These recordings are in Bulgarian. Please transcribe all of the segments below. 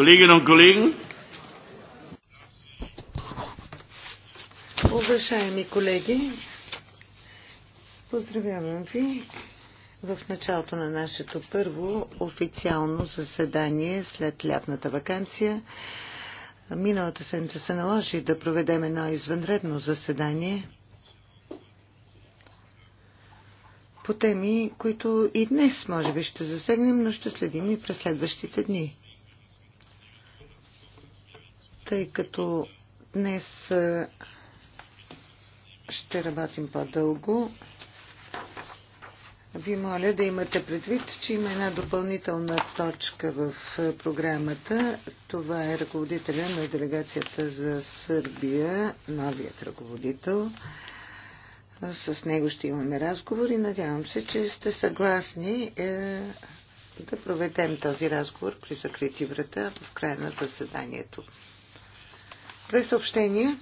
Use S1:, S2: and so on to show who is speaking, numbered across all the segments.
S1: Kolleginnen und Kollegen.
S2: Уважаеми колеги, поздравявам ви в началото на нашето първо официално заседание след лятната вакансия. Миналата седмица се наложи да проведем едно извънредно заседание по теми, които и днес може би ще засегнем, но ще следим и през следващите дни тъй като днес ще работим по-дълго. Ви моля да имате предвид, че има една допълнителна точка в програмата. Това е ръководителя на делегацията за Сърбия, новият ръководител. С него ще имаме разговор и надявам се, че сте съгласни е, да проведем този разговор при закрити врата в края на заседанието. Две съобщения.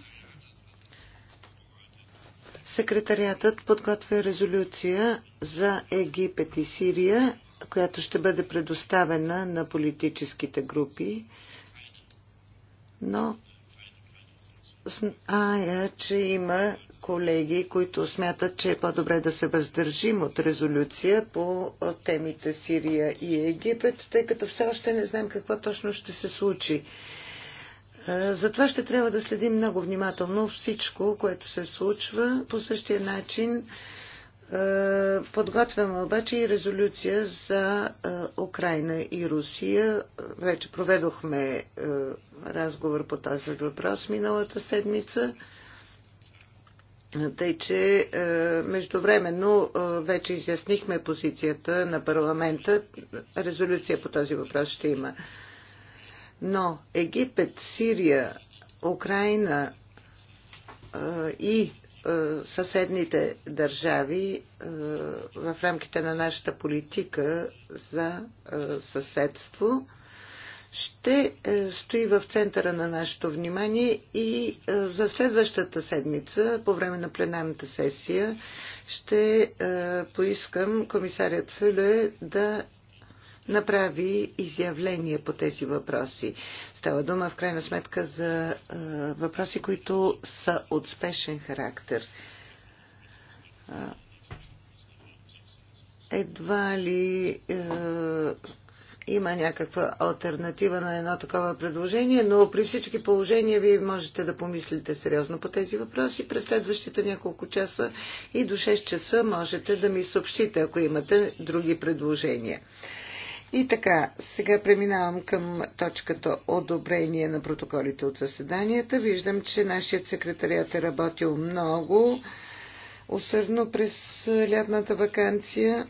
S2: Секретариатът подготвя резолюция за Египет и Сирия, която ще бъде предоставена на политическите групи, но зная, че има колеги, които смятат, че е по-добре да се въздържим от резолюция по темите Сирия и Египет, тъй като все още не знаем какво точно ще се случи. Е, затова ще трябва да следим много внимателно всичко, което се случва. По същия начин е, подготвяме обаче и резолюция за е, Украина и Русия. Вече проведохме разговор по този въпрос миналата седмица. Тъй, че междувременно вече изяснихме позицията на парламента. Резолюция по този въпрос ще има. Но Египет, Сирия, Украина и съседните държави в рамките на нашата политика за съседство ще е, стои в центъра на нашето внимание и е, за следващата седмица, по време на пленарната сесия, ще е, поискам комисарят Фюле да направи изявление по тези въпроси. Става дума в крайна сметка за а, въпроси, които са от спешен характер. А, едва ли а, има някаква альтернатива на едно такова предложение, но при всички положения вие можете да помислите сериозно по тези въпроси. През следващите няколко часа и до 6 часа можете да ми съобщите, ако имате други предложения. И така, сега преминавам към точката одобрение на протоколите от заседанията. Виждам, че нашият секретарият е работил много усърдно през лятната вакансия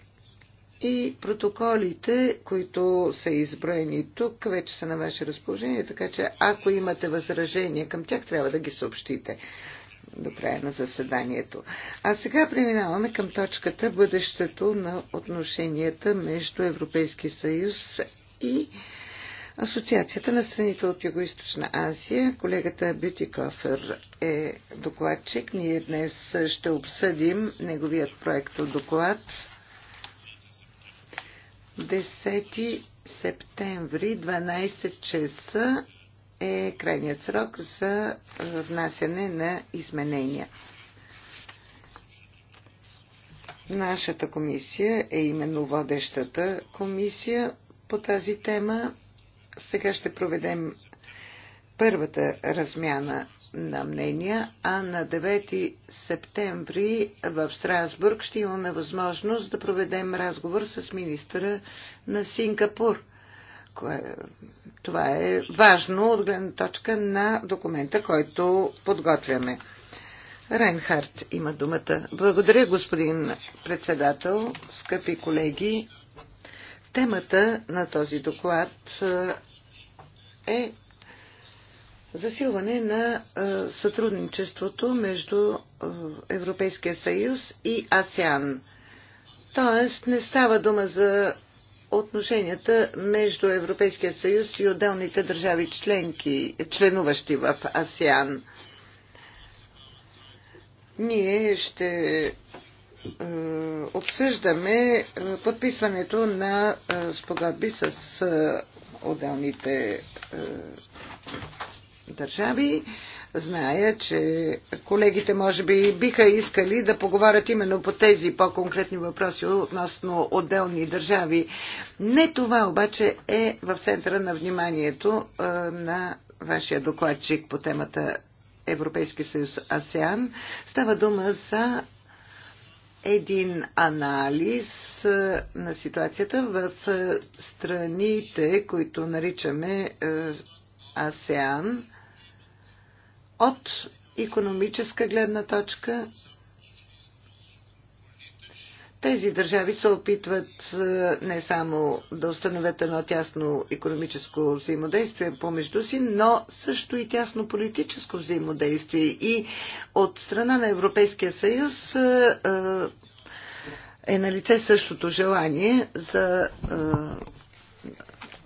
S2: и протоколите, които са изброени тук, вече са на ваше разположение, така че ако имате възражение към тях, трябва да ги съобщите до края на заседанието. А сега преминаваме към точката бъдещето на отношенията между Европейски съюз и Асоциацията на страните от Юго-Источна Азия. Колегата Бюти Кофер е докладчик. Ние днес ще обсъдим неговият проект от доклад. 10 септември, 12 часа е крайният срок за е, внасяне на изменения. Нашата комисия е именно водещата комисия по тази тема. Сега ще проведем първата размяна на мнения, а на 9 септември в Страсбург ще имаме възможност да проведем разговор с министъра на Сингапур. Кое... Това е важно от гледна точка на документа, който подготвяме. Райнхард има думата. Благодаря, господин председател, скъпи колеги. Темата на този доклад е засилване на сътрудничеството между Европейския съюз и АСЕАН. Тоест не става дума за отношенията между Европейския съюз и отделните държави членки, членуващи в АСЕАН. Ние ще е, обсъждаме е, подписването на е, спогодби с отделните държави. Зная, че колегите може би биха искали да поговорят именно по тези по-конкретни въпроси относно отделни държави. Не това обаче е в центъра на вниманието на вашия докладчик по темата Европейски съюз АСЕАН. Става дума за един анализ на ситуацията в страните, които наричаме АСЕАН. От економическа гледна точка тези държави се опитват е, не само да установят едно тясно економическо взаимодействие помежду си, но също и тясно политическо взаимодействие. И от страна на Европейския съюз е, е, е на лице същото желание за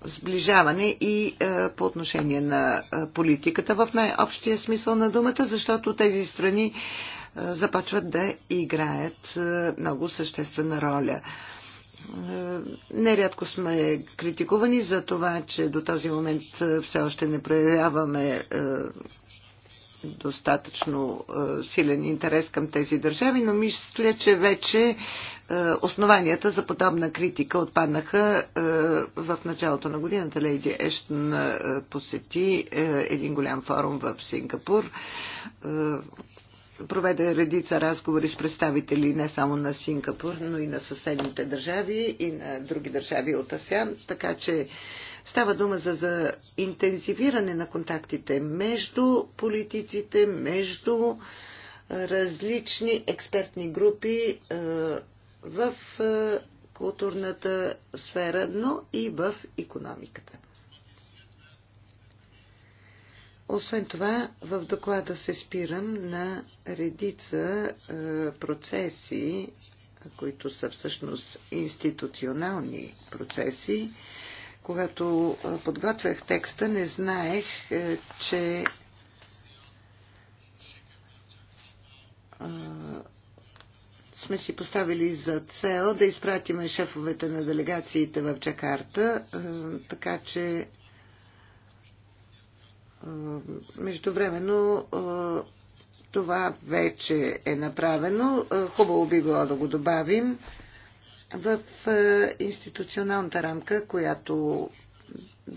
S2: сближаване и е, по отношение на е, политиката в най-общия смисъл на думата, защото тези страни е, започват да играят много съществена роля. Нерядко сме критикувани за това, че до този момент все още не проявяваме достатъчно силен интерес към тези държави, но мисля, че вече е, основанията за подобна критика отпаднаха е, в началото на годината. Лейди Ештън е, посети един голям форум в Сингапур. Проведе редица разговори с представители не само на Сингапур, но и на съседните държави и на други държави от АСЕАН, така че Става дума за, за интензивиране на контактите между политиците, между различни експертни групи в е, културната сфера, но и в економиката. Освен това, в доклада се спирам на редица е, процеси, които са всъщност институционални процеси. Когато е, подготвях текста, не знаех, че сме си поставили за цел да изпратиме шефовете на делегациите в Джакарта, е, така че е, междувременно е, това вече е направено. Хубаво би било да го добавим в институционалната рамка, която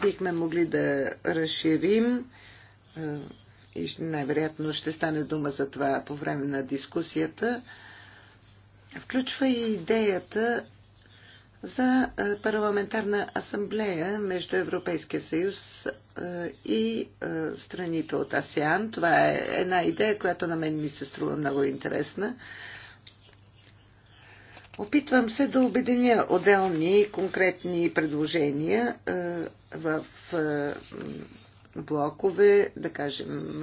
S2: бихме могли да разширим и най-вероятно ще стане дума за това по време на дискусията включва и идеята за е, парламентарна асамблея между Европейския съюз е, и е, страните от АСЕАН. Това е една идея, която на мен ми се струва много интересна. Опитвам се да обединя отделни конкретни предложения в блокове, да кажем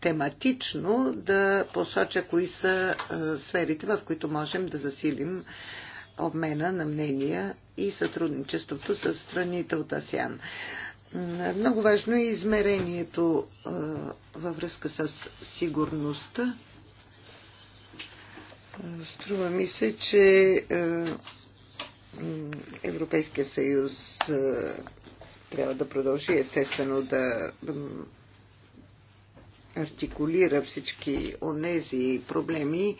S2: тематично да посоча кои са сферите, в които можем да засилим обмена на мнения и сътрудничеството с страните от АСИАН. Много важно е измерението във връзка с сигурността. Струва ми се, че Европейския съюз трябва да продължи естествено да артикулира всички онези проблеми,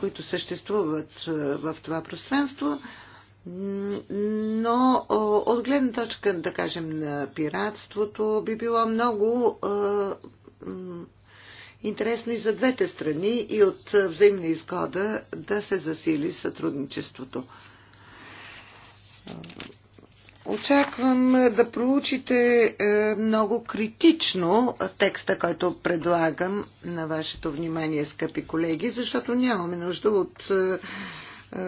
S2: които съществуват в това пространство, но от гледна точка, да кажем, на пиратството би било много интересно и за двете страни и от взаимна изгода да се засили сътрудничеството. Очаквам да проучите е, много критично текста, който предлагам на вашето внимание, скъпи колеги, защото нямаме нужда от е, е,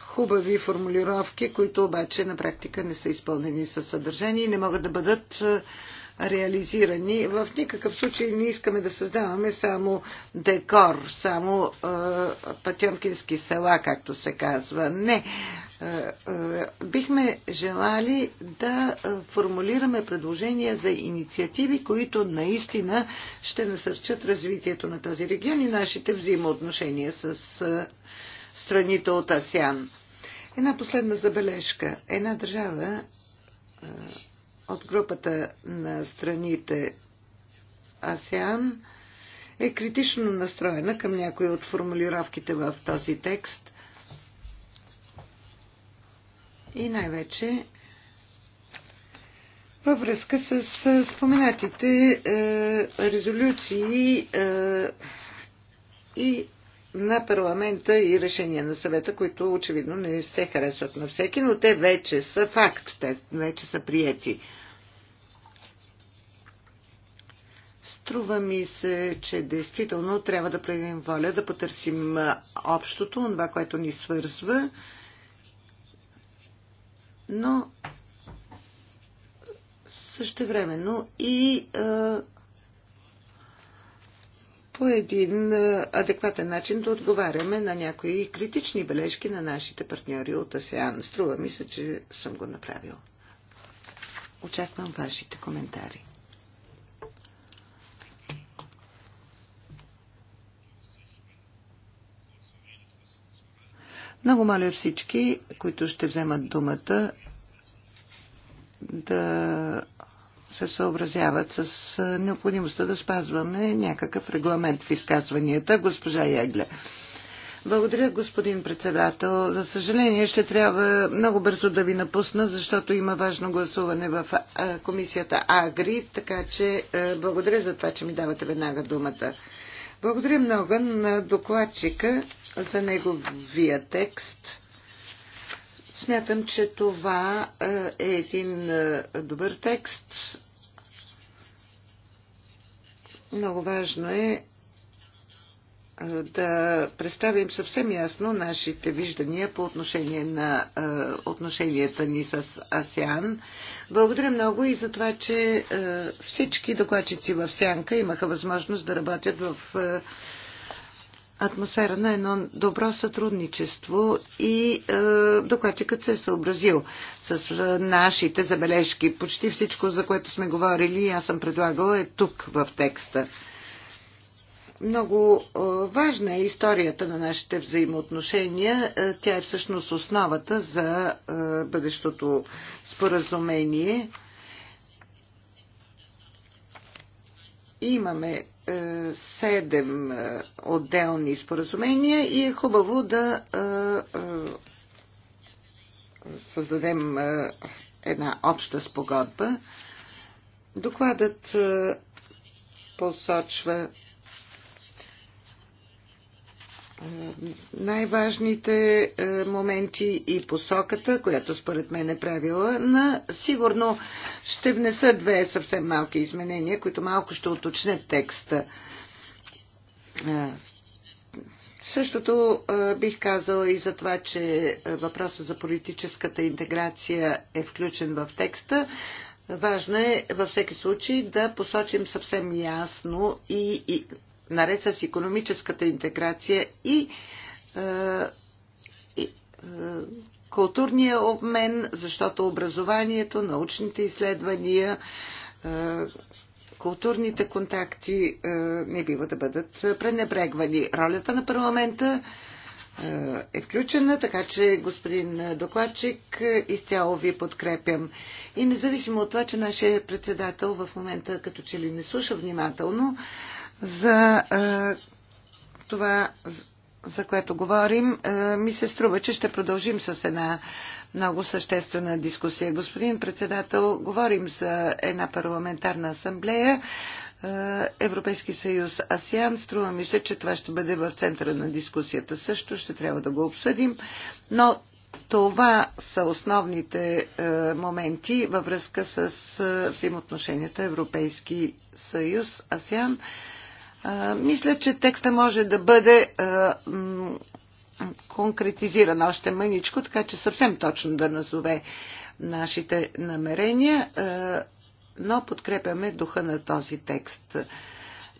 S2: хубави формулировки, които обаче на практика не са изпълнени със съдържание и не могат да бъдат реализирани. В никакъв случай не искаме да създаваме само декор, само е, села, както се казва. Не. Е, е, бихме желали да формулираме предложения за инициативи, които наистина ще насърчат развитието на този регион и нашите взаимоотношения с е, страните от АСИАН. Една последна забележка. Една държава от групата на страните АСИАН е критично настроена към някои от формулировките в този текст и най-вече във връзка с споменатите е, резолюции е, и на парламента и решения на съвета, които очевидно не се харесват на всеки, но те вече са факт, те вече са приети. Струва ми се, че действително трябва да проявим воля, да потърсим общото, това, което ни свързва, но същевременно и по един адекватен начин да отговаряме на някои критични бележки на нашите партньори от АСЕАН. Струва ми се, че съм го направил. Очаквам вашите коментари. Много моля всички, които ще вземат думата, да се съобразяват с необходимостта да спазваме някакъв регламент в изказванията. Госпожа Ягле. Благодаря, господин председател. За съжаление, ще трябва много бързо да ви напусна, защото има важно гласуване в комисията Агри, така че благодаря за това, че ми давате веднага думата. Благодаря много на докладчика за неговия текст. Смятам, че това е, е един е, добър текст. Много важно е, е да представим съвсем ясно нашите виждания по отношение на отношенията ни с АСЕАН. Благодаря много и за това, че всички докладчици в Сянка имаха възможност да работят в атмосфера на едно добро сътрудничество и е, докладчикът се е съобразил с е, нашите забележки. Почти всичко, за което сме говорили, аз съм предлагала е тук в текста. Много е, важна е историята на нашите взаимоотношения. Е, тя е всъщност основата за е, бъдещото споразумение. имаме е, седем е, отделни споразумения и е хубаво да е, създадем една обща спогодба. Докладът посочва най-важните е, моменти и посоката, която според мен е правила на. Сигурно ще внеса две съвсем малки изменения, които малко ще уточнят текста. Е, същото е, бих казала и за това, че въпросът за политическата интеграция е включен в текста. Важно е във всеки случай да посочим съвсем ясно и, и наред с економическата интеграция и, е, и е, културния обмен, защото образованието, научните изследвания, е, културните контакти не бива да бъдат пренебрегвани. Ролята на парламента е включена, така че господин докладчик изцяло ви подкрепям. И независимо от това, че нашия председател в момента като че ли не слуша внимателно, за е, това, за което говорим, е, ми се струва, че ще продължим с една много съществена дискусия. Господин председател, говорим за една парламентарна асамблея, е, Европейски съюз, АСИАН. Струва ми се, че това ще бъде в центъра на дискусията също. Ще трябва да го обсъдим. Но това са основните моменти във връзка с взаимоотношенията Европейски съюз, АСИАН. Мисля, че текста може да бъде конкретизиран още мъничко, така че съвсем точно да назове нашите намерения, но подкрепяме духа на този текст.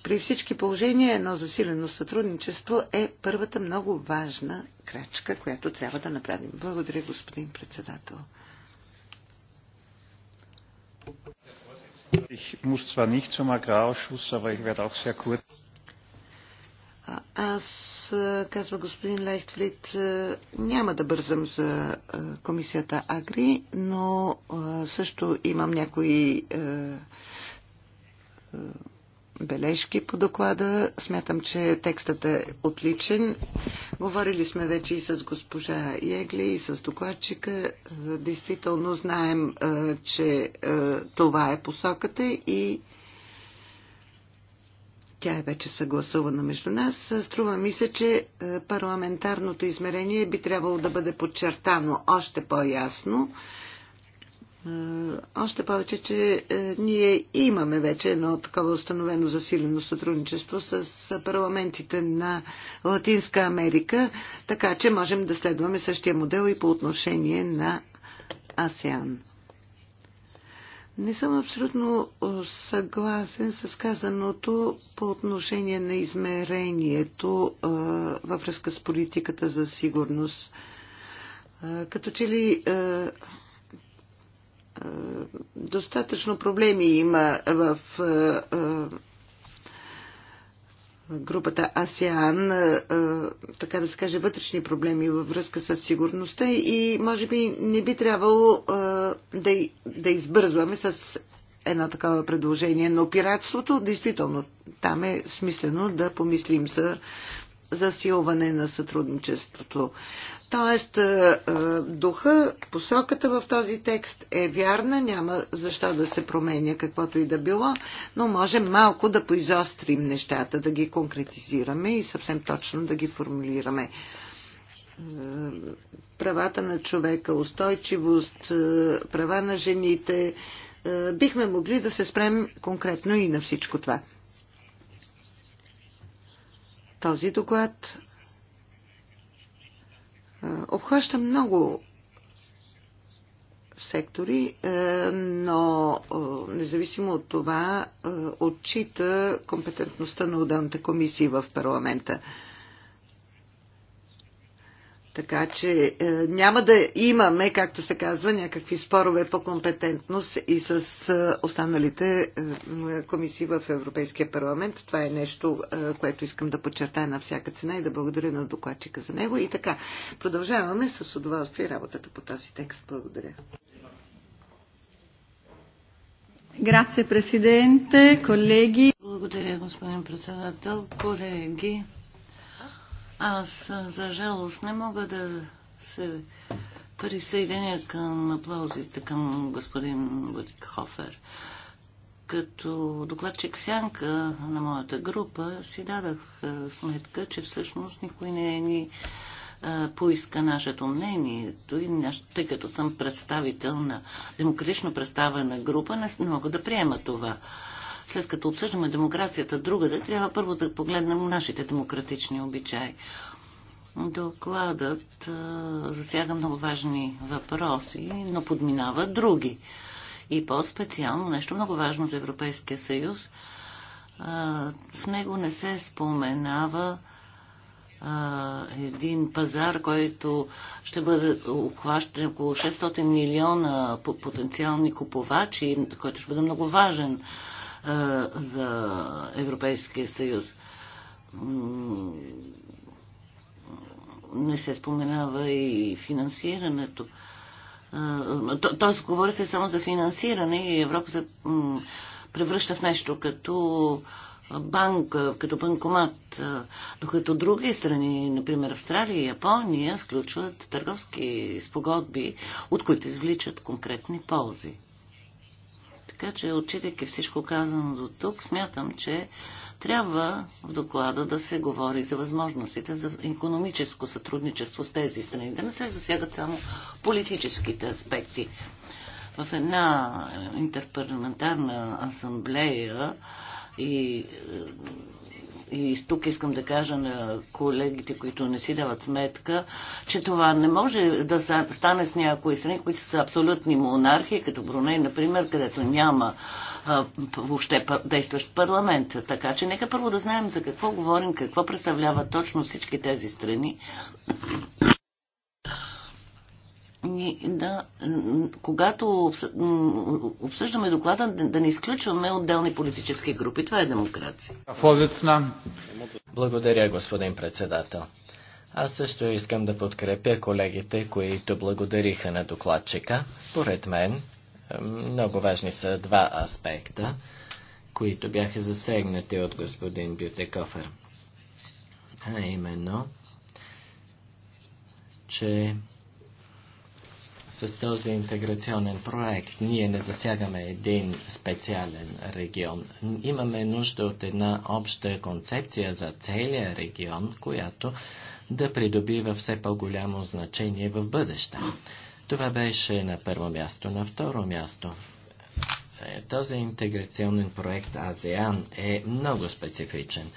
S2: При всички положения едно засилено сътрудничество е първата много важна крачка, която трябва да направим. Благодаря, господин председател. Аз, казва господин Лейхтфрид, няма да бързам за комисията Агри, но също имам някои бележки по доклада. Смятам, че текстът е отличен. Говорили сме вече и с госпожа Егли и с докладчика. Е, действително знаем, е, че е, това е посоката и тя е вече съгласувана между нас. Струва ми се, че парламентарното измерение би трябвало да бъде подчертано още по-ясно е, още повече, че е, ние имаме вече едно такова установено засилено сътрудничество с парламентите на Латинска Америка, така че можем да следваме същия модел и по отношение на АСЕАН. Не съм абсолютно е, съгласен с казаното по отношение на измерението във връзка с политиката за сигурност. Като че ли достатъчно проблеми има в групата АСЕАН, така да се каже, вътрешни проблеми във връзка с сигурността и може би не би трябвало да, да избързваме с едно такова предложение. Но пиратството, действително, там е смислено да помислим за засилване на сътрудничеството. Тоест, е, е, духа, посоката в този текст е вярна, няма защо да се променя каквото и да било, но може малко да поизострим нещата, да ги конкретизираме и съвсем точно да ги формулираме. Е, правата на човека, устойчивост, права на жените, бихме могли да се спрем конкретно и на всичко това. Този доклад обхваща много сектори, е, но е, независимо от това е, отчита компетентността на отделните комисии в парламента. Така че е, няма да имаме, както се казва, някакви спорове по компетентност и с е, останалите е, комисии в Европейския парламент. Това е нещо, е, което искам да подчертая на всяка цена и да благодаря на докладчика за него. И така, продължаваме с удоволствие работата по този текст. Благодаря.
S1: колеги. Благодаря,
S3: господин председател, колеги. Аз, за жалост, не мога да се присъединя към аплаузите към господин Хофер. Като докладчик сянка на моята група си дадах сметка, че всъщност никой не е ни поиска нашето мнение, тъй като съм представител на демократично представена група, не мога да приема това след като обсъждаме демокрацията другаде, трябва първо да погледнем нашите демократични обичаи. Докладът засяга много важни въпроси, но подминава други. И по-специално нещо много важно за Европейския съюз. В него не се споменава един пазар, който ще бъде обхващан около 600 милиона потенциални купувачи, който ще бъде много важен за Европейския съюз. Не се споменава и финансирането. Тоест, говори се само за финансиране и Европа се превръща в нещо като банка, като банкомат, докато други страни, например Австралия и Япония, сключват търговски спогодби, от които извличат конкретни ползи. Така че, отчитайки всичко казано до тук, смятам, че трябва в доклада да се говори за възможностите за економическо сътрудничество с тези страни, да не се засягат само политическите аспекти. В една интерпарламентарна асамблея и е, и тук искам да кажа на колегите, които не си дават сметка, че това не може да стане с някои страни, които са абсолютни монархии, като Бруней, например, където няма а, въобще действащ парламент. Така че нека първо да знаем за какво говорим, какво представляват точно всички тези страни да, когато обсъждаме доклада, да не изключваме отделни политически групи. Това е демокрация.
S4: Благодаря, господин председател. Аз също искам да подкрепя колегите, които благодариха на докладчика. Според мен, много важни са два аспекта, които бяха засегнати от господин Бютекофер. А именно, че с този интеграционен проект ние не засягаме един специален регион. Имаме нужда от една обща концепция за целия регион, която да придобива все по-голямо значение в бъдеще. Това беше на първо място. На второ място е, този интеграционен проект АЗИан е много специфичен.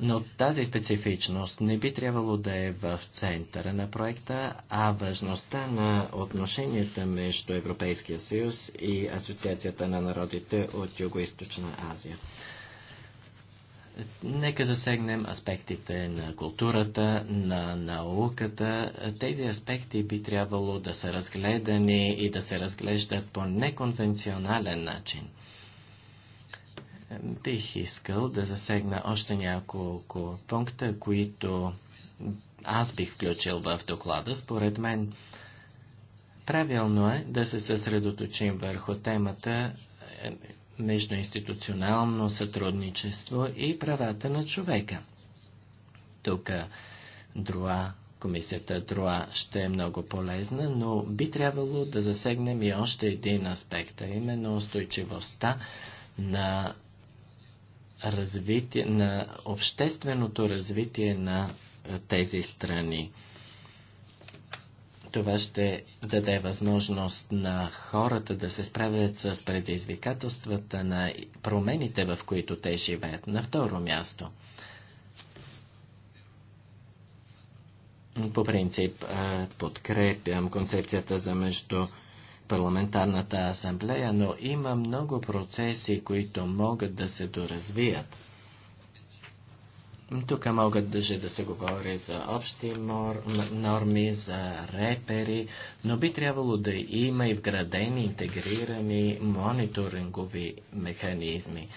S4: Но тази специфичност не би трябвало да е в центъра на проекта, а важността на отношенията между Европейския съюз и Асоциацията на народите от Юго-Источна Азия. Нека засегнем аспектите на културата, на науката. Тези аспекти би трябвало да са разгледани и да се разглеждат по неконвенционален начин – Бих искал да засегна още няколко пункта, които аз бих включил в доклада. Според мен, правилно е да се съсредоточим върху темата е, междуинституционално сътрудничество и правата на човека. Тук Друа, комисията Друа ще е много полезна, но би трябвало да засегнем и още един аспект, а именно устойчивостта на развитие, на общественото развитие на тези страни. Това ще даде възможност на хората да се справят с предизвикателствата на промените, в които те живеят. На второ място. По принцип подкрепям концепцията за между парламентарната асамблея, но има много процеси, които могат да се доразвият. Тук могат даже да се говори за общи мор, норми, за репери, но би трябвало да има и вградени, интегрирани мониторингови механизми.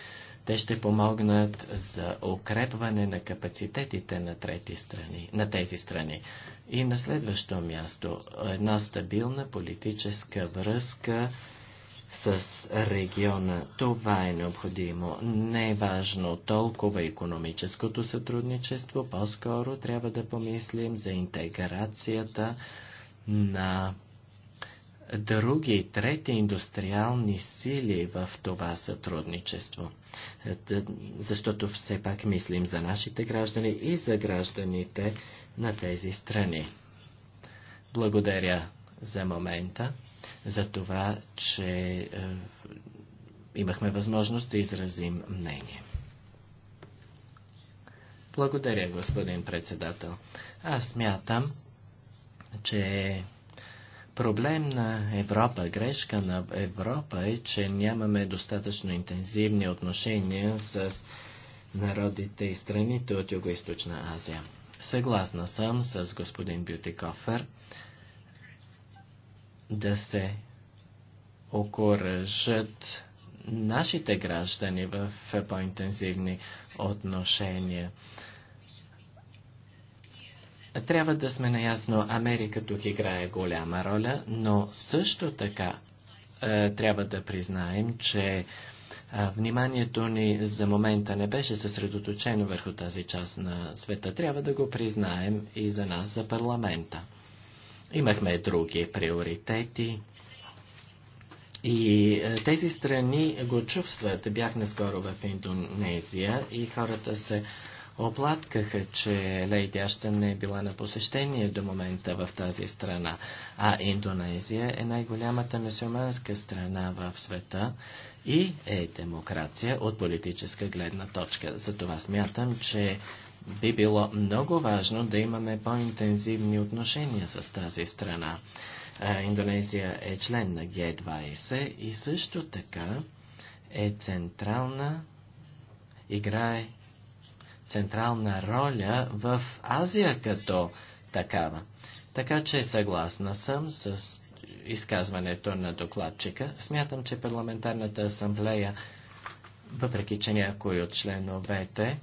S4: Те ще помогнат за укрепване на капацитетите на, трети страни, на тези страни. И на следващо място, една стабилна политическа връзка с региона. Това е необходимо. Не е важно толкова економическото сътрудничество, по-скоро трябва да помислим за интеграцията на други, трети индустриални сили в това сътрудничество. Защото все пак мислим за нашите граждани и за гражданите на тези страни. Благодаря за момента, за това, че е, имахме възможност да изразим мнение. Благодаря, господин председател. Аз мятам, че Проблем на Европа, грешка на Европа е, че нямаме достатъчно интензивни отношения с народите и страните от Юго-Источна Азия. Съгласна съм с господин Бютикофер да се окоръжат нашите граждани в по-интензивни отношения. Трябва да сме наясно, Америка тук играе голяма роля, но също така е, трябва да признаем, че е, вниманието ни за момента не беше съсредоточено върху тази част на света. Трябва да го признаем и за нас, за парламента. Имахме други приоритети. И е, тези страни го чувстват. Бях наскоро в Индонезия и хората се оплаткаха, че Лейди Аштън не е била на посещение до момента в тази страна. А Индонезия е най-голямата мусулманска страна в света и е демокрация от политическа гледна точка. Затова смятам, че би било много важно да имаме по-интензивни отношения с тази страна. Индонезия е член на Г-20 и също така е централна, играе централна роля в Азия като такава. Така че съгласна съм с изказването на докладчика. Смятам, че парламентарната асамблея, въпреки че някои от членовете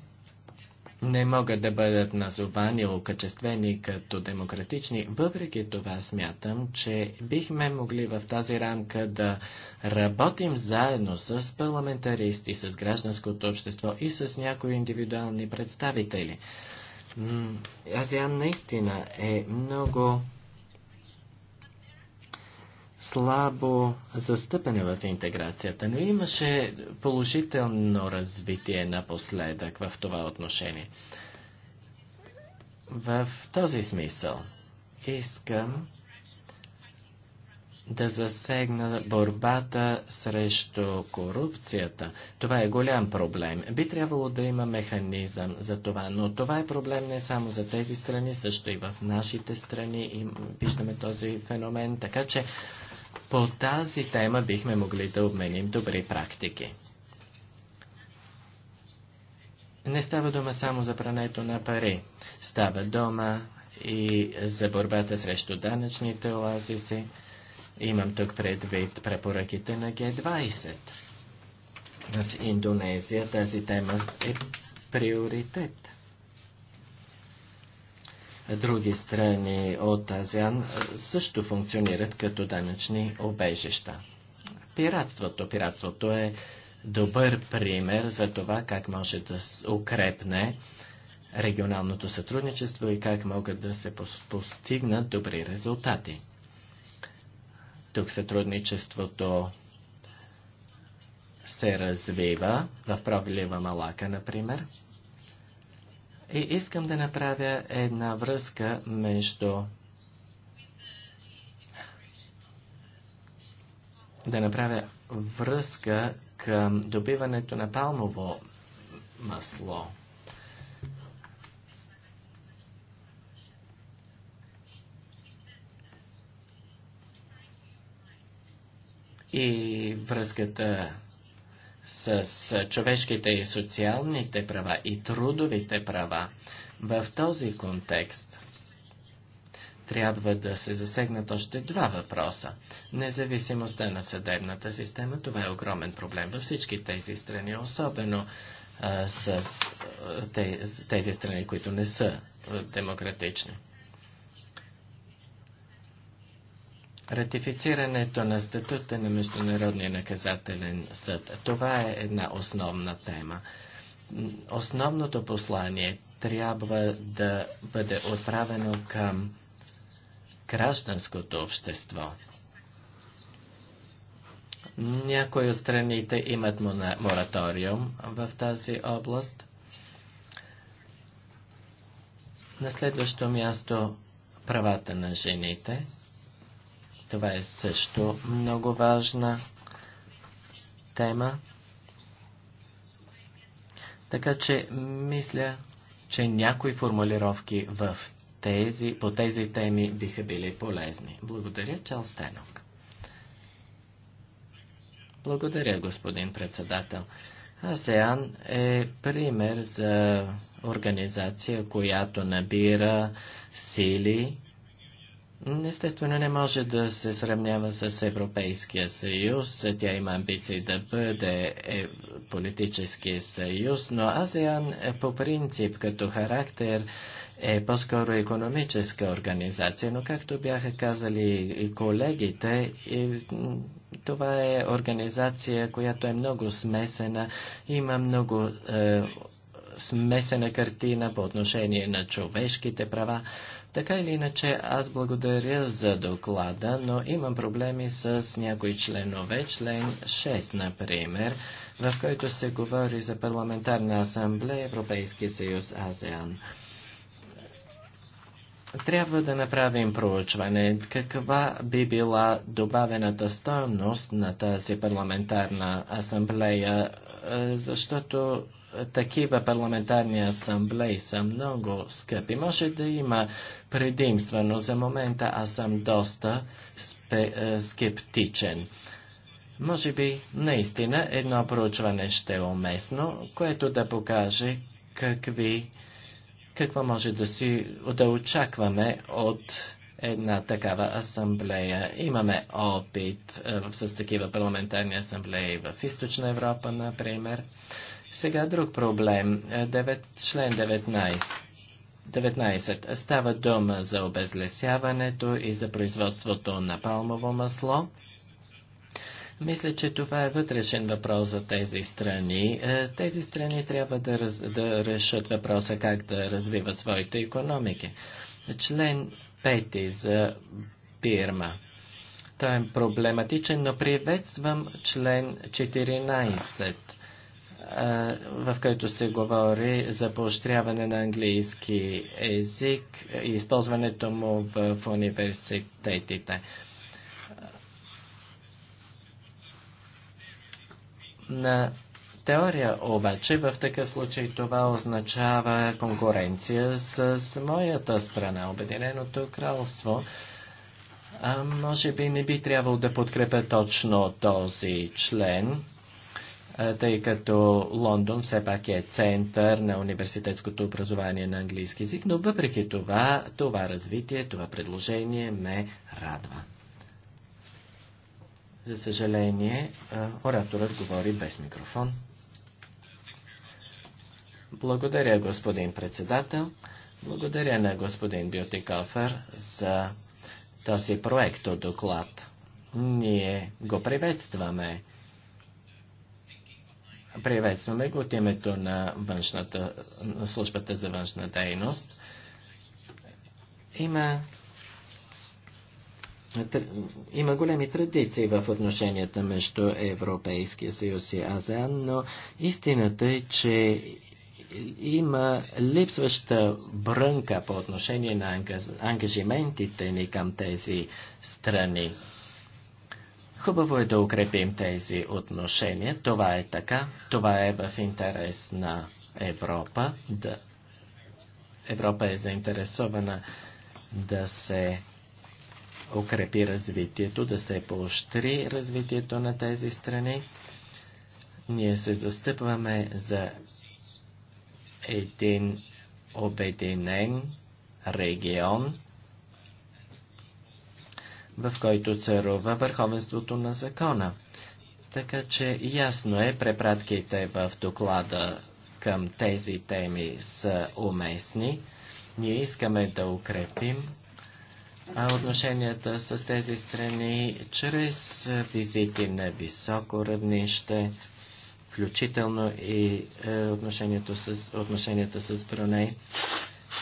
S4: не могат да бъдат назовани, окачествени като демократични. Въпреки това смятам, че бихме могли в тази рамка да работим заедно с парламентаристи, с гражданското общество и с някои индивидуални представители. Азиан наистина е много слабо застъпени в интеграцията, но имаше положително развитие напоследък в това отношение. В този смисъл искам да засегна борбата срещу корупцията. Това е голям проблем. Би трябвало да има механизъм за това, но това е проблем не само за тези страни, също и в нашите страни. И виждаме този феномен, така че по тази тема бихме могли да обменим добри практики. Не става дума само за прането на пари. Става дума и за борбата срещу данъчните оазиси. Имам тук предвид препоръките на Г-20. В Индонезия тази тема е приоритет други страни от Азиан също функционират като данъчни обежища. Пиратството. Пиратството е добър пример за това как може да укрепне регионалното сътрудничество и как могат да се постигнат добри резултати. Тук сътрудничеството се развива в проблема Малака, например. И искам да направя една връзка между да направя връзка към добиването на палмово масло. И връзката с човешките и социалните права и трудовите права. В този контекст трябва да се засегнат още два въпроса. Независимостта на съдебната система, това е огромен проблем във всички тези страни, особено а, с а, тези страни, които не са демократични. Ратифицирането на статута на Международния наказателен съд. Това е една основна тема. Основното послание трябва да бъде отправено към гражданското общество. Някои от страните имат мораториум в тази област. На следващо място правата на жените – това е също много важна тема. Така че мисля, че някои формулировки в тези, по тези теми биха били полезни. Благодаря, Чал Стенок. Благодаря, господин председател. АСЕАН е пример за организация, която набира сили естествено не може да се сравнява с Европейския съюз. Тя има амбиции да бъде е, политически съюз, но АСЕАН е по принцип като характер е по-скоро економическа организация, но както бяха казали и колегите, и, това е организация, която е много смесена, има много е, смесена картина по отношение на човешките права. Така или иначе, аз благодаря за доклада, но имам проблеми с някои членове. Член 6, например, в който се говори за парламентарна асамблея Европейски съюз АЗИАН. Трябва да направим проучване каква би била добавената стоеност на тази парламентарна асамблея, е, защото такива парламентарни асамблеи са много скъпи. Може да има предимства, но за момента аз съм доста спе, е, скептичен. Може би наистина едно проучване ще е уместно, което да покаже какви, какво може да, си, да очакваме от една такава асамблея. Имаме опит е, с такива парламентарни асамблеи в Източна Европа, например. Сега друг проблем. 9, е, член 19. 19. Става дума за обезлесяването и за производството на палмово масло. Мисля, че това е вътрешен въпрос за тези страни. Е, тези страни трябва да, раз, да решат въпроса как да развиват своите економики. Член 5 за Бирма. Той е проблематичен, но приветствам член 14 в който се говори за поощряване на английски език и използването му в университетите. На теория обаче в такъв случай това означава конкуренция с моята страна, Обединеното кралство. А може би не би трябвало да подкрепя точно този член тъй като Лондон все пак е център на университетското образование на английски язик, но въпреки това, това развитие, това предложение ме радва. За съжаление, ораторът говори без микрофон. Благодаря, господин председател. Благодаря на господин Бютикофер за този проект от доклад. Ние го приветстваме. Приветстваме го от името на, външната, на службата за външна дейност. Има, има големи традиции в отношенията между Европейския съюз и Азиан, но истината е, че има липсваща брънка по отношение на ангажиментите ни към тези страни. Хубаво е да укрепим тези отношения. Това е така. Това е в интерес на Европа. Да. Европа е заинтересована да се укрепи развитието, да се поощри развитието на тези страни. Ние се застъпваме за един обединен регион, в който царува върховенството на закона. Така че ясно е, препратките в доклада към тези теми са уместни. Ние искаме да укрепим отношенията с тези страни чрез визити на високо равнище, включително и е, отношението с, отношенията с Бруней.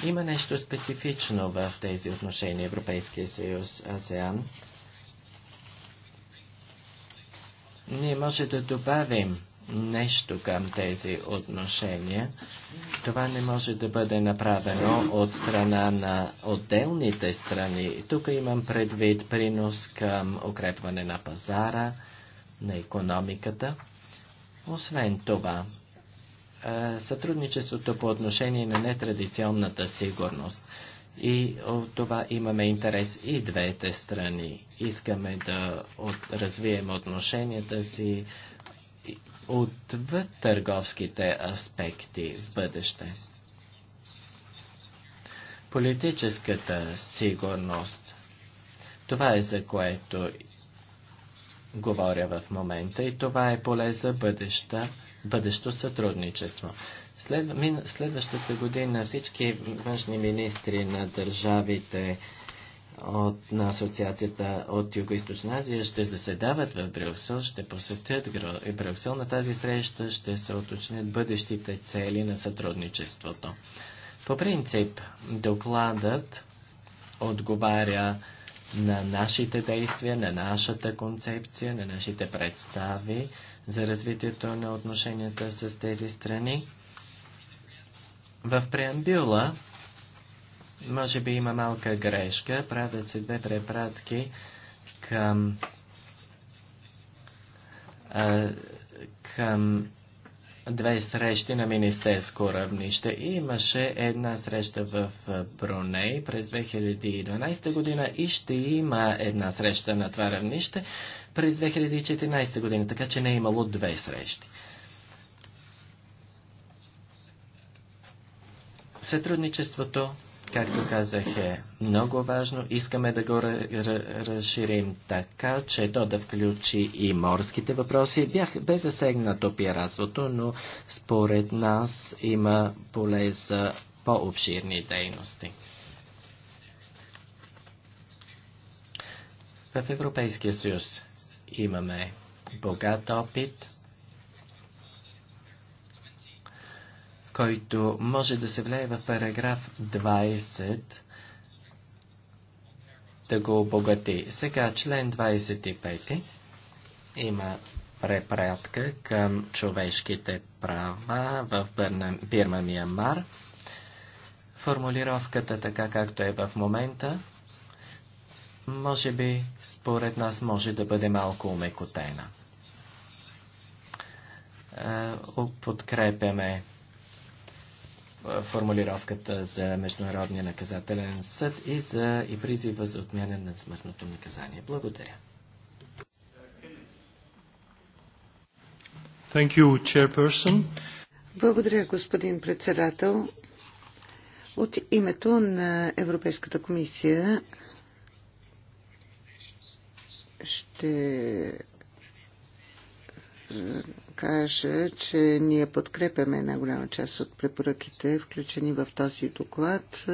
S4: Има нещо специфично в тези отношения Европейския съюз АСЕАН. Ние може да добавим нещо към тези отношения. Това не може да бъде направено от страна на отделните страни. Тук имам предвид принос към укрепване на пазара, на економиката. Освен това, е, сътрудничеството по отношение на нетрадиционната сигурност. И от това имаме интерес и двете страни. Искаме да от, развием отношенията си отвъд търговските аспекти в бъдеще. Политическата сигурност. Това е за което говоря в момента и това е поле за бъдеща бъдещо сътрудничество. След, мин, следващата година всички външни министри на държавите от, на асоциацията от Юго-Источна Азия ще заседават в Брюксел, ще посетят Брюксел. На тази среща ще се уточнят бъдещите цели на сътрудничеството. По принцип, докладът отговаря на нашите действия, на нашата концепция, на нашите представи за развитието на отношенията с тези страни. В преамбюла, може би има малка грешка, правят се две препратки към, а, към две срещи на министерско равнище. И имаше една среща в Бруней през 2012 година и ще има една среща на това равнище през 2014 година, така че не е имало две срещи. Сътрудничеството както казах, е много важно. Искаме да го разширим така, че то да включи и морските въпроси. Бях бе засегнато пиратството, но според нас има поле за по-обширни дейности. В Европейския съюз имаме богат опит – който може да се влее в параграф 20, да го обогати. Сега член 25 има препратка към човешките права в Бирма Миямар. Формулировката така както е в момента, може би според нас може да бъде малко умекотена. Е, подкрепяме формулировката за Международния наказателен съд и за и призива за отмяна на смъртното наказание. Благодаря.
S1: Thank you, chairperson.
S2: Благодаря, господин председател. От името на Европейската комисия ще кажа, че ние подкрепяме една голяма част от препоръките, включени в този доклад.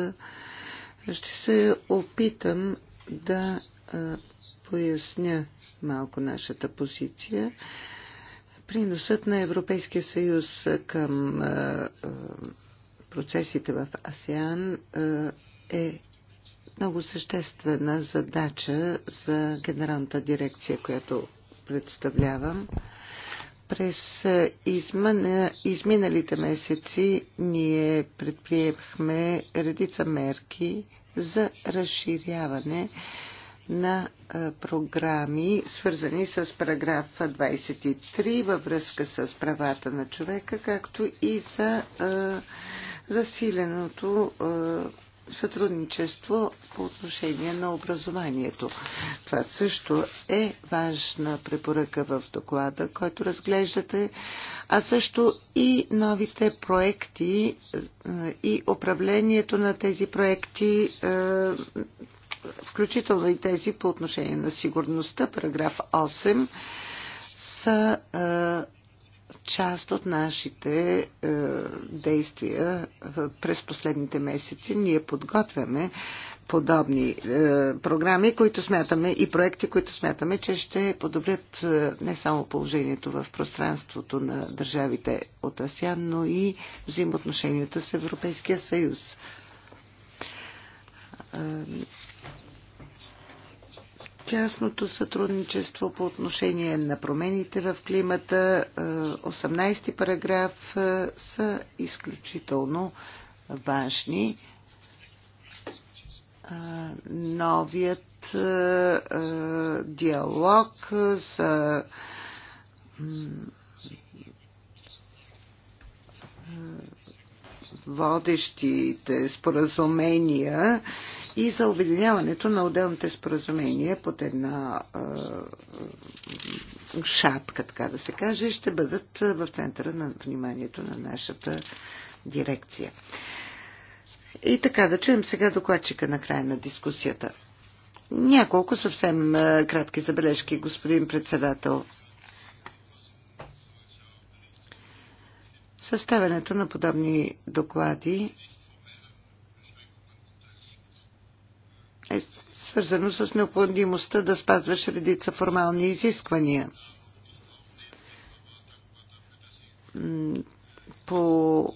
S2: Ще се опитам да поясня малко нашата позиция. Приносът на Европейския съюз към процесите в АСЕАН е много съществена задача за генералната дирекция, която представлявам. През измъна, изминалите месеци ние предприемахме редица мерки за разширяване на програми, свързани с параграф 23 във връзка с правата на човека, както и за засиленото сътрудничество по отношение на образованието. Това също е важна препоръка в доклада, който разглеждате, а също и новите проекти е, и управлението на тези проекти е, включително и тези по отношение на сигурността, параграф 8, са е, част от нашите е, действия е, през последните месеци. Ние подготвяме подобни е, програми, които смятаме и проекти, които смятаме, че ще подобрят е, не само положението в пространството на държавите от АСИАН, но и взаимоотношенията с Европейския съюз. Е, тясното сътрудничество по отношение на промените в климата. 18 е, параграф е, са изключително важни. Е, новият диалог за водещите споразумения и за обединяването на отделните споразумения под една е, шапка, така да се каже, ще бъдат в центъра на вниманието на нашата дирекция. И така, да чуем сега докладчика на края на дискусията. Няколко съвсем кратки забележки, господин председател. Съставянето на подобни доклади свързано с необходимостта да спазваш редица формални изисквания. По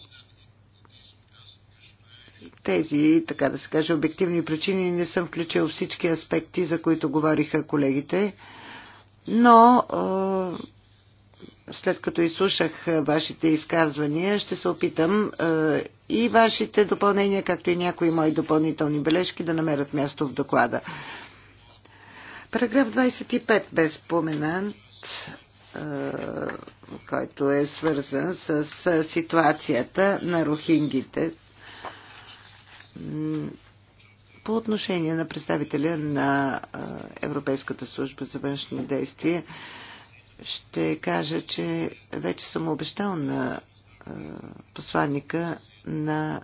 S2: тези, така да се каже, обективни причини не съм включил всички аспекти, за които говориха колегите, но след като изслушах е, вашите изказвания, ще се опитам е, и вашите допълнения, както и някои мои допълнителни бележки да намерят място в доклада. Параграф 25 без споменат, е, който е свързан с ситуацията на рухингите, По отношение на представителя на Европейската служба за външни действия, ще кажа, че вече съм обещал на посланника на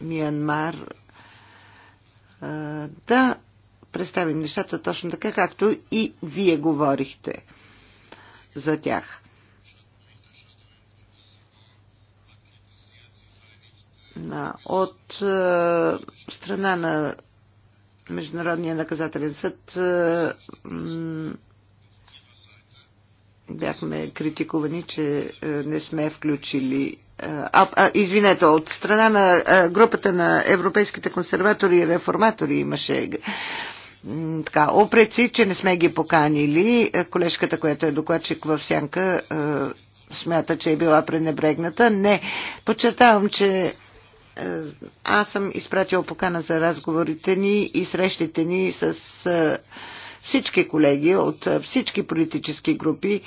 S2: Миянмар да представим нещата точно така, както и вие говорихте за тях. От страна на Международния наказателен съд бяхме критикувани, че е, не сме включили. Е, а, а, извинете, от страна на е, групата на европейските консерватори и реформатори имаше така, опреци, че не сме ги поканили. Колежката, която е докладчик в Сянка, смята, че е била пренебрегната. Не, подчертавам, че аз съм изпратил покана за разговорите ни и срещите ни с всички колеги от е, всички политически групи,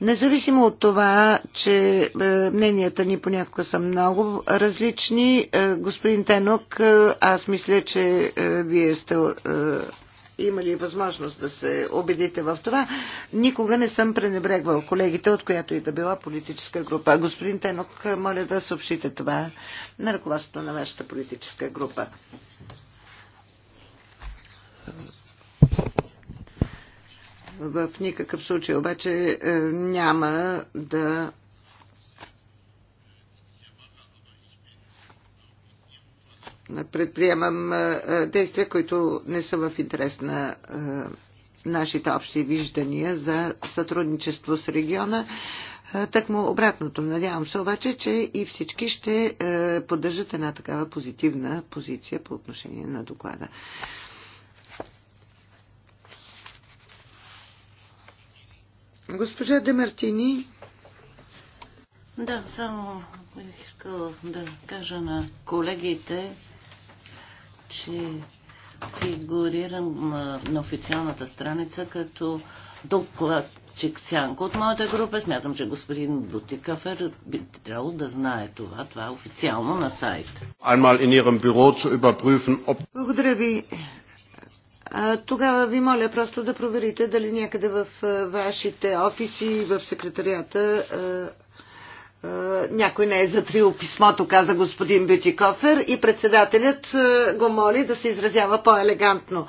S2: независимо от това, че е, мненията ни понякога са много различни. Е, господин Тенок, аз мисля, че вие сте имали възможност да се убедите в това. Никога не съм пренебрегвал колегите, от която и да била политическа група. Господин Тенок, моля да съобщите това на ръководството на вашата политическа група. В никакъв случай обаче е, няма да предприемам е, е, действия, които не са в интерес на нашите общи виждания за сътрудничество с региона. му обратното. Надявам се обаче, че и всички ще поддържат една такава позитивна позиция по отношение на доклада. Госпожа Демартини. Да, само бих искала
S3: да кажа на колегите, че фигурирам на официалната страница като докладчик Сянко от моята група. Смятам, че господин Бутикафер би трябвало да знае това. Това е официално на сайта.
S2: Благодаря ви тогава ви моля просто да проверите дали някъде в вашите офиси и в секретарията е, някой не е затрил писмото, каза господин Бютикофер и председателят е, го моли да се изразява по-елегантно.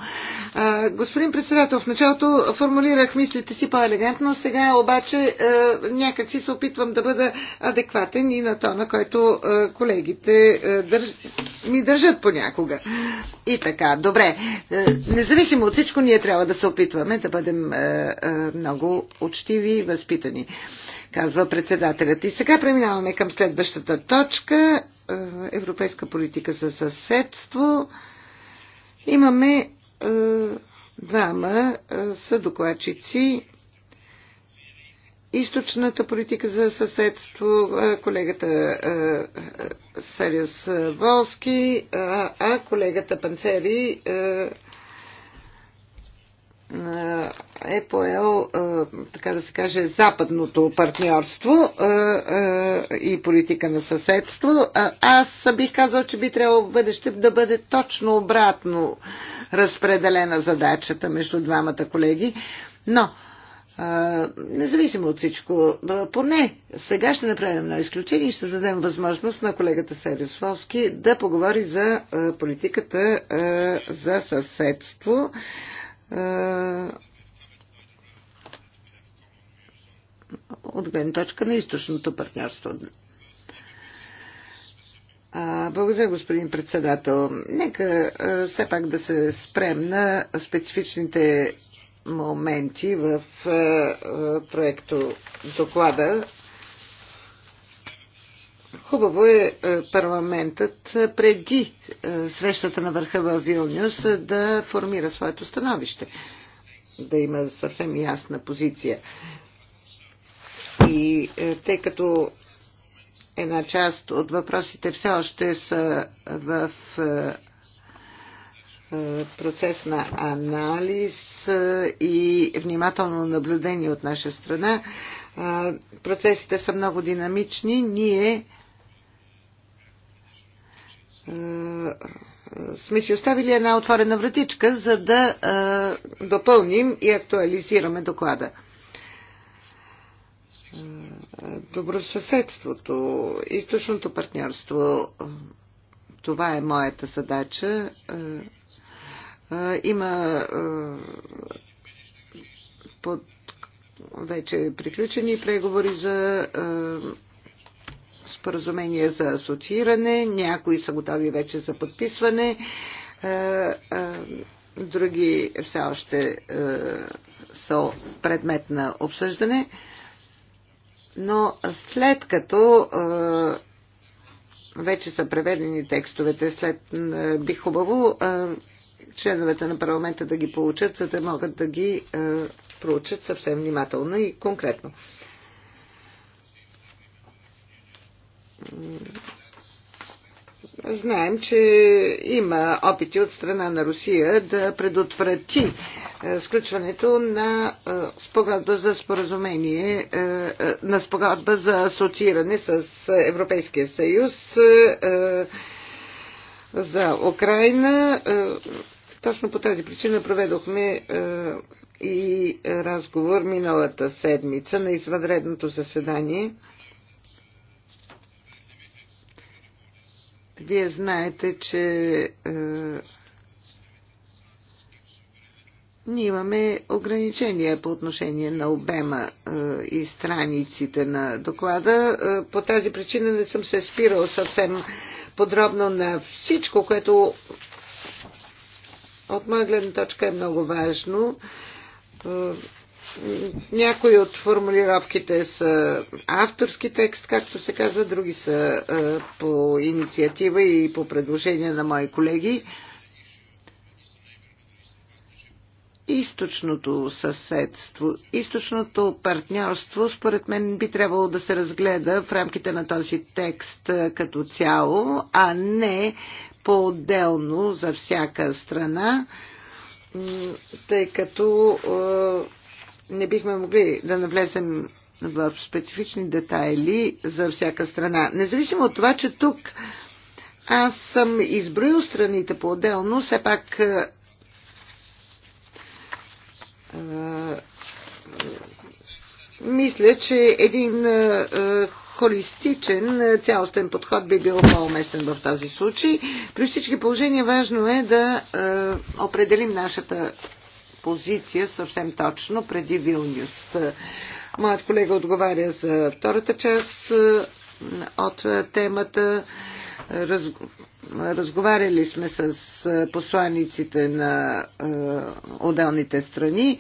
S2: Е, господин председател, в началото формулирах мислите си по-елегантно, сега обаче някак си се опитвам да бъда адекватен и на то, на който колегите държ... ми държат понякога. И така, добре. Независимо от всичко, ние трябва да се опитваме да бъдем много учтиви и възпитани казва председателят. И сега преминаваме към следващата точка. Е, европейска политика за съседство. Имаме е, двама е, съдокладчици. Източната политика за съседство, е, колегата е, е Сериус Волски, а, е, а колегата Панцери е, е поел, е, така да се каже, западното партньорство е, е, и политика на съседство. Аз бих казал, че би трябвало в бъдеще да бъде точно обратно разпределена задачата между двамата колеги. Но, независимо от всичко, поне сега ще направим едно на изключение и ще дадем възможност на колегата Сериосовски да поговори за политиката за съседство е, от гледна точка на източното партньорство. Благодаря, господин председател. Нека е, все пак да се спрем на специфичните моменти в е, проекто доклада Хубаво е, е парламентът е, преди е, срещата на върха в Вилнюс да формира своето становище, да има съвсем ясна позиция. И тъй като една част от въпросите все още са в процес на анализ и внимателно наблюдение от наша страна. Процесите са много динамични. Ние е, сме си оставили една отворена вратичка, за да е, допълним и актуализираме доклада. Е, добросъседството, източното партньорство, това е моята задача. Има под вече приключени преговори за споразумение за асоцииране, някои са готови вече за подписване, е, е, други все още е, са предмет на обсъждане. Но след като вече са преведени текстовете, след би хубаво членовете на парламента да ги получат, за да могат да ги проучат съвсем внимателно и конкретно. Знаем, че има опити от страна на Русия да предотврати е, сключването на е, спогодба за споразумение, е, на спогадба за асоцииране с Европейския съюз за Украина. Точно по тази причина проведохме и разговор миналата седмица на извънредното заседание Вие знаете, че е, ние имаме ограничения по отношение на обема е, и страниците на доклада. Е, по тази причина не съм се спирал съвсем подробно на всичко, което от моя гледна точка е много важно. Е, някои от формулировките са авторски текст, както се казва, други са е, по инициатива и по предложение на мои колеги. източното съседство, източното партньорство, според мен би трябвало да се разгледа в рамките на този текст е, като цяло, а не по-отделно за всяка страна, тъй като е, не бихме могли да навлезем в специфични детайли за всяка страна. Независимо от това, че тук аз съм изброил страните по-отделно, все пак а, е, е, мисля, че един а, е, холистичен, цялостен подход би бил по-уместен в този случай. При всички положения важно е да а, определим нашата позиция съвсем точно преди Вилнюс. Моят колега отговаря за втората част е, от темата. Раз... Разговаряли сме с е, посланиците на е, отделните страни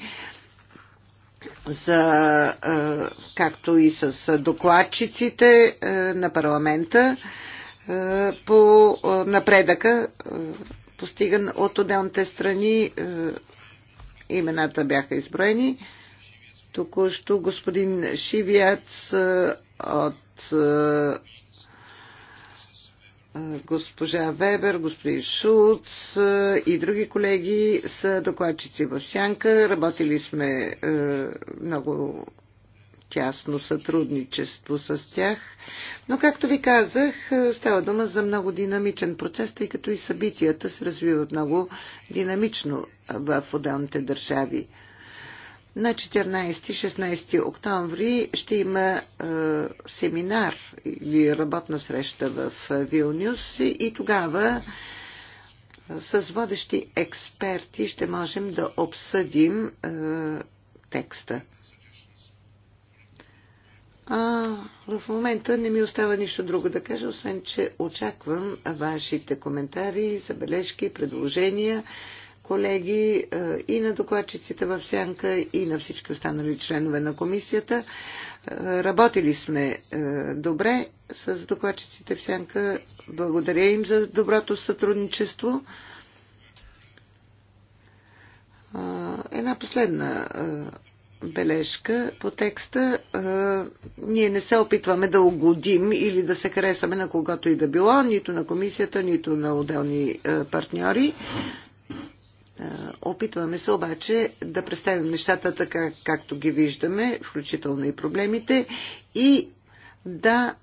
S2: за, както и с докладчиците на парламента по напредъка, постиган от отделните страни Имената бяха изброени. Току-що господин Шивиец от госпожа Вебер, господин Шуц и други колеги са докладчици в Сянка. Работили сме много тясно сътрудничество с тях. Но, както ви казах, е, става дума за много динамичен процес, тъй като и събитията се развиват много динамично в отделните държави. На 14-16 октомври ще има е, семинар или работна среща в е, Вилнюс и тогава е, с водещи експерти ще можем да обсъдим е, текста а, в момента не ми остава нищо друго да кажа, освен, че очаквам вашите коментари, забележки, предложения, колеги и на докладчиците в Сянка и на всички останали членове на комисията. Работили сме добре с докладчиците в Сянка. Благодаря им за доброто сътрудничество. Една последна бележка по текста. Ние не се опитваме да угодим или да се харесаме на когато и да било, нито на комисията, нито на отделни партньори. Опитваме се обаче да представим нещата така, както ги виждаме, включително и проблемите, и да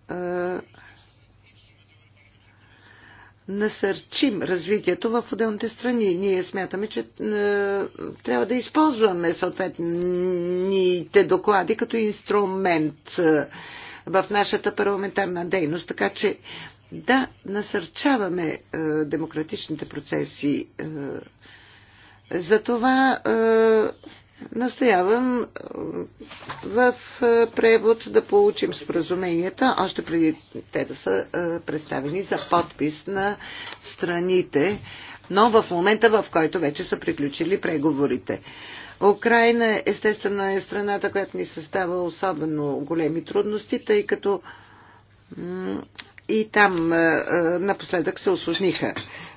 S2: насърчим развитието в отделните страни. Ние смятаме, че е, трябва да използваме съответните доклади като инструмент е, в нашата парламентарна дейност, така че да насърчаваме е, демократичните процеси. Е, затова е, Настоявам в превод да получим споразуменията, още преди те да са представени за подпис на страните, но в момента, в който вече са приключили преговорите. Украина естествено е страната, която ни състава особено големи трудности, тъй като и там напоследък се осложниха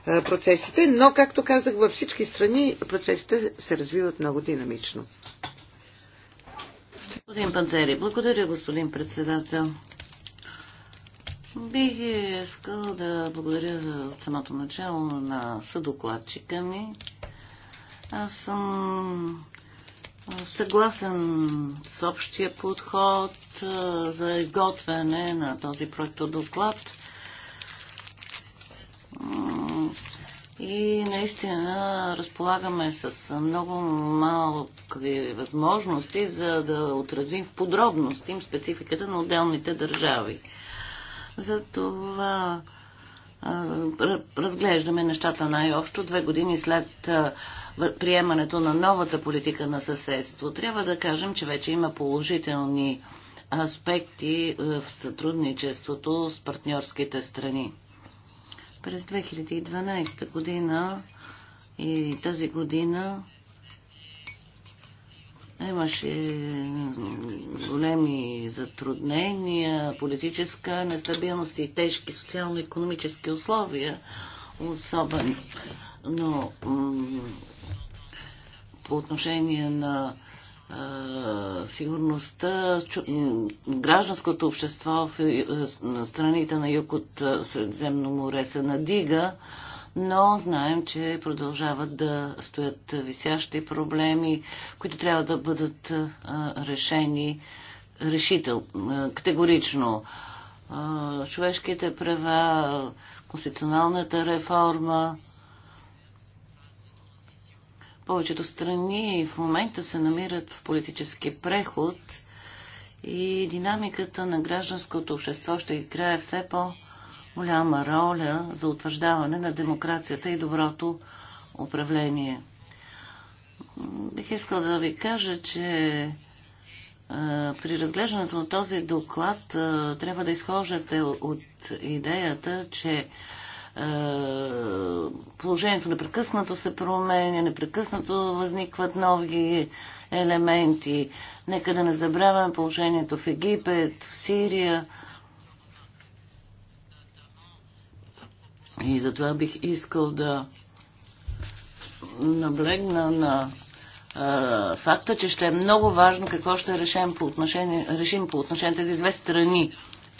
S2: е, процесите, но, както казах, във всички страни процесите се развиват много динамично.
S3: Господин Панцери,
S2: благодаря, господин председател.
S3: Бих искал да благодаря от самото начало на съдокладчика ми. Аз съм съгласен с общия подход е, за изготвяне на този проект доклад. И наистина разполагаме с много малки възможности, за да отразим в подробност им спецификата на отделните държави. Затова разглеждаме нещата най-общо две години след приемането на новата политика на съседство. Трябва да кажем, че вече има положителни аспекти в сътрудничеството с партньорските страни. През 2012 година и тази година имаше големи затруднения, политическа нестабилност и тежки социално-економически условия, особено но, по отношение на сигурността, гражданското общество в е, страните на юг от е, Средземно море се надига, но знаем, че продължават да стоят висящи проблеми, които трябва да бъдат е, решени решител, категорично. Човешките права, конституционалната реформа, повечето страни в момента се намират в политически преход и динамиката на гражданското общество ще играе все по-голяма роля за утвърждаване на демокрацията и доброто управление. Бих искала да ви кажа, че при разглеждането на този доклад трябва да изхождате от идеята, че е, положението непрекъснато се променя, непрекъснато възникват нови елементи. Нека да не забравяме положението в Египет, в Сирия. И затова бих искал да наблегна на а, е, факта, че ще е много важно какво ще решим по отношение, решим по отношение тези две страни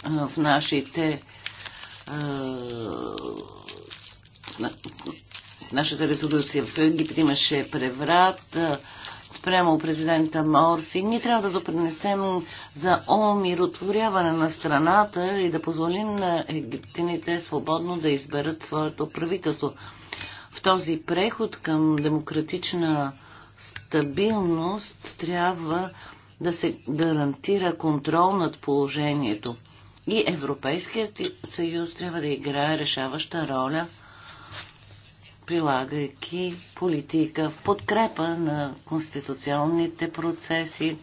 S3: а, е, в нашите а, в нашата резолюция в Египет имаше преврат прямо президента Морси. Ние трябва да допринесем за омиротворяване на страната и да позволим на египтяните свободно да изберат своето правителство. В този преход към демократична стабилност трябва да се гарантира контрол над положението. И Европейският съюз трябва да играе решаваща роля – прилагайки политика в подкрепа на конституционните процеси,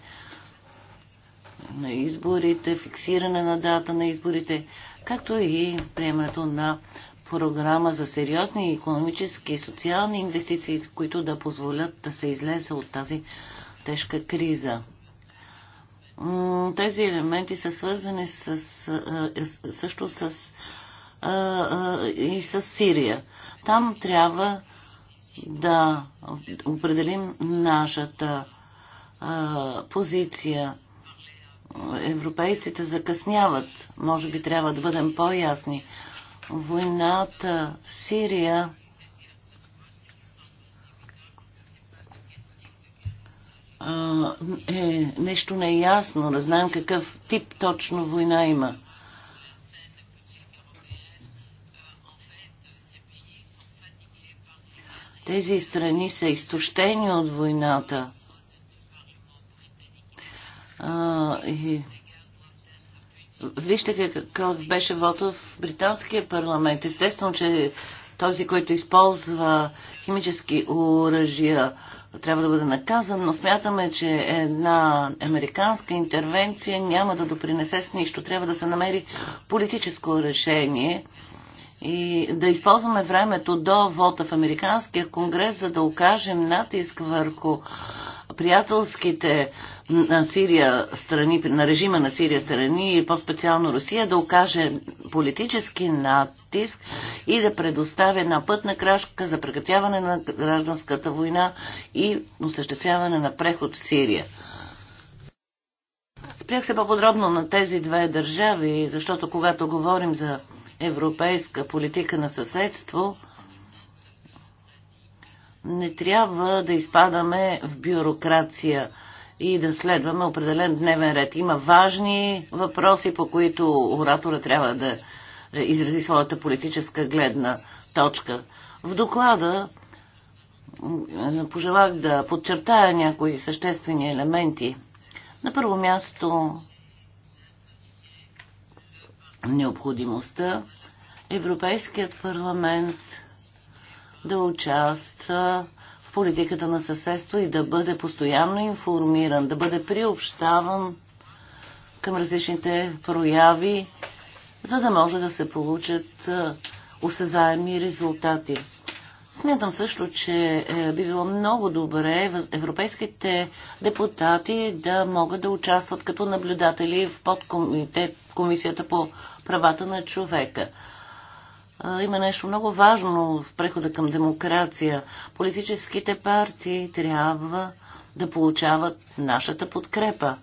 S3: на изборите, фиксиране на дата на изборите, както и приемането на програма за сериозни економически и социални инвестиции, които да позволят да се излезе от тази тежка криза. Тези елементи са свързани с, е, също с и с Сирия. Там трябва да определим нашата позиция. Европейците закъсняват. Може би трябва да бъдем по-ясни. Войната в Сирия е нещо неясно. Не знаем какъв тип точно война има. Тези страни са изтощени от войната. А, и... Вижте какъв беше вода в британския парламент. Естествено, че този, който използва химически оръжия, трябва да бъде наказан, но смятаме, че една американска интервенция няма да допринесе с нищо. Трябва да се намери политическо решение и да използваме времето до вота в Американския конгрес, за да окажем натиск върху приятелските на Сирия страни, на режима на Сирия страни и по-специално Русия да окаже политически натиск и да предоставя една пътна крашка за прекратяване на гражданската война и осъществяване на преход в Сирия. Спрях се по-подробно на тези две държави, защото когато говорим за европейска политика на съседство, не трябва да изпадаме в бюрокрация и да следваме определен дневен ред. Има важни въпроси, по които оратора трябва да изрази своята политическа гледна точка. В доклада пожелах да подчертая някои съществени елементи – на първо място необходимостта Европейският парламент да участва в политиката на съседство и да бъде постоянно информиран, да бъде приобщаван към различните прояви, за да може да се получат осезаеми резултати. Смятам също, че е, би било много добре европейските депутати да могат да участват като наблюдатели в подкомитет, комисията по правата на човека. Има нещо много важно в прехода към демокрация. Политическите партии трябва да получават нашата подкрепа.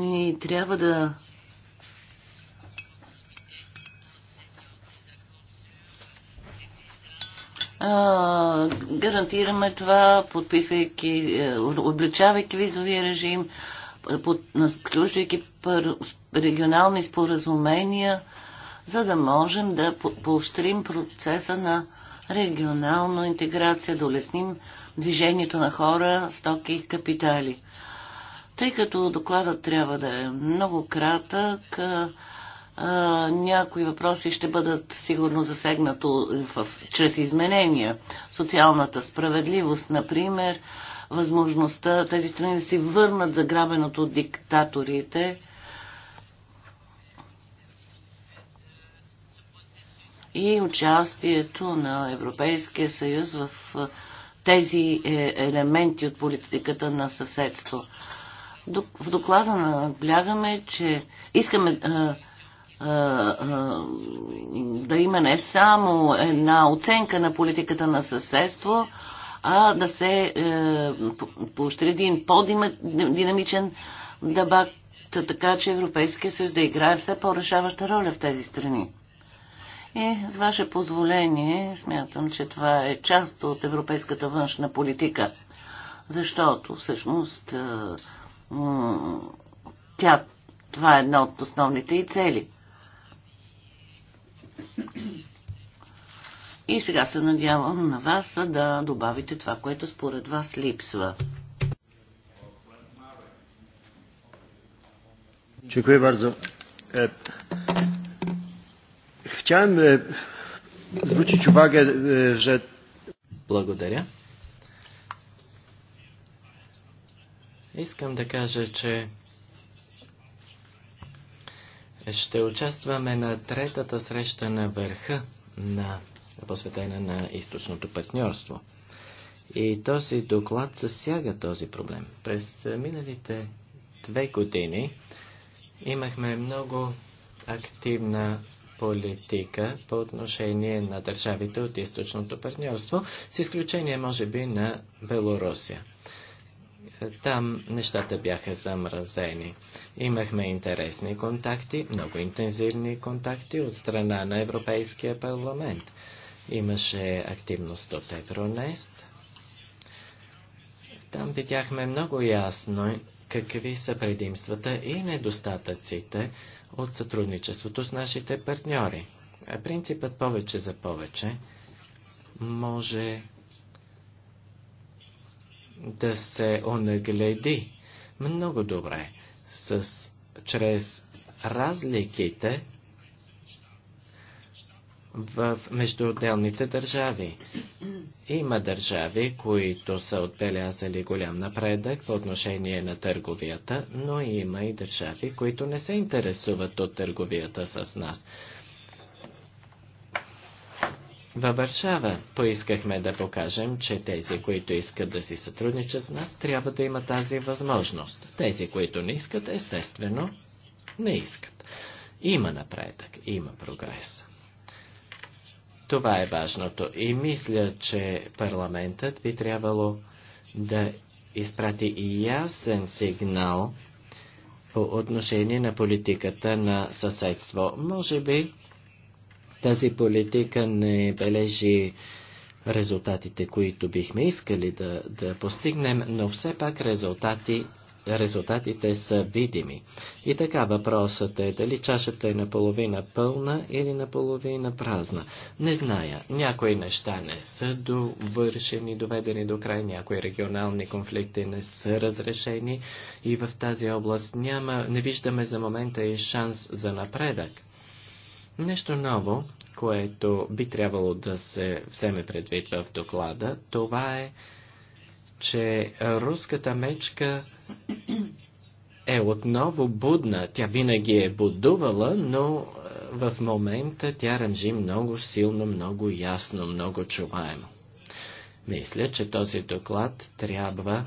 S3: И трябва да гарантираме това, подписвайки, е, обличавайки визовия режим, под, сключвайки регионални споразумения, за да можем да поощрим процеса на регионална интеграция, да улесним движението на хора, стоки и капитали. Тъй като докладът трябва да е много кратък, а, някои въпроси ще бъдат сигурно засегнато в, чрез изменения. Социалната справедливост, например, възможността тези страни да си върнат заграбеното от диктаторите. И участието на Европейския съюз в тези е, елементи от политиката на съседство. В доклада наблягаме, че искаме да има не само една оценка на политиката на съседство, а да се е, поощри един по-динамичен дебат, така че Европейския съюз да играе все по-решаваща роля в тези страни. И с ваше позволение смятам, че това е част от европейската външна политика, защото всъщност е, тя, това е една от основните и цели – И сега се надявам на вас да добавите това, което според вас липсва.
S1: Dziękuję bardzo. E,
S4: chciałem e, zwrócić uwagę, e, że. Благодаря. Искам да кажа, че ще участваме на третата среща на върха на посветена на източното партньорство. И този доклад засяга този проблем. През миналите две години имахме много активна политика по отношение на държавите от източното партньорство, с изключение, може би, на Белорусия. Там нещата бяха замразени. Имахме интересни контакти, много интензивни контакти от страна на Европейския парламент. Имаше активност от Евронест. Там видяхме много ясно какви са предимствата и недостатъците от сътрудничеството с нашите партньори. Принципът повече за повече може да се онагледи много добре с, чрез разликите в между отделните държави. Има държави, които са отбелязали голям напредък по отношение на търговията, но има и държави, които не се интересуват от търговията с нас. Във Варшава поискахме да покажем, че тези, които искат да си сътрудничат с нас, трябва да има тази възможност. Тези, които не искат, естествено, не искат. Има напредък, има прогрес. Това е важното. И мисля, че парламентът би трябвало да изпрати ясен сигнал по отношение на политиката на съседство. Може би тази политика не бележи резултатите, които бихме искали да, да постигнем, но все пак резултати резултатите са видими. И така въпросът е дали чашата е наполовина пълна или наполовина празна. Не зная. Някои неща не са довършени, доведени до край, някои регионални конфликти не са разрешени и в тази област няма, не виждаме за момента и шанс за напредък. Нещо ново, което би трябвало да се вземе предвид в доклада, това е, че руската мечка е отново будна. Тя винаги е будувала, но е, в момента тя ръмжи много силно, много ясно, много чуваемо. Мисля, че този доклад трябва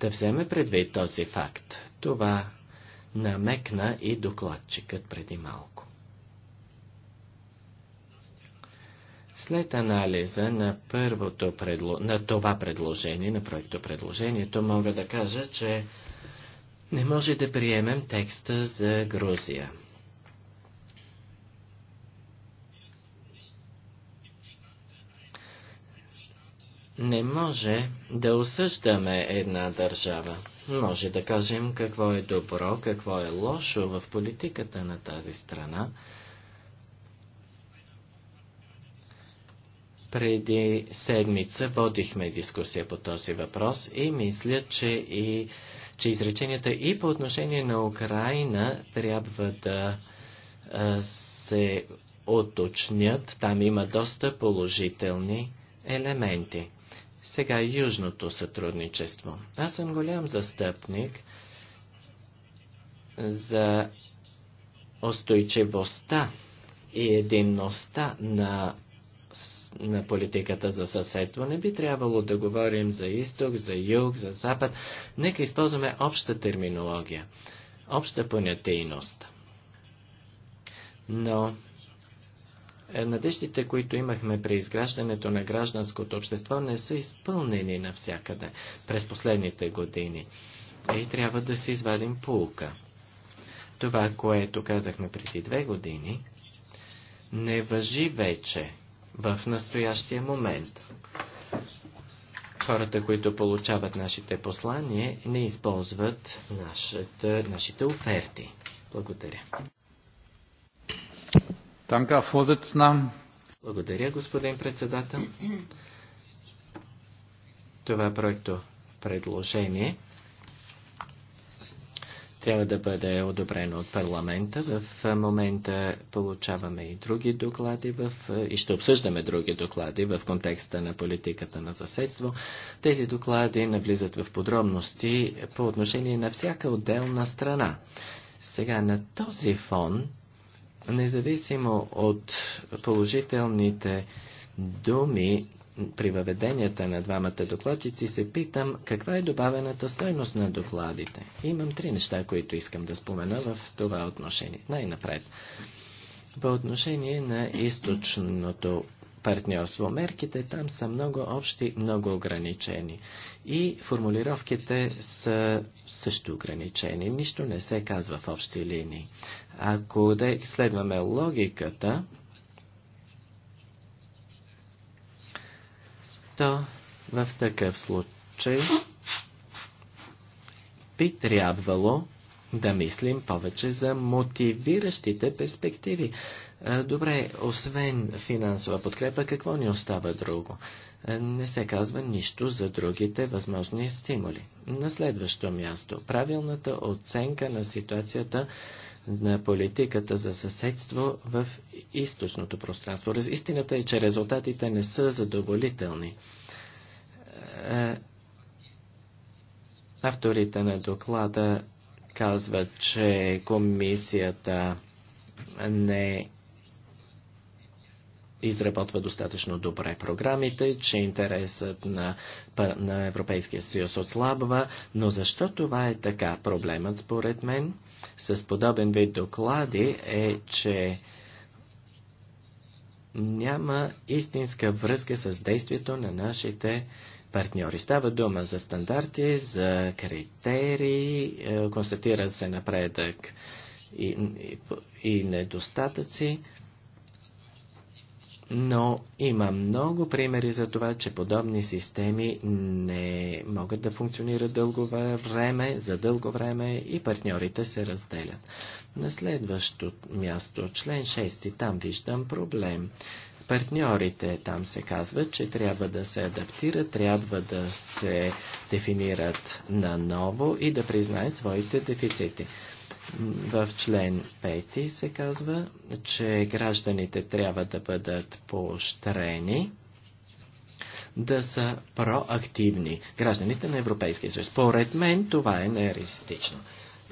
S4: да вземе предвид този факт. Това намекна и докладчикът преди малко. След анализа на, първото предло... на това предложение, на проекто предложението, мога да кажа, че не може да приемем текста за Грузия. Не може да осъждаме една държава. Може да кажем какво е добро, какво е лошо в политиката на тази страна, Преди седмица водихме дискусия по този въпрос и мисля, че, и, че изреченията и по отношение на Украина трябва да а, се оточнят. Там има доста положителни елементи. Сега южното сътрудничество. Аз съм голям застъпник за устойчивостта и единността на на политиката за съседство. Не би трябвало да говорим за изток, за юг, за запад. Нека използваме обща терминология, обща понятийност. Но е, надеждите, които имахме при изграждането на гражданското общество, не са изпълнени навсякъде през последните години. Е, и трябва да си извадим полука. Това, което казахме преди две години, не въжи вече в настоящия момент. Хората, които получават нашите послания, не използват нашата, нашите оферти. Благодаря. Танка Фозецна. Благодаря, господин председател. Това е проекто предложение трябва да бъде одобрено от парламента. В момента получаваме и други доклади в, и ще обсъждаме други доклади в контекста на политиката на заседство. Тези доклади навлизат в подробности по отношение на всяка отделна страна. Сега на този фон, независимо от положителните думи, при въведенията на двамата докладчици се питам каква е добавената стойност на докладите. Имам три неща, които искам да спомена в това отношение. Най-напред. По отношение на източното партньорство. Мерките там са много общи, много ограничени. И формулировките са също ограничени. Нищо не се казва в общи линии. Ако да следваме логиката, то в такъв случай би трябвало да мислим повече за мотивиращите перспективи. Добре, освен финансова подкрепа, какво ни остава друго? Не се казва нищо за другите възможни стимули. На следващо място, правилната оценка на ситуацията на политиката за съседство в източното пространство. Истината е, че резултатите не са задоволителни. Е, авторите на доклада казват, че комисията не изработва достатъчно добре програмите, че интересът на, на Европейския съюз отслабва, но защо това е така? Проблемът според мен с подобен вид доклади е, че няма истинска връзка с действието на нашите партньори. Става дума за стандарти, за критерии, е, констатират се напредък и, и, и недостатъци но има много примери за това, че подобни системи не могат да функционират дълго време, за дълго време и партньорите се разделят. На следващо място, член 6, там виждам проблем. Партньорите там се казват, че трябва да се адаптират, трябва да се дефинират наново и да признаят своите дефицити. В член 5 се казва, че гражданите трябва да бъдат поощрени да са проактивни гражданите на Европейския съюз. Поред мен това е нереалистично.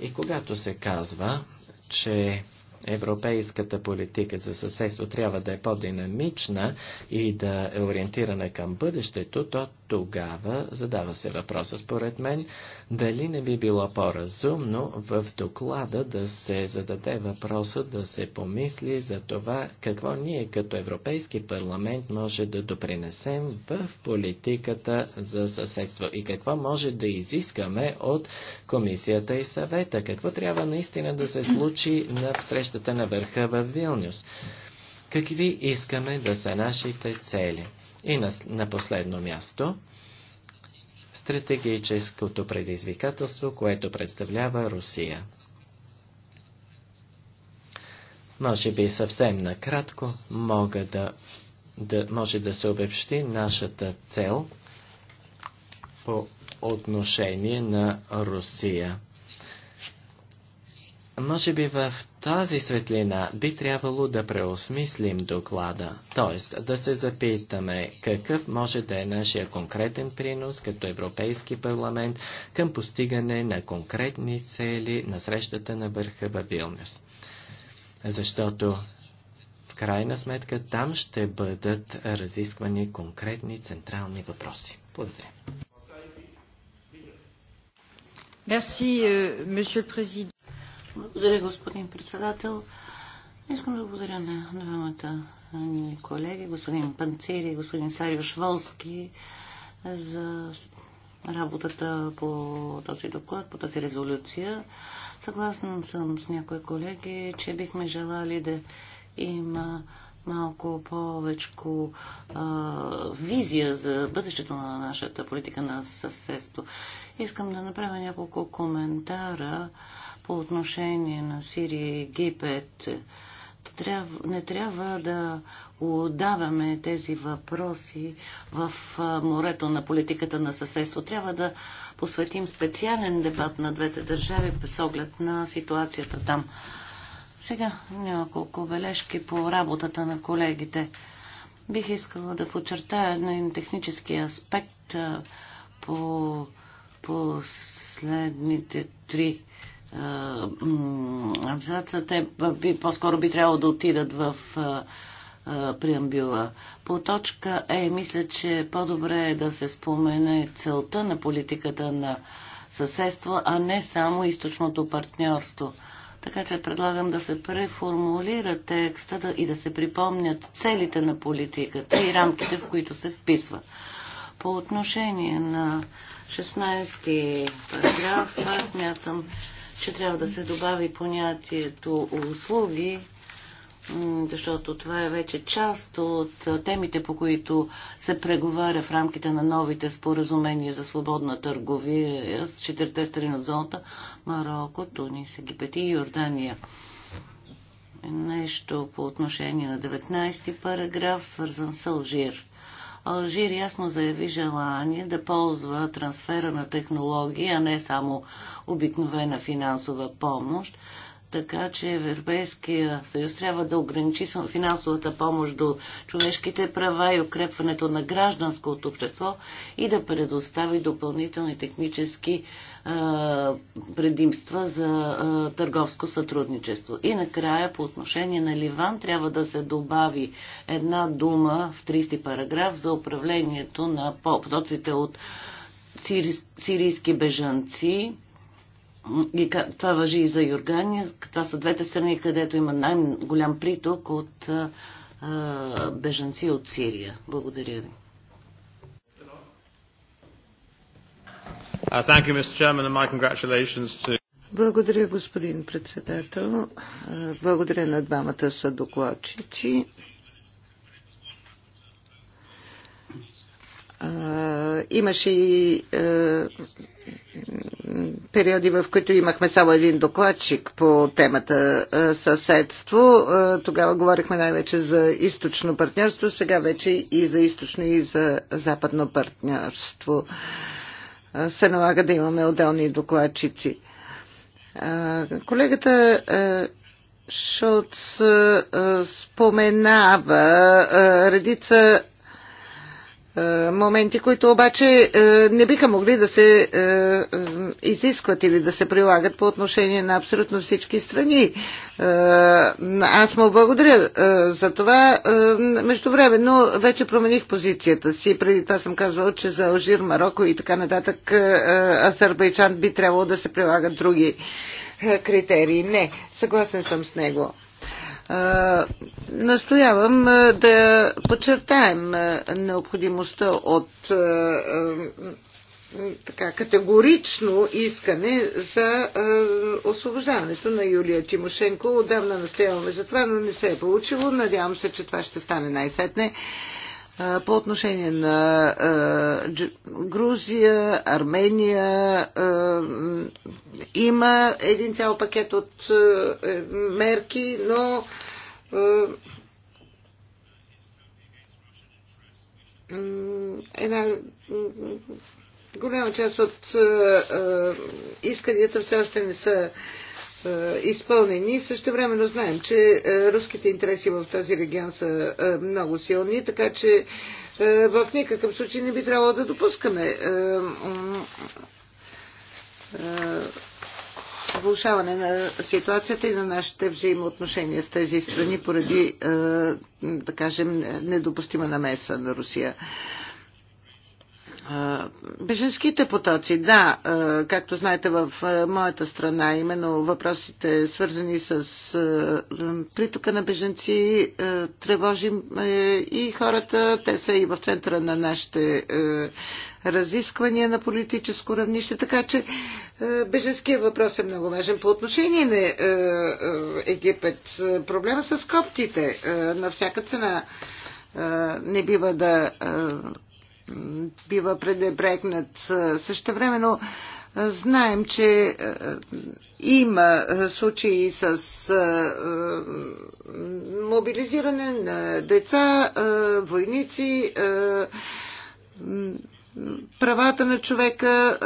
S4: И когато се казва, че европейската политика за съседство трябва да е по-динамична и да е ориентирана към бъдещето, то тогава задава се въпроса, според мен, дали не би било по-разумно в доклада да се зададе въпроса, да се помисли за това какво ние като Европейски парламент може да допринесем в политиката за съседство и какво може да изискаме от комисията и съвета, какво трябва наистина да се случи на срещата на върха в Вилнюс. Какви искаме да са нашите цели? И на, на последно място, стратегическото предизвикателство, което представлява Русия. Може би съвсем накратко мога да, да, може да се обобщи нашата цел по отношение на Русия. Може би в тази светлина би трябвало да преосмислим доклада, т.е. да се запитаме какъв може да е нашия конкретен принос като Европейски парламент към постигане на конкретни цели на срещата на върха във Вилнюс. Защото в крайна сметка там ще бъдат разисквани конкретни централни въпроси. Благодаря.
S3: Merci, euh, Monsieur le Président. Благодаря, господин председател. Искам да благодаря на двамата ни колеги, господин Панцири и господин Сариош Волски, за работата по този доклад, по тази резолюция. Съгласна съм с някои колеги, че бихме желали да има малко повече визия за бъдещето на нашата политика на съседство. Искам да направя няколко коментара. А, по отношение на Сирия и Египет. не трябва да отдаваме тези въпроси в морето на политиката на съседство. Трябва да посветим специален дебат на двете държави с оглед на ситуацията там. Сега няколко бележки по работата на колегите. Бих искала да подчертая един технически аспект по последните три абзаца, те по-скоро би трябвало да отидат в преамбюла. По точка Е, мисля, че по-добре е да се спомене целта на политиката на съседство, а не само източното партньорство. Така че предлагам да се преформулира текста да, и да се припомнят целите на политиката и рамките, в които се вписва. По отношение на 16 параграф, аз смятам, че трябва да се добави понятието услуги, защото това е вече част от темите, по които се преговаря в рамките на новите споразумения за свободна търговия с четирите страни от зоната Марокко, Тунис, Египет и Йордания. Нещо по отношение на 19 ти параграф, свързан с Алжир. Алжир ясно заяви желание да ползва трансфера на технологии, а не само обикновена финансова помощ така че Европейския съюз трябва да ограничи финансовата помощ до човешките права и укрепването на гражданското общество и да предостави допълнителни технически а, предимства за а, търговско сътрудничество. И накрая по отношение на Ливан трябва да се добави една дума в 30 параграф за управлението на потоците от сирийски бежанци и това въжи и за Йордания. Това са двете страни, където има най-голям приток от а, бежанци от Сирия. Благодаря ви.
S1: Uh,
S2: благодаря, господин председател. Благодаря на двамата са докладчици. Имаше и периоди, в които имахме само един докладчик по темата съседство. Тогава говорихме най-вече за източно партньорство, сега вече и за източно и за западно партньорство. Се налага да имаме отделни докладчици. Колегата Шоц споменава редица е, моменти, които обаче е, не биха могли да се е, изискват или да се прилагат по отношение на абсолютно всички страни. Аз му благодаря за това. Междувременно вече промених позицията си. Преди това съм казвала, че за Алжир, Марокко и така нататък Азербайджан би трябвало да се прилагат други критерии. Не, съгласен съм с него. Настоявам да подчертаем необходимостта от така категорично искане за е, освобождаването на Юлия Тимошенко. Отдавна настояваме за това, но не се е получило. Надявам се, че това ще стане най-сетне. Е, по отношение на е, Грузия, Армения, е, има един цял пакет от е, е, мерки, но е, една голяма част от исканията все още не са изпълнени. Също времено знаем, че руските интереси в този регион са много силни, така че в никакъв случай не би трябвало да допускаме е, влушаване на ситуацията и на нашите взаимоотношения с тези страни поради, е, да кажем, недопустима намеса на Русия. Беженските потоци, да, както знаете в моята страна, именно въпросите свързани с притока на беженци тревожим и хората. Те са и в центъра на нашите разисквания на политическо равнище, така че беженският въпрос е много важен. По отношение на Египет, проблема с коптите на всяка цена не бива да бива предебрегнат. Също времено знаем, че има случаи с мобилизиране на деца, войници, правата на човека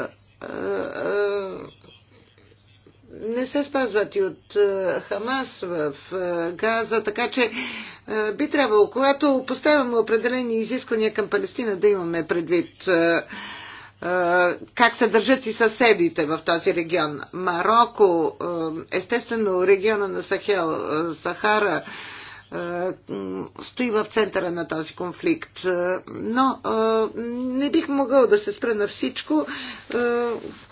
S2: не се спазват и от е, Хамас в е, Газа, така че е, би трябвало, когато поставяме определени изисквания към Палестина, да имаме предвид как се държат и съседите в този регион. Марокко, естествено региона на Сахел, Сахара, е, стои в центъра на този конфликт. Е, но е, не бих могъл да се спра на всичко,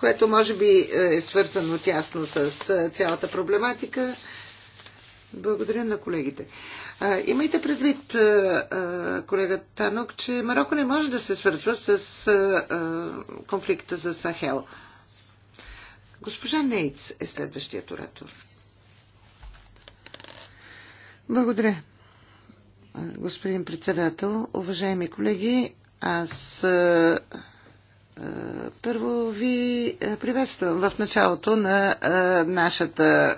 S2: което може би е свързано тясно с цялата проблематика. Благодаря на колегите. имайте предвид, колега Танок, че Марокко не може да се свързва с конфликта за Сахел. Госпожа Нейц е следващият оратор. Благодаря. Господин председател, уважаеми колеги, аз първо ви приветствам в началото на нашата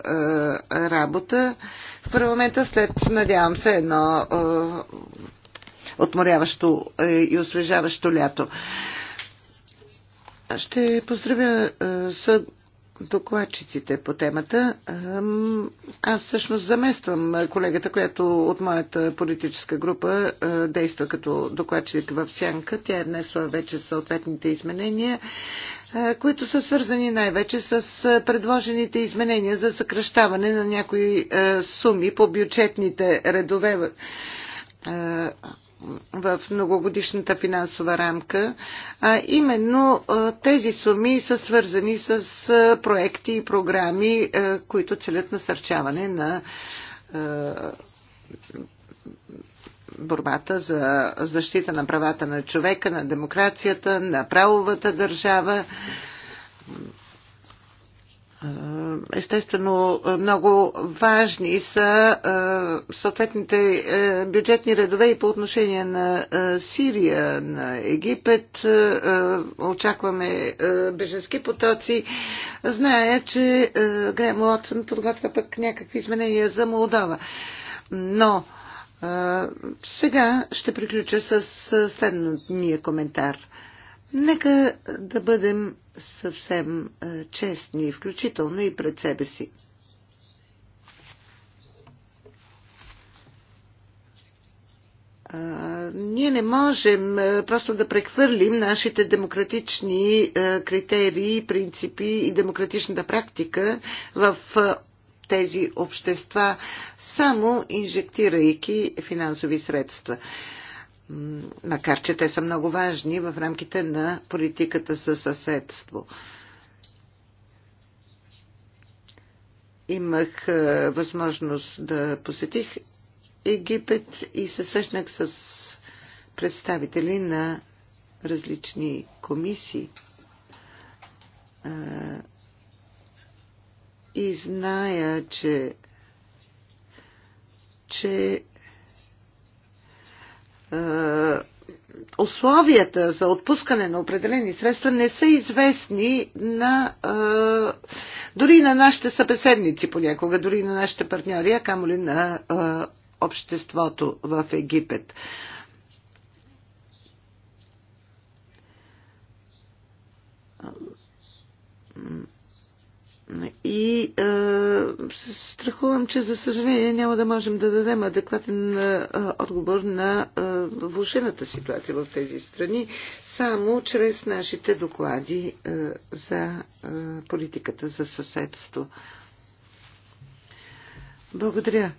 S2: работа в парламента след, надявам се, едно отморяващо и освежаващо лято. Ще поздравя с докладчиците по темата. Аз всъщност замествам колегата, която от моята политическа група действа като докладчик в Сянка. Тя е внесла вече съответните изменения, които са свързани най-вече с предложените изменения за съкръщаване на някои суми по бюджетните редове в многогодишната финансова рамка, а именно тези суми са свързани с проекти и програми, които целят насърчаване на борбата за защита на правата на човека, на демокрацията, на правовата държава е, естествено, много важни са е, съответните е, бюджетни редове и по отношение на Сирия, на Египет. Очакваме беженски потоци. Зная, че Грем Лотсън подготвя пък някакви изменения за Молдова. Но сега ще приключа с следния коментар – Нека да бъдем съвсем е, честни, включително и пред себе си. ние не можем е, просто да прехвърлим нашите демократични е, критерии, принципи и демократичната практика в тези общества, само инжектирайки финансови средства макар че те са много важни в рамките на политиката за съседство. Имах е, възможност да посетих Египет и се срещнах с представители на различни комисии. Е, и зная, че, че е, условията за отпускане на определени средства не са известни на, е, дори на нашите събеседници понякога, дори на нашите партньори, а камо ли на е, обществото в Египет. И е, се страхувам, че за съжаление няма да можем да дадем адекватен а, е, отговор на а, е, влушената ситуация в тези страни, само чрез нашите доклади а, за а, политиката за съседство. Благодаря,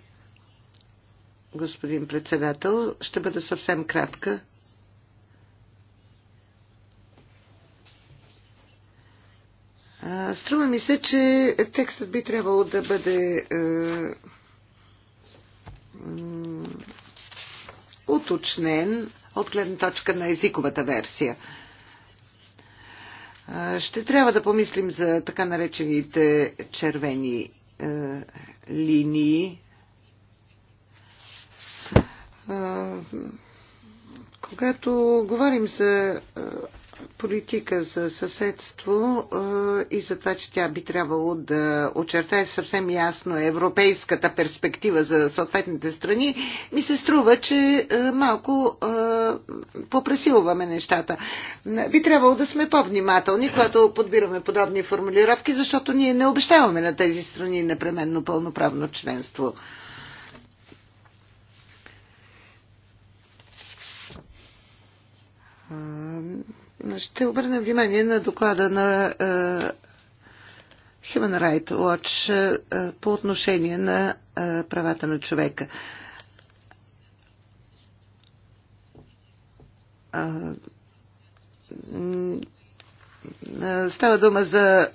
S2: господин председател. Ще бъда съвсем кратка. Струва ми се, че текстът би трябвало да бъде е, уточнен от гледна точка на езиковата версия. Ще трябва да помислим за така наречените червени е, линии. когато говорим за е, политика за съседство и за това, че тя би трябвало да очертае съвсем ясно европейската перспектива за съответните страни, ми се струва, че малко попресилваме нещата. Би трябвало да сме по-внимателни, когато подбираме подобни формулировки, защото ние не обещаваме на тези страни непременно пълноправно членство. Ще обърнем внимание на доклада на е, Human Rights Watch е, по отношение на е, правата на човека. Е, става дума за е,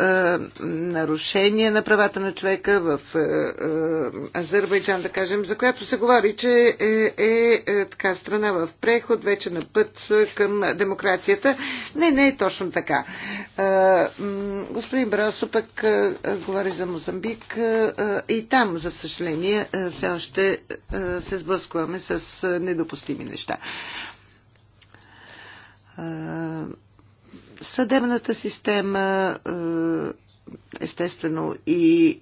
S2: нарушение на правата на човека в е, е, Азербайджан, да кажем, за която се говори, че е, е, е така страна в преход, вече на път е, към демокрацията. Не, не е точно така. Е, господин Брасо пък е, е, говори за Мозамбик е, и там, за съжаление, е, все още е, се сблъскваме с недопустими неща. Е, съдебната система, е, естествено и е,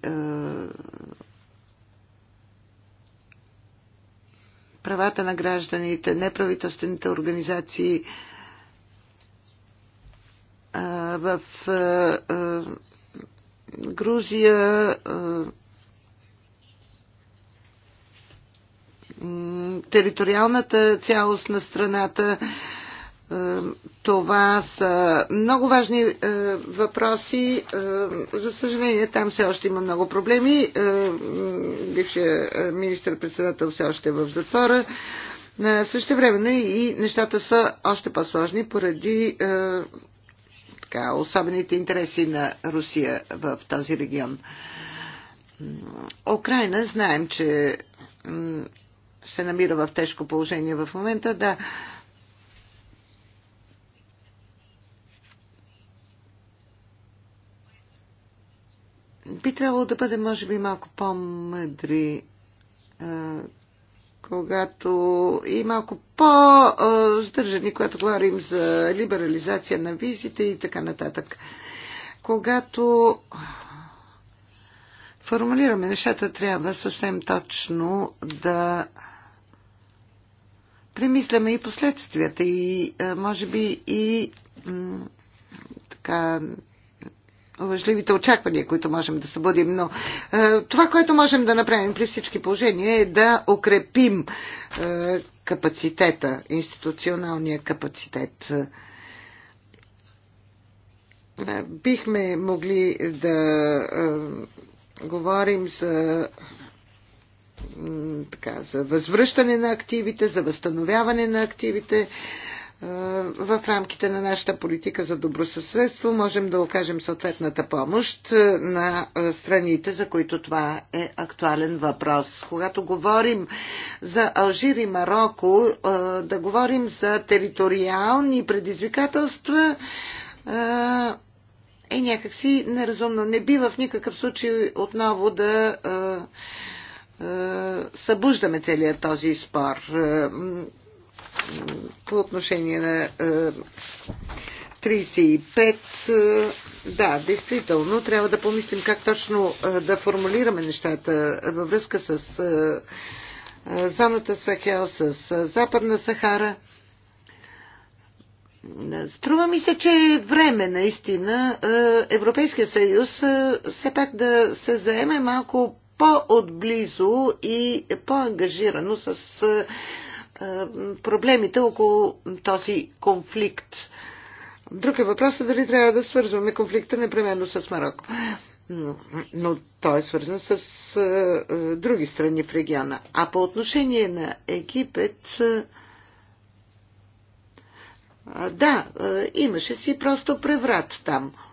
S2: правата на гражданите, неправителствените организации е, в Грузия териториалната цялост на страната това са много важни е, въпроси. Е, за съжаление, там все още има много проблеми. Е, бившия министр-председател все още е в затвора. Е, също времено и нещата са още по-сложни поради е, така, особените интереси на Русия в този регион. Украина, знаем, че се намира в тежко положение в момента. Да, Би трябвало да бъдем, може би, малко по-мъдри, когато и малко по-здържани, когато говорим за либерализация на визите и така нататък. Когато формулираме нещата, трябва съвсем точно да премисляме и последствията и може би и така лъжливите очаквания, които можем да събудим, но е, това, което можем да направим при всички положения е да укрепим е, капацитета, институционалния капацитет. Е, бихме могли да е, говорим за така, за възвръщане на активите, за възстановяване на активите. Е, е, в рамките на нашата политика за добросъседство можем да окажем съответната помощ е, на е, страните, за които това е актуален въпрос. Когато говорим за Алжир и Марокко, да говорим за териториални предизвикателства е някакси неразумно. Не би в никакъв случай отново да събуждаме целият този спор по отношение на 35, е, е, да, действително, трябва да помислим как точно е, да формулираме нещата във връзка с зоната Сахел, с Западна Сахара. Струва ми се, че е време наистина Европейския съюз все пак да се заеме малко по-отблизо и по-ангажирано с проблемите около този конфликт. Друг е въпросът дали трябва да свързваме конфликта непременно с Марокко. Но той е свързан с други страни в региона. А по отношение на Египет, да, имаше си просто преврат там –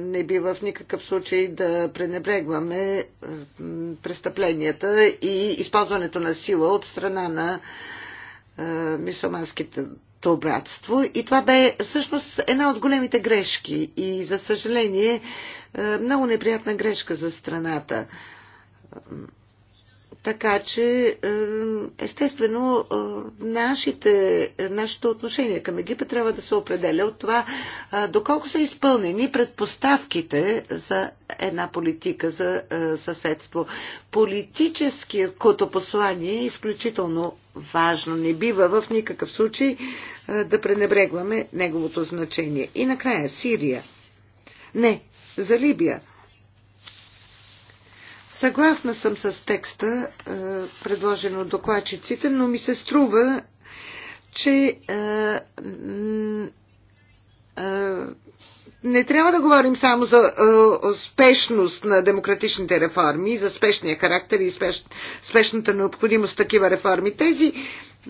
S2: не бива в никакъв случай да пренебрегваме престъпленията и използването на сила от страна на мисоманските братство. И това бе всъщност една от големите грешки и за съжаление много неприятна грешка за страната. Така че, е, естествено, е, нашите, нашето отношение към Египет трябва да се определя от това е, доколко са изпълнени предпоставките за една политика за съседство. като послание е изключително важно. Не бива в никакъв случай да пренебрегваме неговото значение. И накрая Сирия. Не, за Либия – Съгласна съм с текста, е, предложен от докладчиците, но ми се струва, че е, е, не трябва да говорим само за успешност спешност на демократичните реформи, за спешния характер и спешната необходимост такива реформи. Тези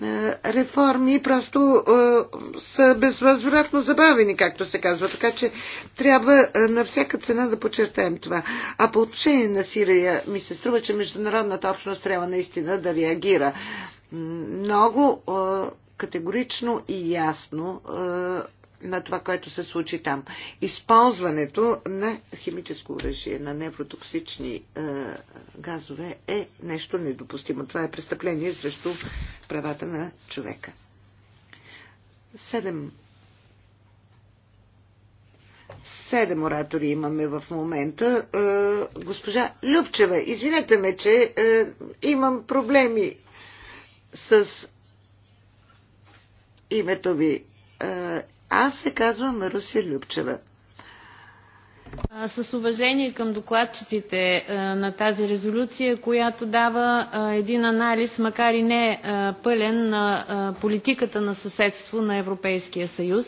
S2: е, реформи просто е, са безвъзвратно забавени, както се казва. Така че трябва е, на всяка цена да подчертаем това. А по отношение на Сирия ми се струва, че международната общност трябва наистина да реагира. Много категорично и ясно на това, което се случи там. Използването на химическо оръжие, на невротоксични е, газове е нещо недопустимо. Това е престъпление срещу правата на човека. Седем. Седем оратори имаме в момента. Е, госпожа Любчева, извинете ме, че е, имам проблеми с името ви е, аз се казвам Руси Любчева.
S1: С уважение към докладчиците на тази резолюция, която дава един анализ, макар и не пълен, на политиката на съседство на Европейския съюз.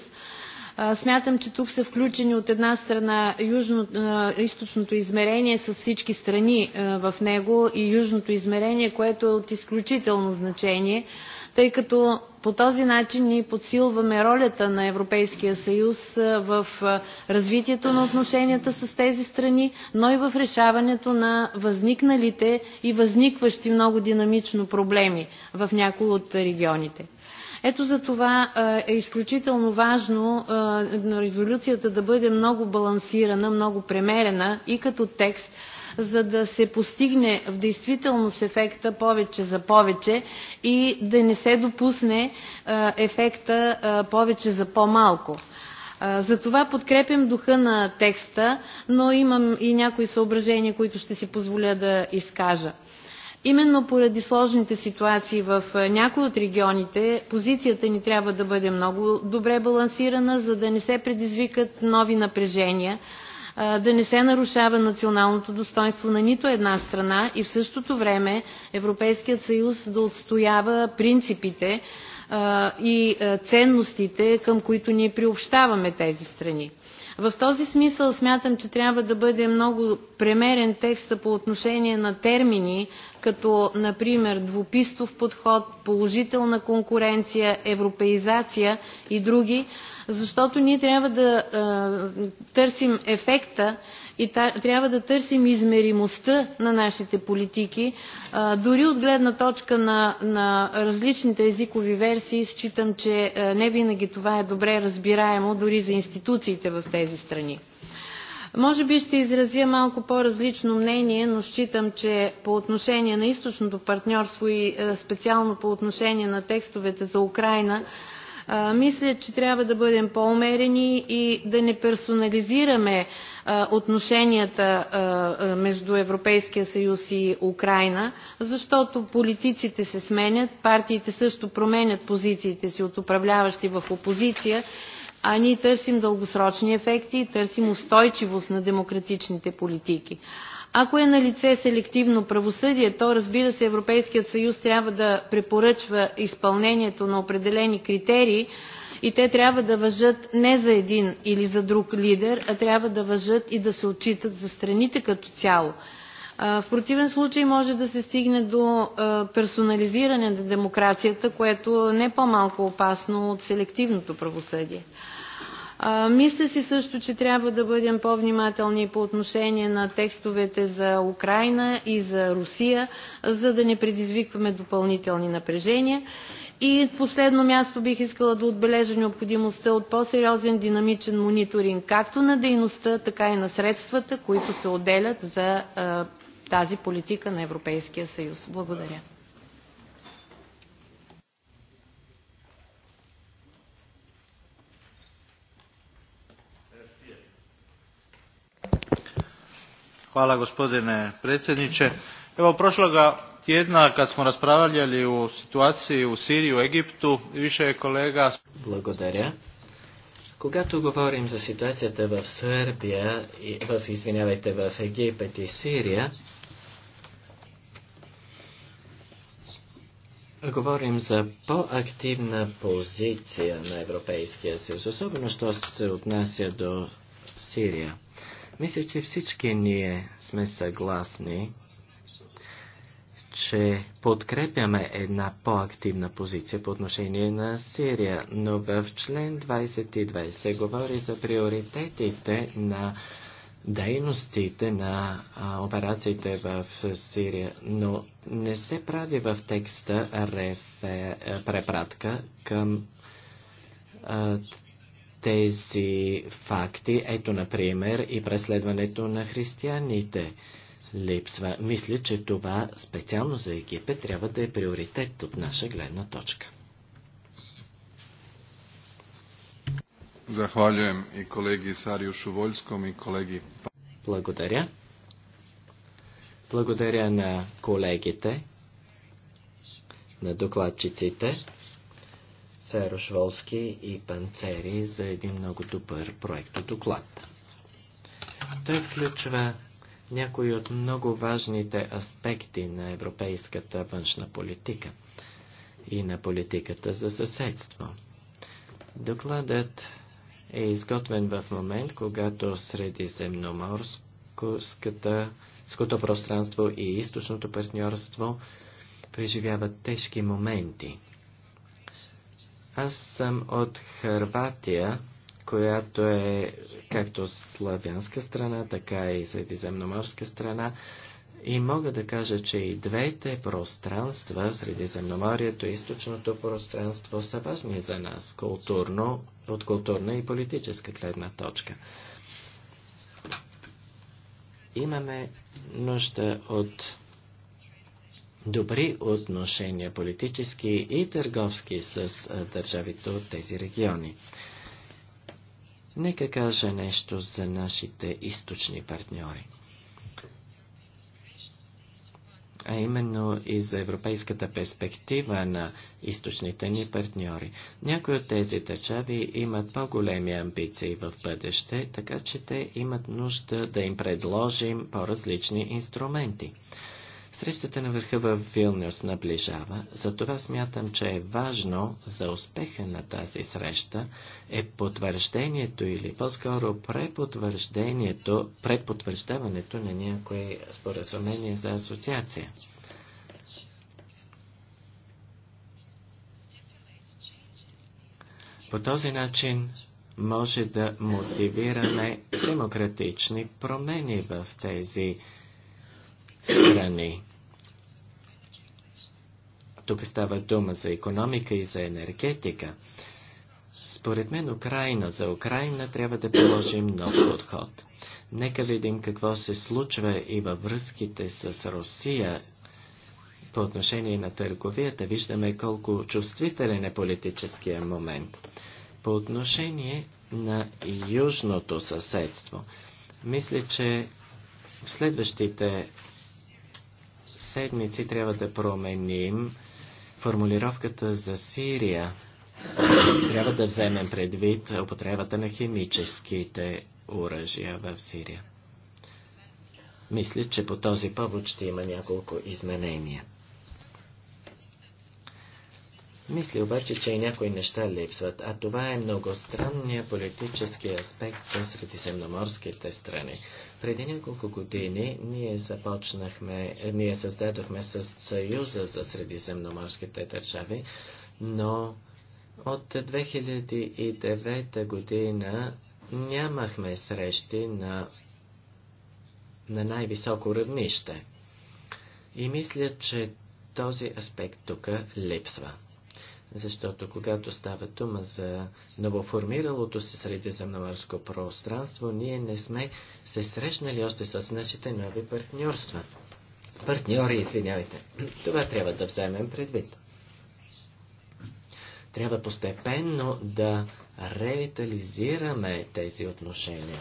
S1: Смятам, че тук са включени от една страна южно, източното измерение с всички страни в него и южното измерение, което е от изключително значение – тъй като по този начин ние подсилваме ролята на Европейския съюз в развитието на отношенията с тези страни, но и в решаването на възникналите и възникващи много динамично проблеми в някои от регионите. Ето за това е изключително важно резолюцията да бъде много балансирана, много премерена и като текст, за да се постигне в действителност ефекта повече за повече и да не се допусне ефекта повече за по-малко. Затова подкрепям духа на текста, но имам и някои съображения, които ще си позволя да изкажа. Именно поради сложните ситуации в някои от регионите, позицията ни трябва да бъде много добре балансирана, за да не се предизвикат нови напрежения, да не се нарушава националното достоинство на нито една страна и в същото време Европейският съюз да отстоява принципите и ценностите, към които ние приобщаваме тези страни. В този смисъл смятам, че трябва да бъде много премерен текста по отношение на термини, като например двупистов подход, положителна конкуренция, европеизация и други, защото ние трябва да търсим ефекта и трябва да търсим измеримостта на нашите политики. Дори от гледна точка на, на различните езикови версии, считам, че не винаги това е добре разбираемо дори за институциите в тези страни. Може би ще изразя малко по-различно мнение, но считам, че по отношение на източното партньорство и специално по отношение на текстовете за Украина, мисля, че трябва да бъдем по-умерени и да не персонализираме отношенията между Европейския съюз и Украина, защото политиците се сменят, партиите също променят позициите си от управляващи в опозиция, а ние търсим дългосрочни ефекти и търсим устойчивост на демократичните политики. Ако е на лице селективно правосъдие, то разбира се Европейският съюз трябва да препоръчва изпълнението на определени критерии, и те трябва да въжат не за един или за друг лидер, а трябва да въжат и да се отчитат за страните като цяло. В противен случай може да се стигне до персонализиране на демокрацията, което е не е по-малко опасно от селективното правосъдие мисля си също, че трябва да бъдем по-внимателни по отношение на текстовете за Украина и за Русия, за да не предизвикваме допълнителни напрежения. И последно място бих искала да отбележа необходимостта от по-сериозен динамичен мониторинг както на дейността, така и на средствата, които се отделят за тази политика на Европейския съюз. Благодаря. Hvala gospodine predsjedniče. Evo prošloga tjedna kad smo raspravljali o situaciji u Сирии, u Египту, više je kolega...
S4: Благодаря. Когато говорим за ситуацията в Сърбия, в, извинявайте, в Египет и Сирия, говорим за по-активна позиция на Европейския съюз, особено що се отнася до Сирия. Мисля, че всички ние сме съгласни, че подкрепяме една по-активна позиция по отношение на Сирия, но в член 22 се говори за приоритетите на дейностите на а, операциите в Сирия, но не се прави в текста рефе, препратка към а, тези факти. Ето, например, и преследването на християните липсва. Мисля, че това специално за Египет трябва да е приоритет от наша гледна точка. Захвалюем и колеги Сарио Шувольском и колеги... Благодаря. Благодаря на колегите, на докладчиците. Церош Волски и Панцери за един много добър проект доклад. Той включва някои от много важните аспекти на европейската външна политика и на политиката за съседство. Докладът е изготвен в момент, когато средиземноморското пространство и източното партньорство преживяват тежки моменти – аз съм от Харватия, която е както славянска страна, така и средиземноморска страна. И мога да кажа, че и двете пространства, Средиземноморието и източното пространство, са важни за нас културно, от културна и политическа гледна точка. Имаме нужда от добри отношения, политически и търговски с държавите от тези региони. Нека кажа нещо за нашите източни партньори. А именно и за европейската перспектива на източните ни партньори. Някои от тези държави имат по-големи амбиции в бъдеще, така че те имат нужда да им предложим по-различни инструменти. Срещата на върха в Вилнюс наближава, затова смятам, че е важно за успеха на тази среща е потвърждението или по-скоро препотвърждението, препотвърждаването на някои споразумение за асоциация. По този начин може да мотивираме демократични промени в тези страни. Тук става дума за економика и за енергетика. Според мен Украина за Украина трябва да приложим нов подход. Нека видим какво се случва и във връзките с Русия по отношение на търговията. Виждаме колко чувствителен е политическия момент. По отношение на южното съседство, мисля, че в следващите седмици трябва да променим формулировката за Сирия. Трябва да вземем предвид употребата на химическите оръжия в Сирия. Мисля, че по този повод ще има няколко изменения. Мисля обаче, че и някои неща липсват, а това е многостранния политически аспект с средиземноморските страни. Преди няколко години ние започнахме, ние създадохме с Съюза за средиземноморските държави, но от 2009 година нямахме срещи на, на най-високо равнище. И мисля, че този аспект тук липсва. Защото когато става дума за новоформиралото се средиземноморско пространство, ние не сме се срещнали още с нашите нови партньорства. Партньори, извинявайте. Това трябва да вземем предвид. Трябва постепенно да ревитализираме тези отношения.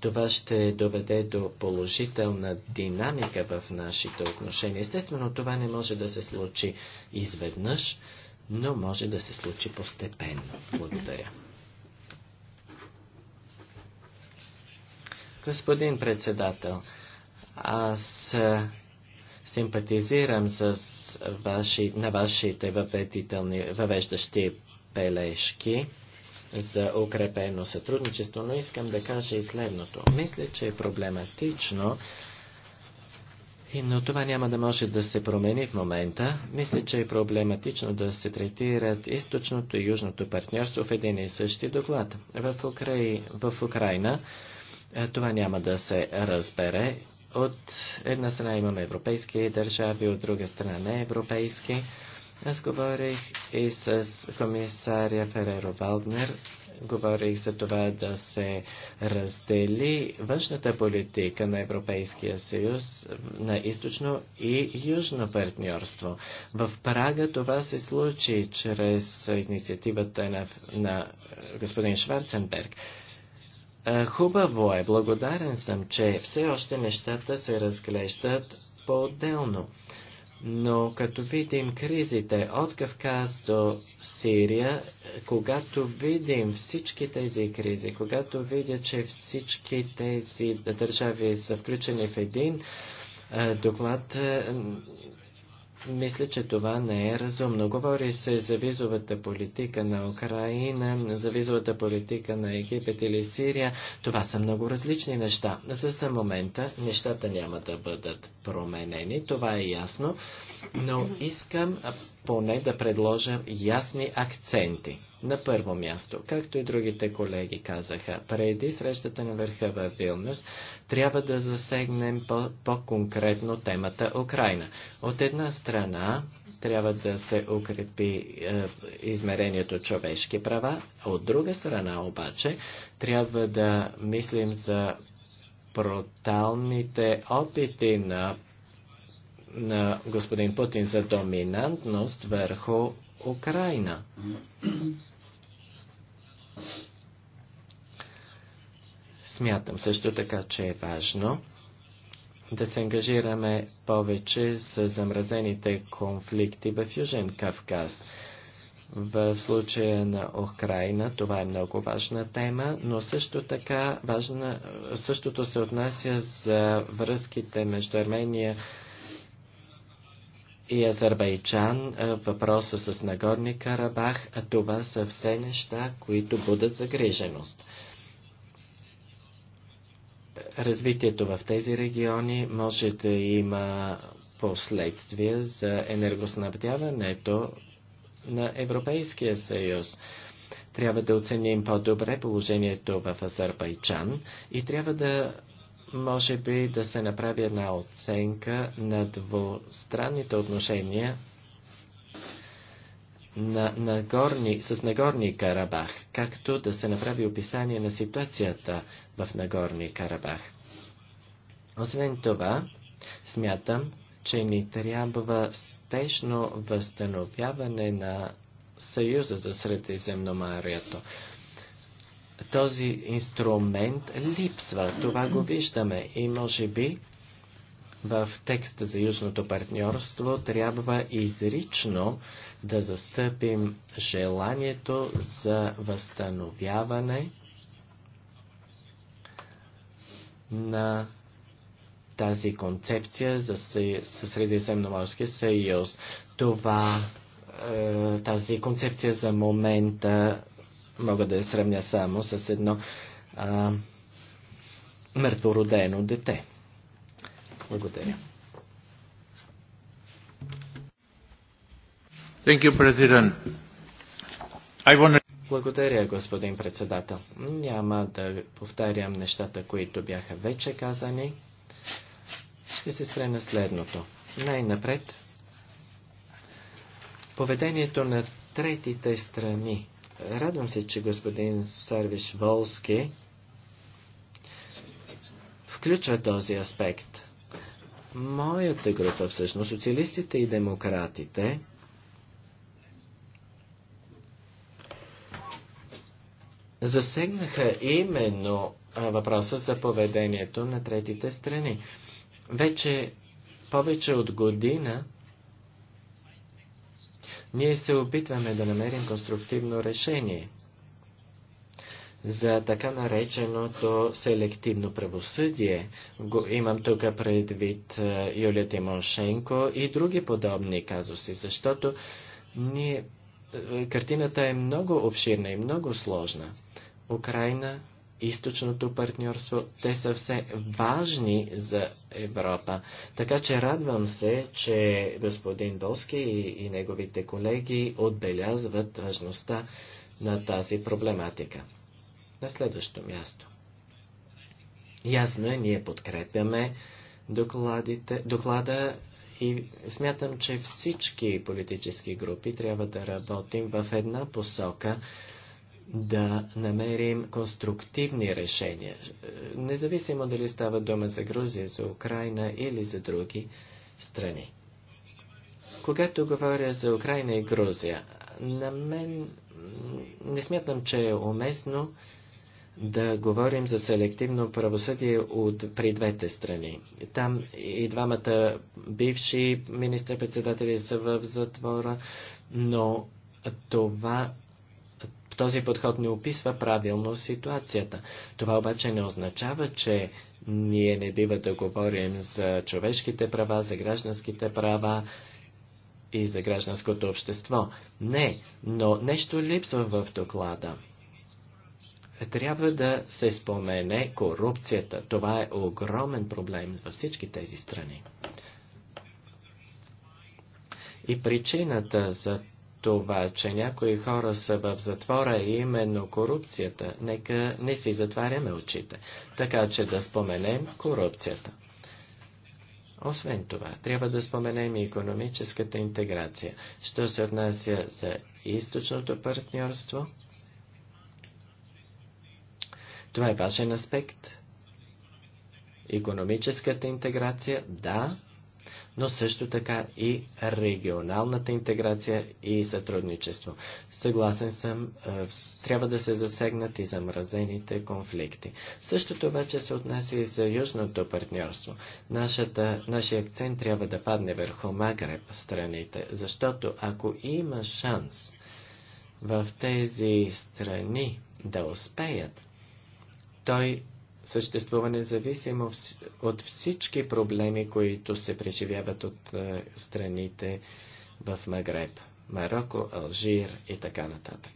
S4: Това ще доведе до положителна динамика в нашите отношения. Естествено, това не може да се случи изведнъж, но може да се случи постепенно. Благодаря. Господин председател, аз симпатизирам с ваши, на вашите въвеждащи пелешки за укрепено сътрудничество, но искам да кажа и следното. Мисля, че е проблематично, но това няма да може да се промени в момента. Мисля, че е проблематично да се третират източното и южното партньорство в един и същи доклад. В, Украй... в Украина е, това няма да се разбере. От една страна имаме европейски държави, от друга страна не европейски. Аз говорих и с комисаря Фереро Валднер, говорих за това да се раздели външната политика на Европейския съюз на източно и южно партньорство. В Прага това се случи чрез инициативата на, на господин Шварценберг. Хубаво е, благодарен съм, че все още нещата се разглеждат по-отделно. Но като видим кризите от Кавказ до Сирия, когато видим всички тези кризи, когато видя, че всички тези държави са включени в един доклад, мисля, че това не е разумно. Говори се за визовата политика на Украина, за визовата политика на Египет или Сирия. Това са много различни неща. За, за момента нещата няма да бъдат променени, това е ясно, но искам поне да предложа ясни акценти. На първо място, както и другите колеги казаха, преди срещата на върха в Вилнюс, трябва да засегнем по-конкретно по темата Украина. От една страна, трябва да се укрепи е, измерението човешки права, а от друга страна обаче, трябва да мислим за проталните опити на, на господин Путин за доминантност върху Украина. Смятам също така, че е важно да се ангажираме повече с замразените конфликти в Южен Кавказ. В случая на Украина това е много важна тема, но също така важна, същото се отнася за връзките между Армения и и Азербайджан, въпроса с Нагорни Карабах, а това са все неща, които будат загриженост. Развитието в тези региони може да има последствия за енергоснабдяването на Европейския съюз. Трябва да оценим по-добре положението в Азербайджан и трябва да може би да се направи една оценка на двустранните отношения на горни, с Нагорни Карабах, както да се направи описание на ситуацията в Нагорни Карабах. Освен това, смятам, че ни трябва спешно възстановяване на Съюза за Средиземноморието този инструмент липсва. Това го виждаме и може би в текста за Южното партньорство трябва изрично да застъпим желанието за възстановяване на тази концепция за Средиземноморския съюз. Това, е, тази концепция за момента мога да я сравня само с едно а, мъртвородено дете. Благодаря.
S1: Thank you, President. I
S4: wanna... Благодаря, господин председател. Няма да повтарям нещата, които бяха вече казани. Ще се спре на следното. Най-напред, поведението на третите страни Радвам се, че господин Сервиш Волски включва този аспект. Моята група, всъщност, социалистите и демократите, засегнаха именно въпроса за поведението на третите страни. Вече повече от година ние се опитваме да намерим конструктивно решение за така нареченото селективно правосъдие. Го имам тук предвид е, Юлия Тимошенко и други подобни казуси, защото ние, е, картината е много обширна и много сложна. Украина източното партньорство, те са все важни за Европа. Така че радвам се, че господин Долски и, и неговите колеги отбелязват важността на тази проблематика. На следващо място. Ясно е, ние подкрепяме докладите, доклада и смятам, че всички политически групи трябва да работим в една посока да намерим конструктивни решения, независимо дали става дума за Грузия, за Украина или за други страни. Когато говоря за Украина и Грузия, на мен не смятам, че е уместно да говорим за селективно правосъдие от, при двете страни. Там и двамата бивши министър-председатели са в затвора, но това този подход не описва правилно ситуацията. Това обаче не означава, че ние не бива да говорим за човешките права, за гражданските права и за гражданското общество. Не, но нещо липсва в доклада. Трябва да се спомене корупцията. Това е огромен проблем във всички тези страни. И причината за това, че някои хора са в затвора и именно корупцията. Нека не си затваряме очите, така че да споменем корупцията. Освен това, трябва да споменем и економическата интеграция. Що се отнася за източното партньорство? Това е важен аспект. Економическата интеграция, да, но също така и регионалната интеграция и сътрудничество. Съгласен съм, е, трябва да се засегнат и замразените конфликти. Същото обаче се отнася и за южното партньорство. Нашата, нашия акцент трябва да падне върху Магреб страните, защото ако има шанс в тези страни да успеят, той съществува независимо от всички проблеми, които се преживяват от е, страните в Магреб, Марокко, Алжир и така нататък.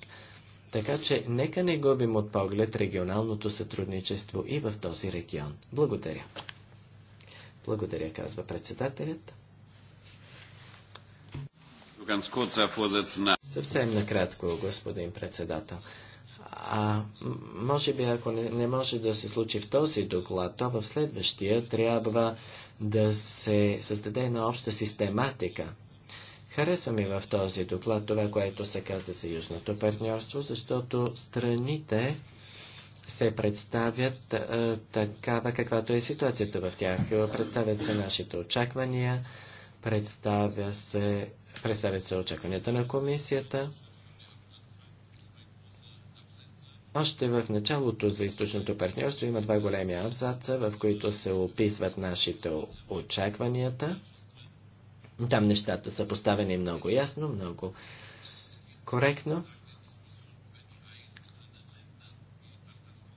S4: Така че нека не губим от поглед регионалното сътрудничество и в този регион. Благодаря. Благодаря, казва председателят. Съвсем накратко, господин председател. А може би, ако не, не може да се случи в този доклад, то в следващия трябва да се създаде една обща систематика. Харесва ми в този доклад това, което се каза за Южното партньорство, защото страните се представят а, такава, каквато е ситуацията в тях. Представят се нашите очаквания, представя се, представят се очакванията на комисията. Още в началото за източното партньорство има два големи абзаца, в които се описват нашите очакванията. Там нещата са поставени много ясно, много коректно.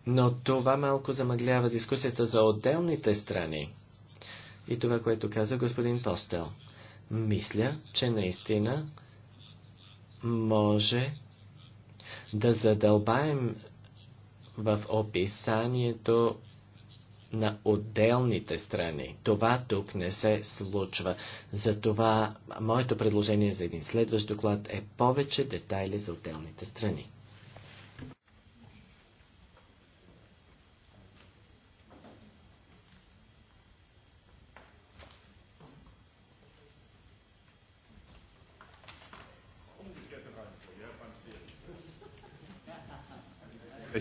S4: Но това малко замъглява дискусията за отделните страни. И това, което каза господин Постел. Мисля, че наистина може да задълбаем в описанието на отделните страни. Това тук не се случва. Затова моето предложение за един следващ доклад е повече детайли за отделните страни.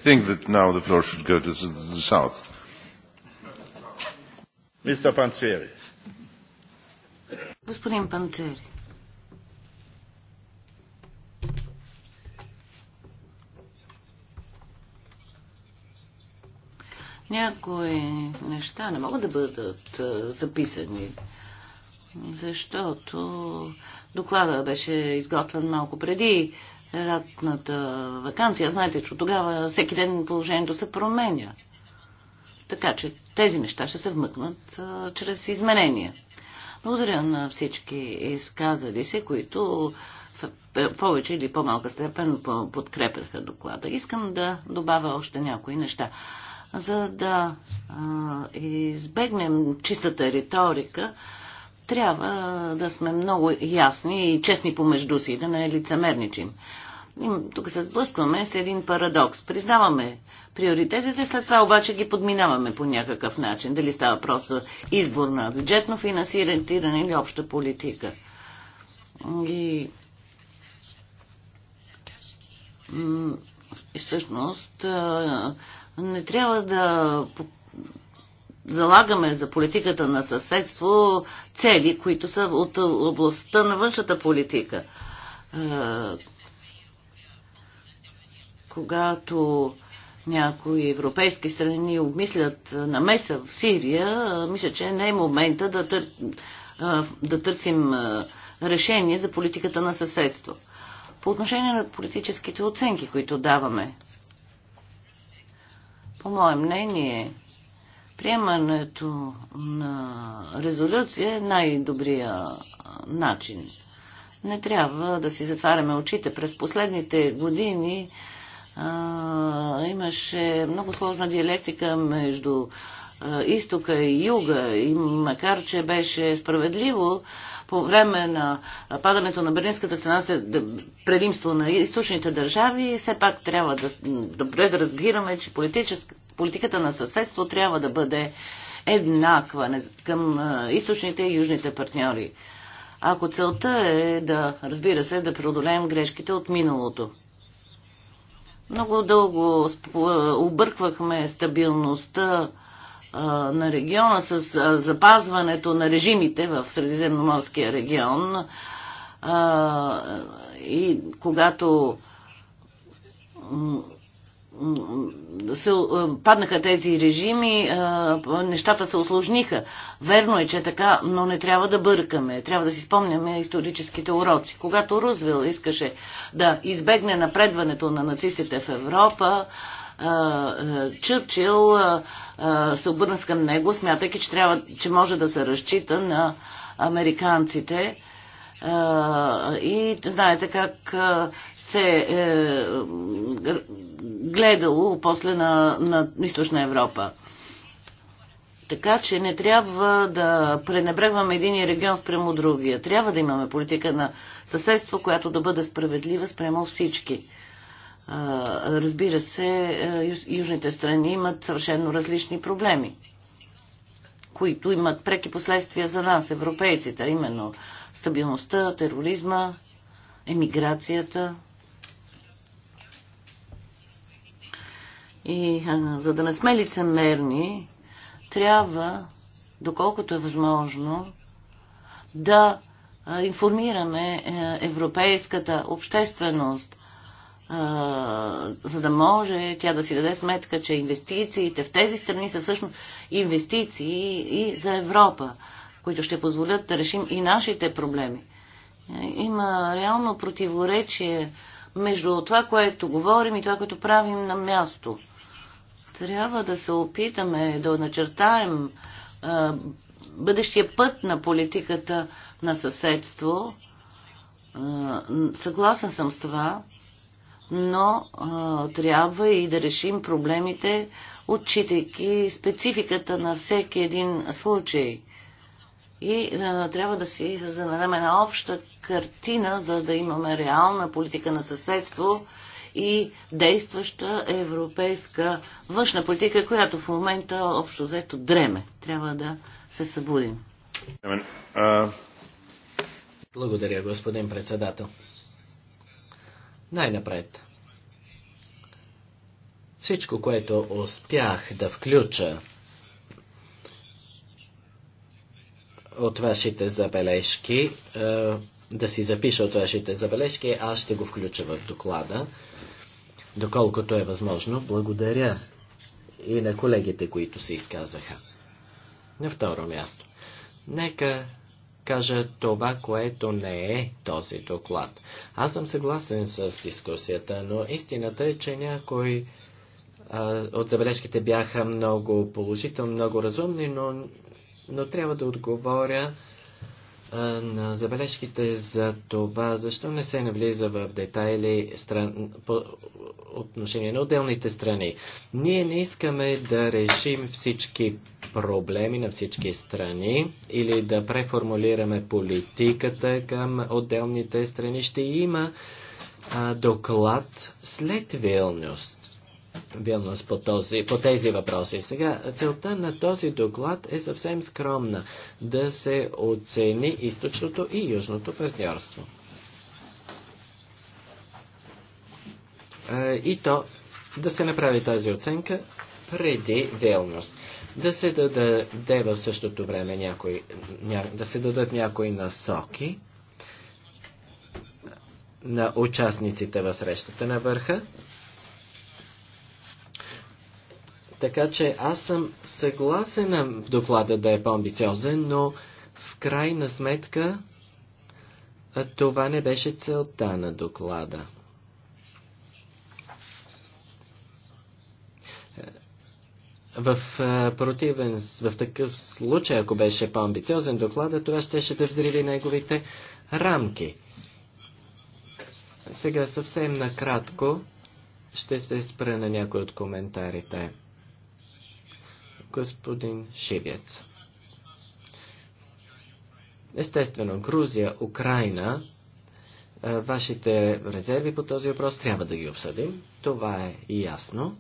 S3: think that now the floor should go to the south. Mr. Panzeri. Господин Панцери. Някои неща не могат да бъдат записани, защото докладът беше изготвен малко преди лятната вакансия. Знаете, че тогава всеки ден положението се променя. Така че тези неща ще се вмъкнат а, чрез изменения. Благодаря на всички изказали се, които в е, повече или по-малка степен подкрепяха доклада. Искам да добавя още някои неща. За да а, избегнем чистата риторика, трябва да сме много ясни и честни помежду си, да не лицемерничим. И тук се сблъскваме с един парадокс. Признаваме приоритетите, след това обаче ги подминаваме по някакъв начин. Дали става просто избор на бюджетно финансиране или обща политика. И... и всъщност не трябва да залагаме за политиката на съседство цели, които са от областта на външната политика. Е, когато някои европейски страни обмислят намеса в Сирия, е, мисля, че не е момента да, тър... Е, да търсим решение за политиката на съседство. По отношение на политическите оценки, които даваме, по мое мнение, Приемането на резолюция е най-добрия начин. Не трябва да си затваряме очите. През последните години а, имаше много сложна диалектика между а, изтока и юга и макар, че беше справедливо, а, по време на падането на Берлинската стена се предимство на източните държави, все пак трябва да добре да разбираме, че политиката на съседство трябва да бъде еднаква към източните и южните партньори. Ако целта е да, разбира се, да преодолеем грешките от миналото. Много дълго обърквахме стабилността на региона с запазването на режимите в Средиземноморския регион и когато се, паднаха тези режими, нещата се осложниха. Верно е, че е така, но не трябва да бъркаме. Трябва да си спомняме историческите уроци. Когато Рузвел искаше да избегне напредването на нацистите в Европа, Чърчил се обърна към него, смятайки, че, трябва, че може да се разчита на американците. И знаете как се е гледало после на, на източна Европа. Така че не трябва да пренебрегваме един регион спрямо другия. Трябва да имаме политика на съседство, която да бъде справедлива спрямо всички. Разбира се, е, южните страни имат съвършено различни проблеми, които имат преки последствия за нас, европейците, именно стабилността, тероризма, емиграцията. И за да не сме лицемерни, трябва, доколкото е възможно, да информираме е, европейската общественост, за да може тя да си даде сметка, че инвестициите в тези страни са всъщност инвестиции и за Европа, които ще позволят да решим и нашите проблеми. Има реално противоречие между това, което говорим и това, което правим на място. Трябва да се опитаме да начертаем а, бъдещия път на политиката на съседство. А, съгласен съм с това, но а, трябва и да решим проблемите, отчитайки спецификата на всеки един случай. И а, трябва да си създадем една обща картина, за да имаме реална политика на съседство и действаща европейска външна политика, която в момента общо взето дреме. Трябва да се събудим.
S1: Uh,
S4: Благодаря, господин председател. Най-напред. Всичко, което успях да включа от вашите забележки, е, да си запиша от вашите забележки, аз ще го включа в доклада, доколкото е възможно. Благодаря и на колегите, които се изказаха. На второ място. Нека кажа това, което не е този доклад. Аз съм съгласен с дискусията, но истината е, че някои а, от забележките бяха много положителни, много разумни, но, но трябва да отговоря на забележките за това, защо не се навлиза в детайли стран... по отношение на отделните страни. Ние не искаме да решим всички проблеми на всички страни или да преформулираме политиката към отделните страни. Ще има а, доклад след Вилнюс мобилност по, този, по тези въпроси. Сега, целта на този доклад е съвсем скромна да се оцени източното и южното партньорство. Е, и то да се направи тази оценка преди Вилнюс. Да се даде в същото време някои, ня, да се дадат някои насоки на участниците в срещата на върха Така че аз съм съгласен на доклада да е по-амбициозен, но в крайна сметка това не беше целта на доклада. В противен, в такъв случай, ако беше по-амбициозен доклада, това щеше да взриви неговите рамки. Сега съвсем накратко ще се спра на някои от коментарите господин Шивец. Естествено, Грузия, Украина, е, вашите резерви по този въпрос трябва да ги обсъдим. Това е и ясно.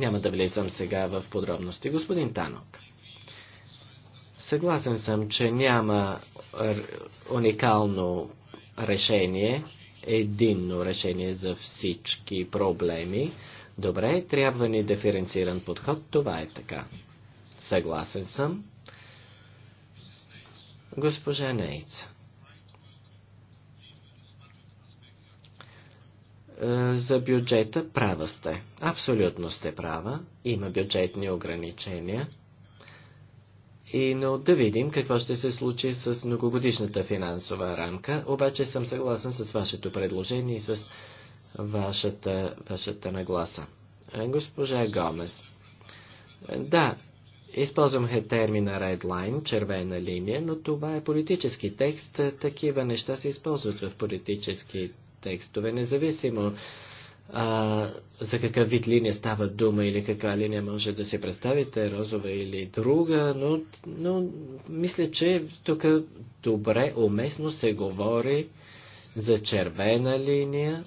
S4: Няма да влизам сега в подробности, господин Танок. Съгласен съм, че няма уникално решение, единно решение за всички проблеми. Добре, трябва ни диференциран подход, това е така. Съгласен съм. Госпожа Нейца. Е, за бюджета права сте. Абсолютно сте права. Има бюджетни ограничения. И, но да видим какво ще се случи с многогодишната финансова рамка. Обаче съм съгласен с вашето предложение и с вашата, вашата нагласа. Е, госпожа Гомес. Е, да, използвам термина Line, червена линия, но това е политически текст. Е, такива неща се използват в политически текстове, независимо а, за какъв вид линия става дума или каква линия може да си представите, розова или друга, но, но мисля, че тук добре, уместно се говори за червена линия,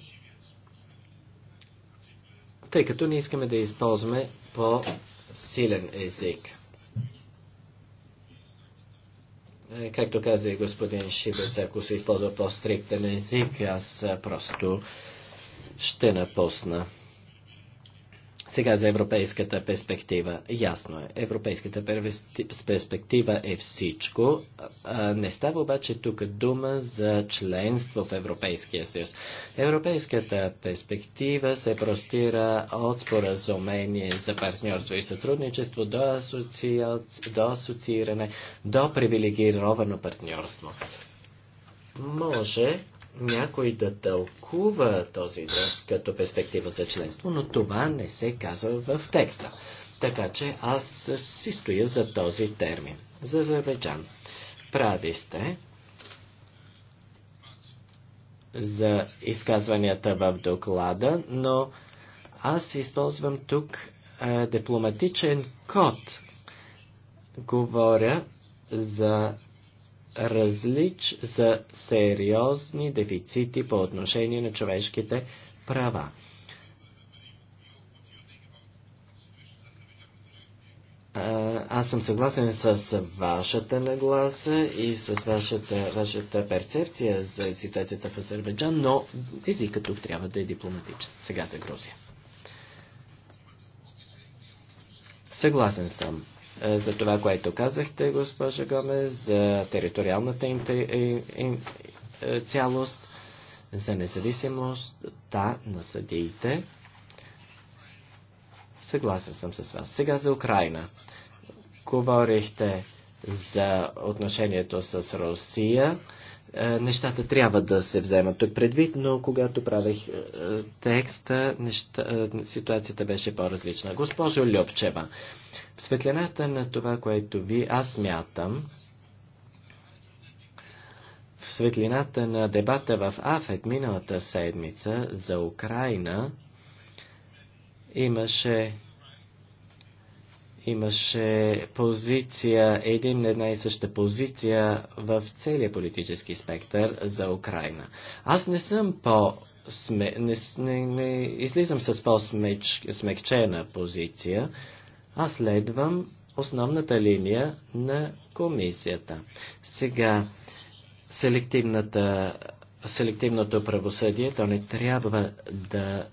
S4: тъй като не искаме да използваме по-силен език. Е, както каза и господин Шибец, ако се използва по-стриктен език, аз просто ще напусна. Сега за европейската перспектива. Ясно е. Европейската перспектива е всичко. Не става обаче тук дума за членство в Европейския съюз. Европейската перспектива се простира от споразумение за партньорство и сътрудничество до, асоци... до асоцииране, до привилегировано партньорство. Може някой да тълкува този израз като перспектива за членство, но това не се казва в текста. Така че аз си стоя за този термин. За Азербайджан. Прави сте за изказванията в доклада, но аз използвам тук е, дипломатичен код. Говоря за различ за сериозни дефицити по отношение на човешките права. аз съм съгласен с вашата нагласа и с вашата, вашата перцепция за ситуацията в Азербайджан, но езикът тук трябва да е дипломатичен. Сега за Грузия. Съгласен съм е, за това, което казахте, госпожа Гомес, за териториалната е, цялост, за независимостта на съдиите. Съгласен съм с вас. Сега за Украина. Говорихте за отношението с Русия. Е, нещата трябва да се вземат тук предвид, но когато правих е, текста, неща, е, ситуацията беше по-различна. Госпожо Льопчева, в светлината на това, което ви аз мятам, в светлината на дебата в Афет миналата седмица за Украина имаше имаше позиция, един една и съща позиция в целия политически спектър за Украина. Аз не съм по сме, не, не, не излизам с по-смекчена позиция, а следвам основната линия на комисията. Сега, селективната, селективното правосъдие, то не трябва да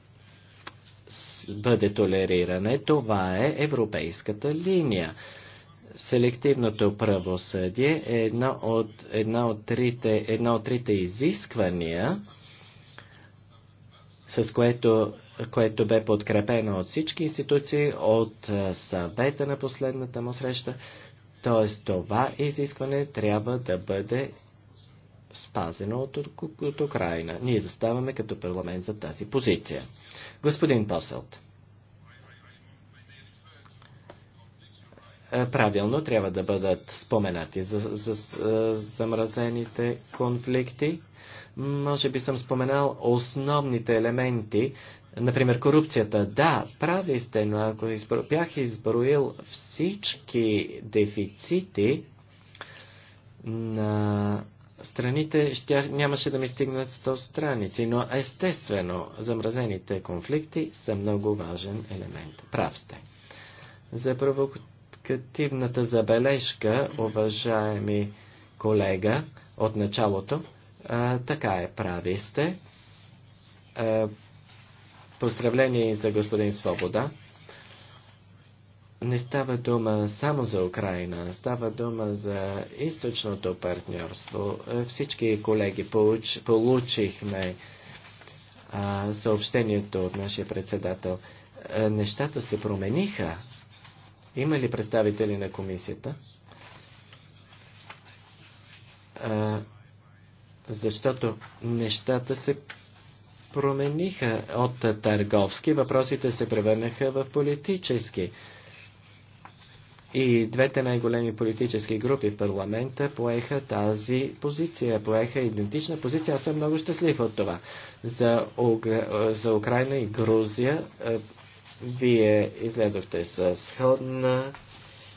S4: бъде толериране, това е европейската линия. Селективното правосъдие е едно от, една от трите, една от трите изисквания, с което, което бе подкрепено от всички институции, от съвета на последната му среща. Т.е. това изискване трябва да бъде спазено от, от, от Украина. Ние заставаме като парламент за тази позиция. Господин Поселт. Е, правилно трябва да бъдат споменати за, за, за е, замразените конфликти. Може би съм споменал основните елементи, например корупцията. Да, прави сте, но ако избро... бях изброил всички дефицити на страните щях, нямаше да ми стигнат 100 страници, но естествено замразените конфликти са много важен елемент. Прав сте. За провокативната забележка, уважаеми колега, от началото, а, така е, прави сте. А, поздравление за господин Свобода не става дума само за Украина, става дума за източното партньорство. Е, всички колеги получ, получихме а, съобщението от нашия председател. А, е, нещата се промениха. Има ли представители на комисията? А, е, защото нещата се промениха от търговски, въпросите се превърнаха в политически. А, и двете най-големи политически групи в парламента поеха тази позиция, поеха идентична позиция. Аз съм много щастлив от това. За, Угра... за Украина и Грузия е, вие излезохте с сходна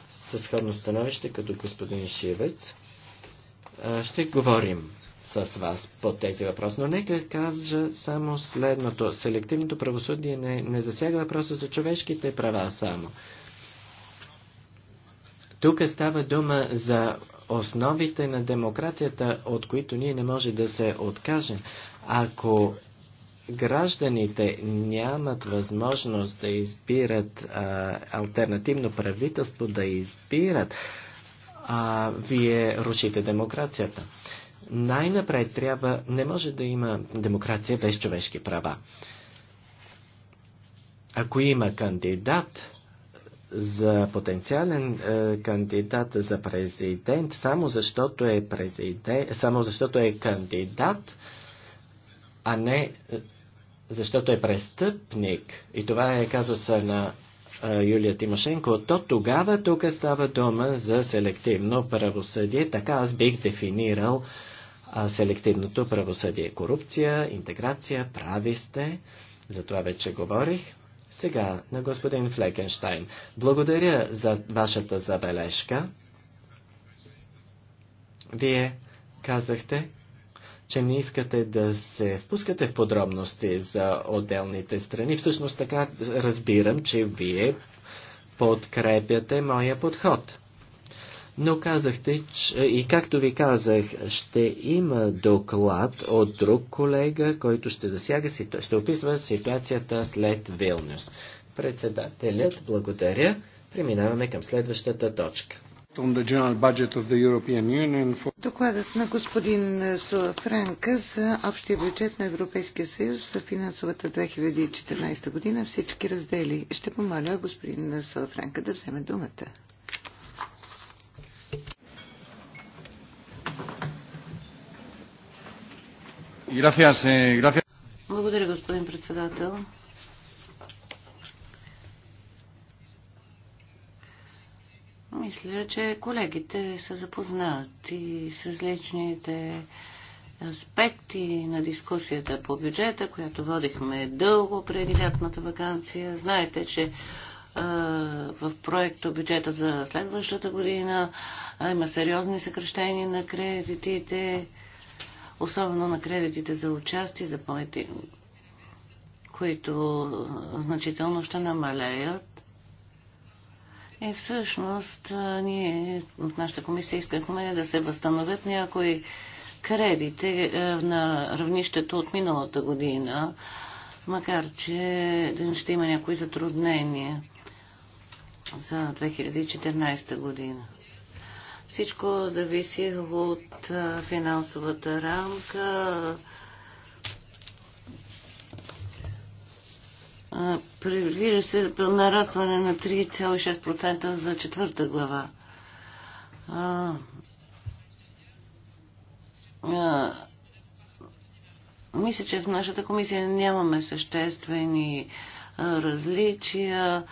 S4: със сходно становище като господин Шивец. Е, ще говорим с вас по тези въпроси. Но нека кажа само следното. Селективното правосъдие не, не засяга въпроса за човешките права само. Тук става дума за основите на демокрацията, от които ние не може да се откажем. Ако гражданите нямат възможност да избират а, альтернативно правителство, да избират, а, вие рушите демокрацията. Най-напред трябва, не може да има демокрация без човешки права. Ако има кандидат, за потенциален е, кандидат за президент, само защото е президент, само защото е кандидат, а не е, защото е престъпник. И това е казуса на е, Юлия Тимошенко. То тогава тук става дума за селективно правосъдие. Така аз бих дефинирал е, селективното правосъдие. Корупция, интеграция, прави сте. За това вече говорих. Сега на господин Флекенштайн. Благодаря за вашата забележка. Вие казахте, че не искате да се впускате в подробности за отделните страни. Всъщност така разбирам, че вие подкрепяте моя подход. Но казахте, че, и както ви казах, ще има доклад от друг колега, който ще засяга, ще описва ситуацията след Вилнюс. Председателят, благодаря. Преминаваме към следващата точка.
S2: Докладът на господин Суа Франка за общия бюджет на Европейския съюз за финансовата 2014 година всички раздели. Ще помоля господин Суа Франка да вземе думата.
S3: Eh, Благодаря, господин председател. Мисля, че колегите са запознати с различните аспекти на дискусията по бюджета, която водихме дълго преди лятната вакансия. Знаете, че в проекто бюджета за следващата година има сериозни съкрещения на кредитите особено на кредитите за участие, за поети, които значително ще намалеят. И всъщност ние от нашата комисия искахме да се възстановят някои кредити на равнището от миналата година, макар че ще има някои затруднения за 2014 година. Всичко зависи от финансовата рамка. Предвижда се нарастване на 3,6% за четвърта глава. мисля, че в нашата комисия нямаме съществени различия,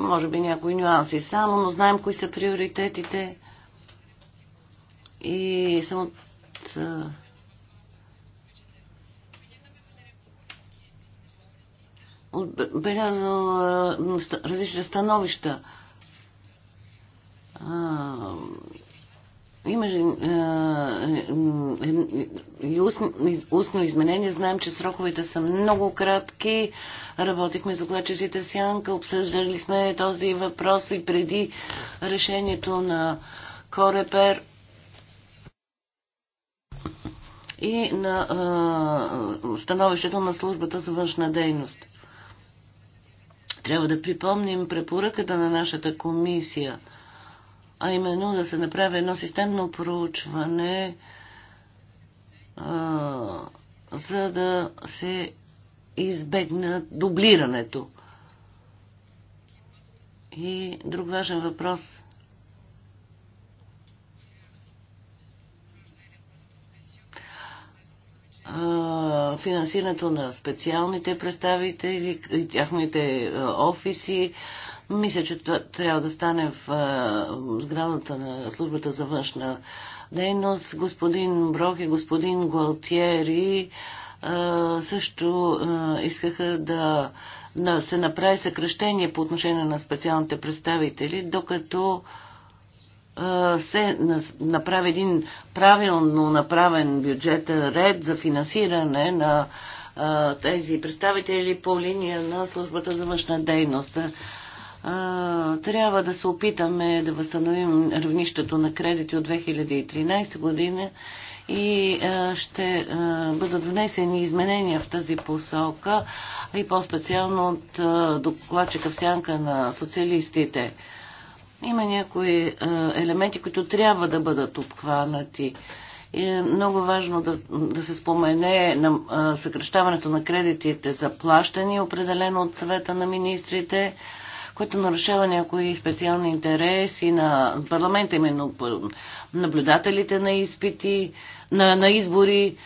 S3: може би някои нюанси само, но знаем кои са приоритетите. И съм от... Отбелязал различни становища. Има же и устно, изменение. Знаем, че сроковете са много кратки. Работихме за глачежите сянка, обсъждали сме този въпрос и преди решението на Корепер. и на а, становището на службата за външна дейност. Трябва да припомним препоръката на нашата комисия, а именно да се направи едно системно проучване, а, за да се избегне дублирането. И друг важен въпрос финансирането на специалните представители и тяхните офиси. Мисля, че това трябва да стане в сградата на службата за външна дейност. Господин Брок и господин Гуалтиери също искаха да се направи съкръщение по отношение на специалните представители, докато се направи един правилно направен бюджет ред за финансиране на тези представители по линия на службата за външна дейност. Трябва да се опитаме да възстановим равнището на кредити от 2013 година и ще бъдат внесени изменения в тази посока и по-специално от докладчика в сянка на социалистите. Има някои е, елементи, които трябва да бъдат обхванати. И е много важно да, да се спомене на е, съкръщаването на кредитите за плащане, определено от съвета на министрите, което нарушава някои специални интереси на парламента, именно наблюдателите на изпити, на, на избори.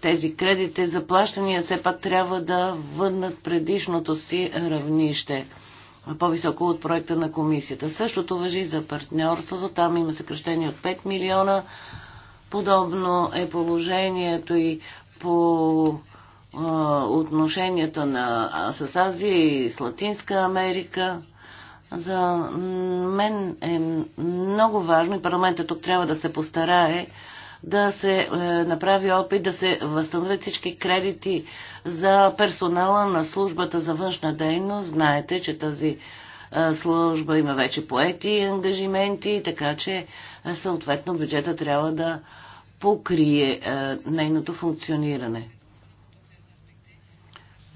S3: Тези кредити за плащания все пак трябва да върнат предишното си равнище по-високо от проекта на комисията. Същото въжи за партньорството. Там има съкрещение от 5 милиона. Подобно е положението и по отношенията на, с Азия и с Латинска Америка. За мен е много важно и парламентът тук трябва да се постарае да се е, направи опит да се възстановят всички кредити за персонала на службата за външна дейност. Знаете, че тази е, служба има вече поети ангажименти, така че е, съответно бюджета трябва да покрие е, нейното функциониране.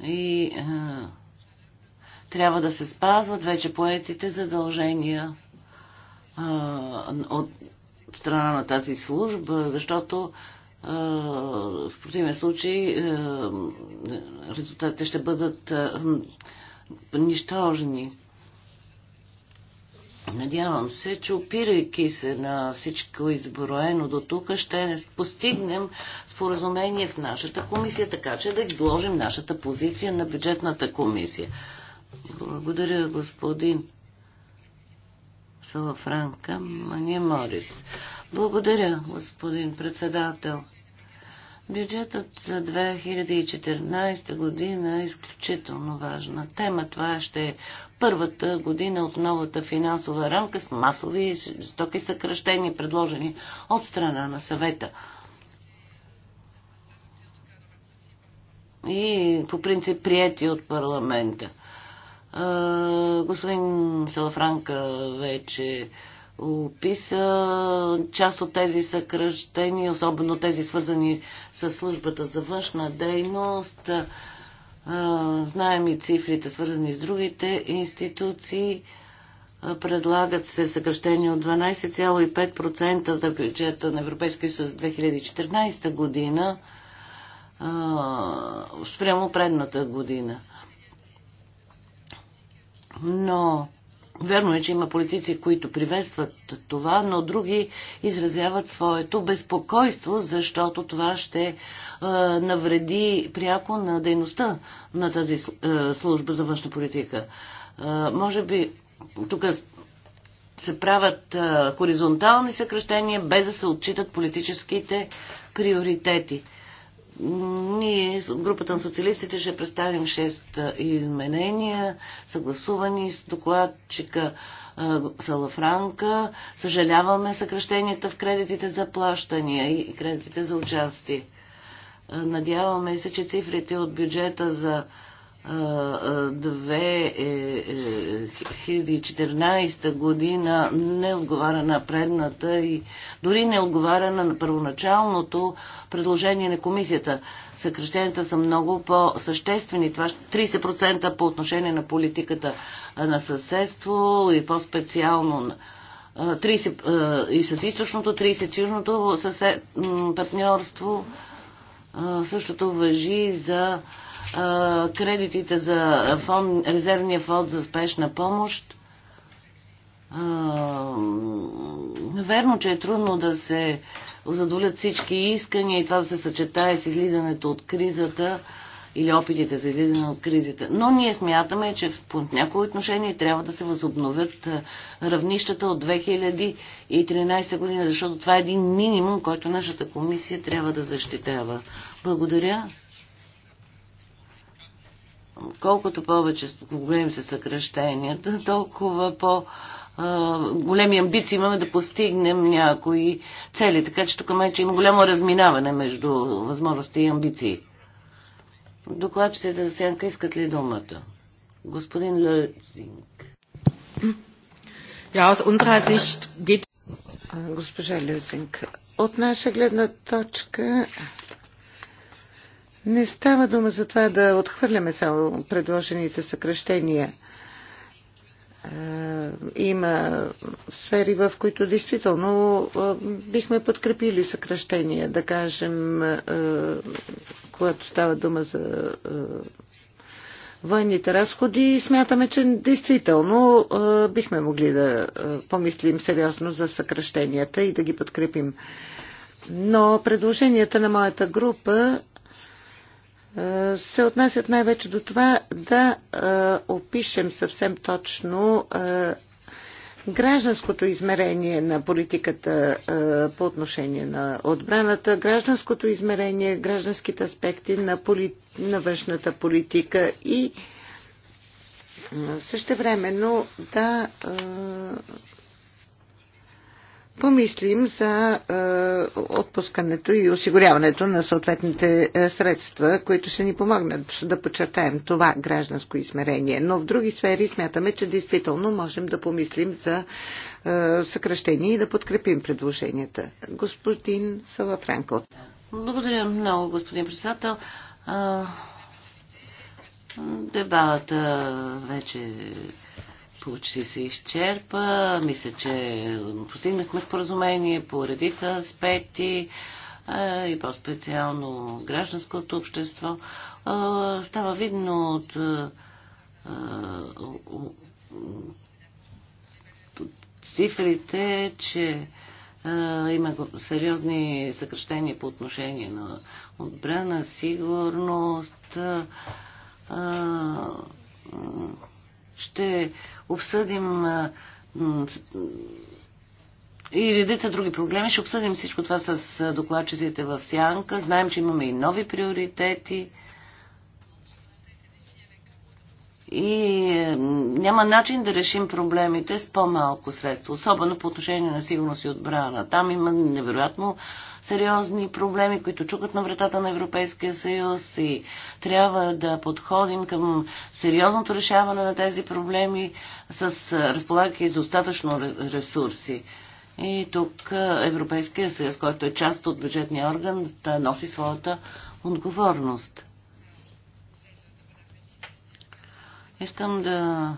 S3: И е, трябва да се спазват вече поетите задължения е, от от страна на тази служба, защото в противен случай резултатите ще бъдат нищожни. Надявам се, че опирайки се на всичко изброено до тук, ще постигнем споразумение в нашата комисия, така че да изложим нашата позиция на бюджетната комисия. Благодаря, господин Франка Мани Морис. Благодаря, господин председател. Бюджетът за 2014 година е изключително важна тема. Това ще е първата година от новата финансова рамка с масови стоки съкръщения, предложени от страна на съвета. И по принцип прияти от парламента – Господин Салафранка вече описа част от тези съкръщени, особено тези свързани с службата за външна дейност. Знаем и цифрите, свързани с другите институции. Предлагат се съкръщени от 12,5% за бюджета на Европейския съюз 2014 година спрямо предната година – но Верно е, че има политици, които приветстват това, но други изразяват своето безпокойство, защото това ще е, навреди пряко на дейността на тази е, служба за външна политика. Е, може би тук се правят е, хоризонтални съкръщения, без да се отчитат политическите приоритети. Ние, групата на социалистите, ще представим 6 изменения, съгласувани с докладчика Салафранка. Съжаляваме съкръщенията в кредитите за плащания и кредитите за участие. Надяваме се, че цифрите от бюджета за 2014 е, е, година не отговаря на предната и дори не отговаря на първоначалното предложение на комисията. Съкрещенията са много по-съществени. Това 30% по отношение на политиката на съседство и по-специално 30, и с източното, 30 с южното съсед, партньорство. Същото въжи за кредитите за фон, резервния фонд за спешна помощ. Верно, че е трудно да се задоволят всички искания и това да се съчетае с излизането от кризата или опитите за излизане от кризата. Но ние смятаме, че в някои отношения трябва да се възобновят равнищата от 2013 година, защото това е един минимум, който нашата комисия трябва да защитава. Благодаря колкото повече големи са съкръщенията, толкова по големи амбиции имаме да постигнем някои цели. Така че тук че има голямо разминаване между възможности и амбиции. Докладчите за сянка искат ли думата?
S2: Господин Лъцинг. Ja, aus unserer Sicht geht... Госпожа Лъцинг, от наша гледна точка не става дума за това да отхвърляме само предложените съкръщения. Е, има сфери, в които действително е, бихме подкрепили съкръщения, да кажем, е, когато става дума за военните разходи, смятаме, че действително бихме могли да помислим сериозно за съкръщенията и да ги подкрепим. Но предложенията на моята група се отнасят най-вече до това да опишем съвсем точно гражданското измерение на политиката по отношение на отбраната, гражданското измерение, гражданските аспекти на, поли... на външната политика и също времено да помислим за е, отпускането и осигуряването на съответните е, средства, които ще ни помогнат да подчертаем това гражданско измерение. Но в други сфери смятаме, че действително можем да помислим за е, съкръщение и да подкрепим предложенията. Господин Салафранко.
S3: Благодаря много, господин председател. Дебата вече почти се изчерпа. Мисля, че постигнахме споразумение по редица аспекти а, и по-специално гражданското общество. А, става видно от а, цифрите, че има сериозни съкръщения по отношение на отбрана, сигурност, ще обсъдим и редица други проблеми. Ще обсъдим всичко това с докладчиците в Сянка. Знаем, че имаме и нови приоритети и няма начин да решим проблемите с по-малко средства, особено по отношение на сигурност и отбрана. Там има невероятно сериозни проблеми, които чукат на вратата на Европейския съюз и трябва да подходим към сериозното решаване на тези проблеми с разполагайки с достатъчно ресурси. И тук Европейския съюз, който е част от бюджетния орган, да носи своята отговорност. Искам да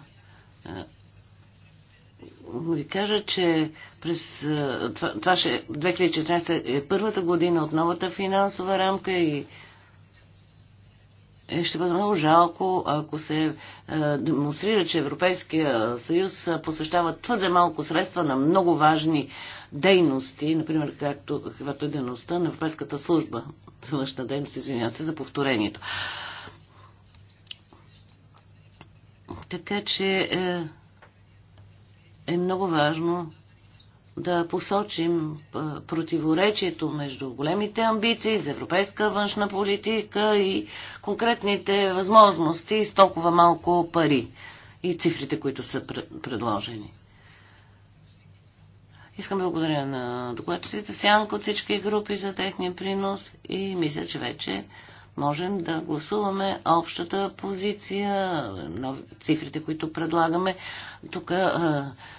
S3: е, ви кажа, че през е, това, това ще, 2014 е първата година от новата финансова рамка и е, ще бъде много жалко, ако се демонстрира, че Европейския съюз посещава твърде малко средства на много важни дейности, например, както, каквато е дейността на Европейската служба, външна дейност, извинявам се за повторението. Така че е, е много важно да посочим е, противоречието между големите амбиции за европейска външна политика и конкретните възможности с толкова малко пари и цифрите, които са предложени. Искам да благодаря на докладчиците Сянко от всички групи за техния принос и мисля, че вече можем да гласуваме общата позиция, цифрите, които предлагаме. Тук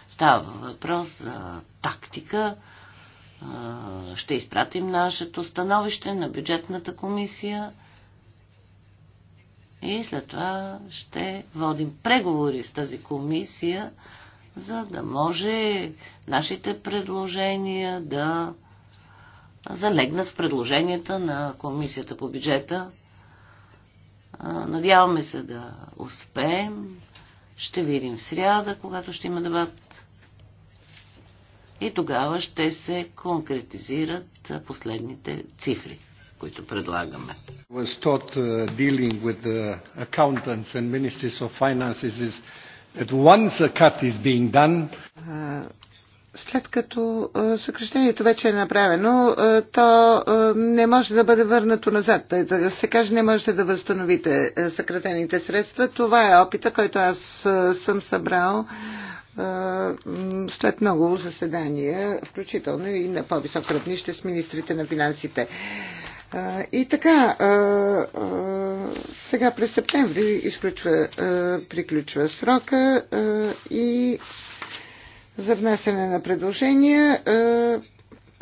S3: става въпрос за тактика. Ще изпратим нашето становище на бюджетната комисия и след това ще водим преговори с тази комисия, за да може нашите предложения да залегнат в предложенията на Комисията по бюджета. Надяваме се да успеем. Ще видим сряда, когато ще има дебат. И тогава ще се конкретизират последните цифри, които предлагаме.
S1: Taught,
S2: след като съкрещението вече е направено, то не може да бъде върнато назад. Е, да се каже, не можете да възстановите е, съкратените средства. Това е опита, който аз съм събрал след много заседания, включително и на по-висок равнище с министрите на финансите. И така, сега през септември изключва, приключва срока и за внасяне на предложения е,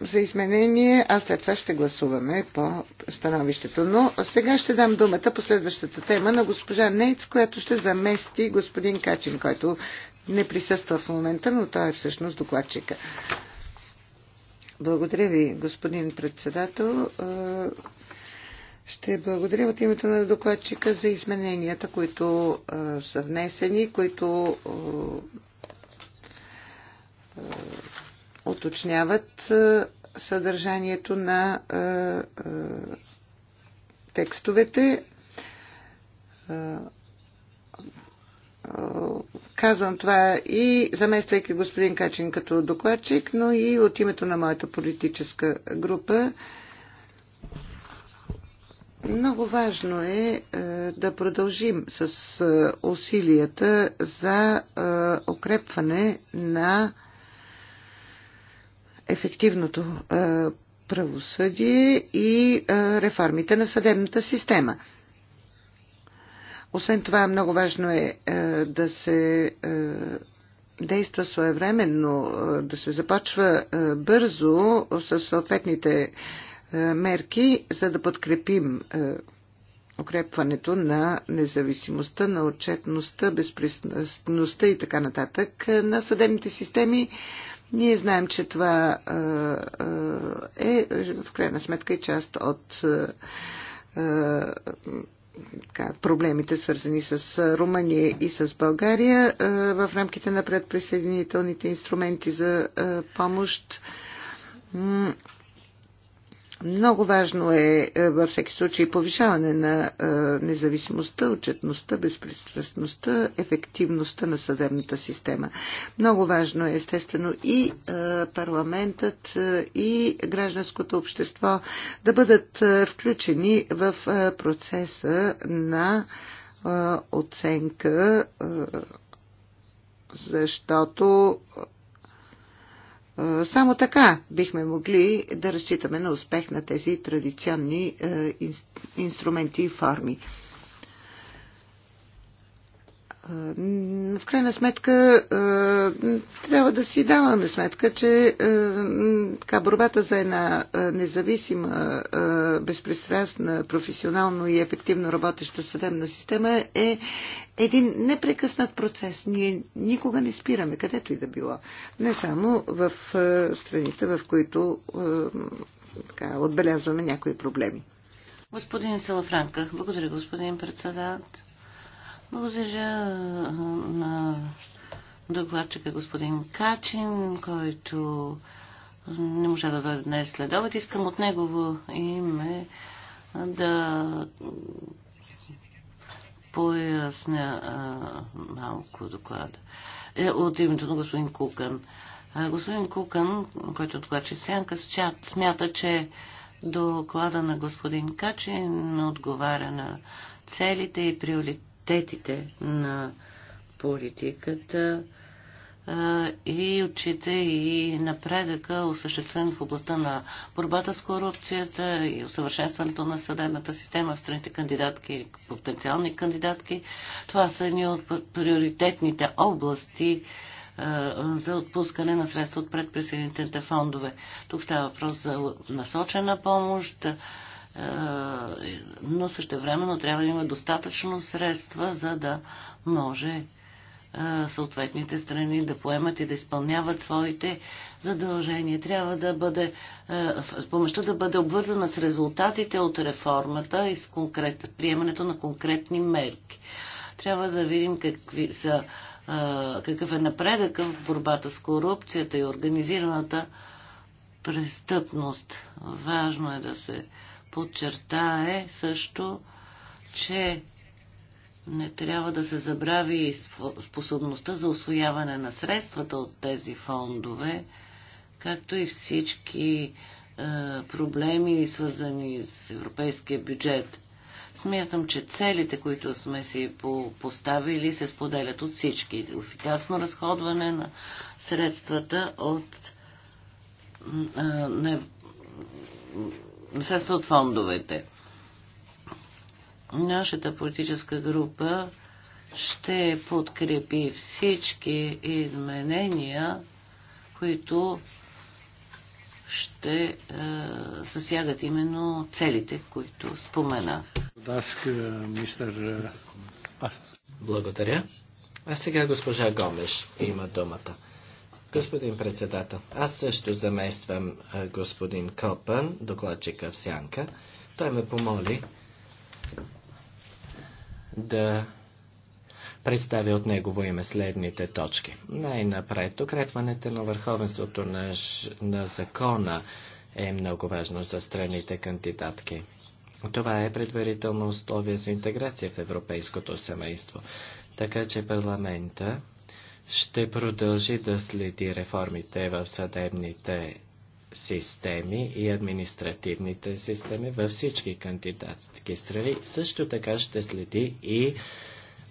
S2: за изменение, а след това ще гласуваме по становището. Но сега ще дам думата по следващата тема на госпожа Нейц, която ще замести господин Качин, който не присъства в момента, но той е всъщност докладчика. Благодаря ви, господин председател. Е, ще благодаря от името на докладчика за измененията, които е, са внесени, които е, уточняват е, съдържанието на е, текстовете. Казвам това и замествайки господин Качин като докладчик, но и от името на моята политическа група. Много важно е да продължим с усилията за укрепване на ефективното е, правосъдие и е, реформите на съдебната система. Освен това, много важно е, е да се действа своевременно, да се започва бързо с съответните мерки, за да подкрепим укрепването на независимостта, на отчетността, безпристрастността и така нататък на съдебните системи ние знаем, че това е в крайна сметка и част от проблемите, свързани с Румъния и с България в рамките на предприсъединителните инструменти за помощ. Много важно е, е във всеки случай повишаване на е, независимостта, отчетността, безпристрастността, ефективността на съдебната система. Много важно е естествено и е, парламентът, и гражданското общество да бъдат включени в процеса на оценка, защото е, само така бихме могли да разчитаме на успех на тези традиционни е, инструменти и форми. В крайна сметка трябва да си даваме сметка, че така, борбата за една независима, безпристрастна, професионално и ефективно работеща съдебна система е един непрекъснат процес. Ние никога не спираме, където и да било. Не само в страните, в които така, отбелязваме някои проблеми.
S3: Господин Салафранка, благодаря господин председател. Благодаря на докладчика господин Качин, който не може да дойде днес след обед. Искам от негово име да поясня а, малко доклада. Е, от името на господин Кукан. А, господин Кукан, който е докладчи сянка, смята, че доклада на господин Качин отговаря на целите и приоритетите приоритетите на политиката и отчита и напредъка, осъществен в областта на борбата с корупцията и усъвършенстването на съдебната система в страните кандидатки и потенциални кандидатки. Това са едни от приоритетните области за отпускане на средства от предприсъединителните фондове. Тук става въпрос за насочена помощ, е, но също времено трябва да има достатъчно средства, за да може е, съответните страни да поемат и да изпълняват своите задължения. Трябва да бъде, е, с помощта да бъде обвързана с резултатите от реформата и с конкрет, приемането на конкретни мерки. Трябва да видим какви са, какъв е напредък в борбата с корупцията и организираната престъпност. Важно е да се подчертае също, че не трябва да се забрави способността за освояване на средствата от тези фондове, както и всички е, проблеми, свързани с европейския бюджет. Смятам, че целите, които сме си поставили, се споделят от всички. Ефикасно разходване на средствата от с от фондовете. Нашата политическа група ще подкрепи всички изменения, които ще е, съсягат именно целите,
S4: които споменах. Е, е, Благодаря. А сега госпожа Гомеш има думата. Господин председател, аз също замествам господин Копън, докладчика в Сянка. Той ме помоли да представя от негово име следните точки. Най-напред, укрепването на върховенството на, на закона е много важно за страните кандидатки. Това е предварително условие за интеграция в европейското семейство. Така че парламента ще продължи да следи реформите в съдебните системи и административните системи във всички кандидатски страни. Също така ще следи и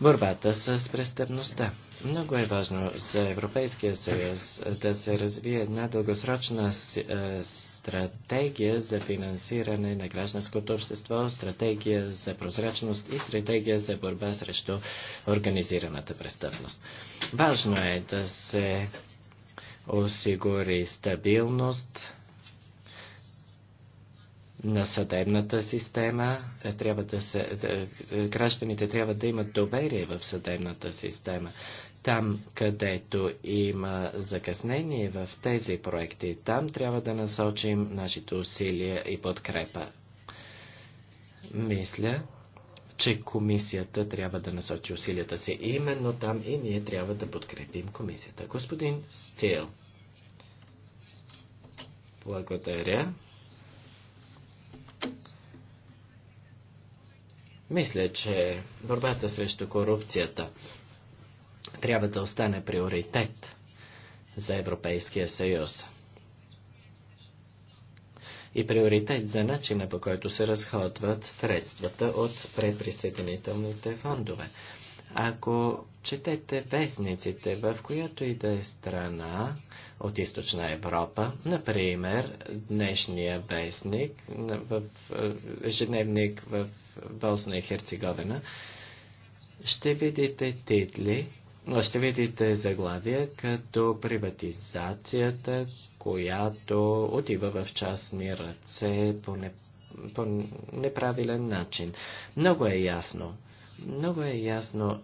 S4: борбата с престъпността. Много е важно за Европейския съюз да се развие една дългосрочна е, стратегия за финансиране на гражданското общество, стратегия за прозрачност и стратегия за борба срещу организираната престъпност. Важно е да се осигури стабилност на съдебната система. Е, трябва да се, да, е, гражданите трябва да имат доверие в съдебната система. Там, където има закъснение в тези проекти, там трябва да насочим нашите усилия и подкрепа. Мисля, че комисията трябва да насочи усилията си именно там и ние трябва да подкрепим комисията. Господин Стил. Благодаря. Мисля, че борбата срещу корупцията трябва да остане приоритет за Европейския съюз. И приоритет за начина по който се разходват средствата от преприсъединителните фондове. Ако четете вестниците в която и да е страна от източна Европа, например днешния вестник в е, ежедневник в Босна и Херцеговина, ще видите титли, ще видите заглавия като приватизацията, която отива в частни ръце по, не, по неправилен начин. Много е ясно. Много е ясно,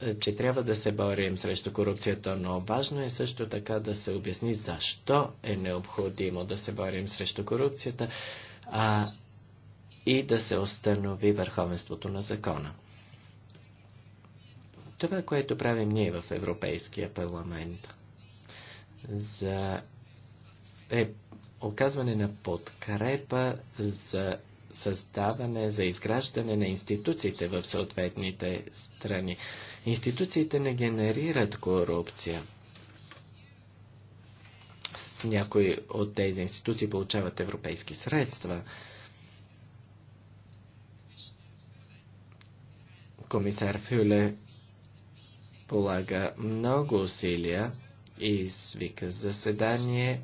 S4: е, че трябва да се борим срещу корупцията, но важно е също така да се обясни защо е необходимо да се борим срещу корупцията а, и да се установи върховенството на закона. Това, което правим ние в Европейския парламент за е оказване на подкрепа за създаване, за изграждане на институциите в съответните страни. Институциите не генерират корупция. С някои от тези институции получават европейски средства. Комисар Фюле полага много усилия и свика заседание,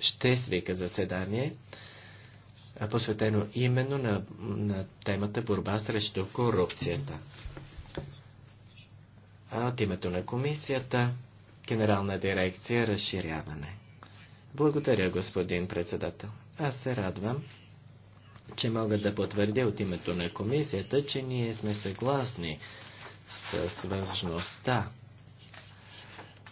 S4: ще свика заседание, посветено именно на, на темата борба срещу корупцията. А от името на комисията, Генерална дирекция разширяване. Благодаря, господин председател. Аз се радвам, че мога да потвърдя от името на комисията, че ние сме съгласни с важността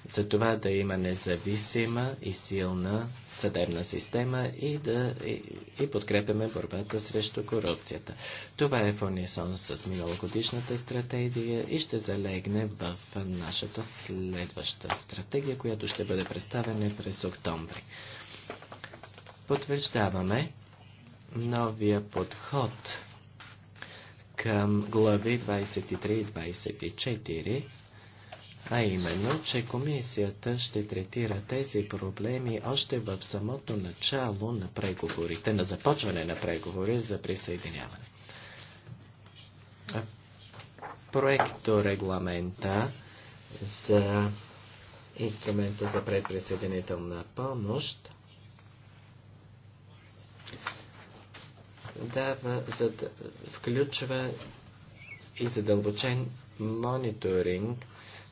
S4: за това да има независима и силна съдебна система и да и, и подкрепяме борбата срещу корупцията. Това е в унисон с миналогодишната стратегия и ще залегне в нашата следваща стратегия, която ще бъде представена през октомври. Потвърждаваме новия подход към глави 23 и 24, а именно, че комисията ще третира тези проблеми още в самото начало на преговорите, на започване на преговори за присъединяване. Проекто регламента за инструмента за предприсъединителна помощ дава, да включва и задълбочен мониторинг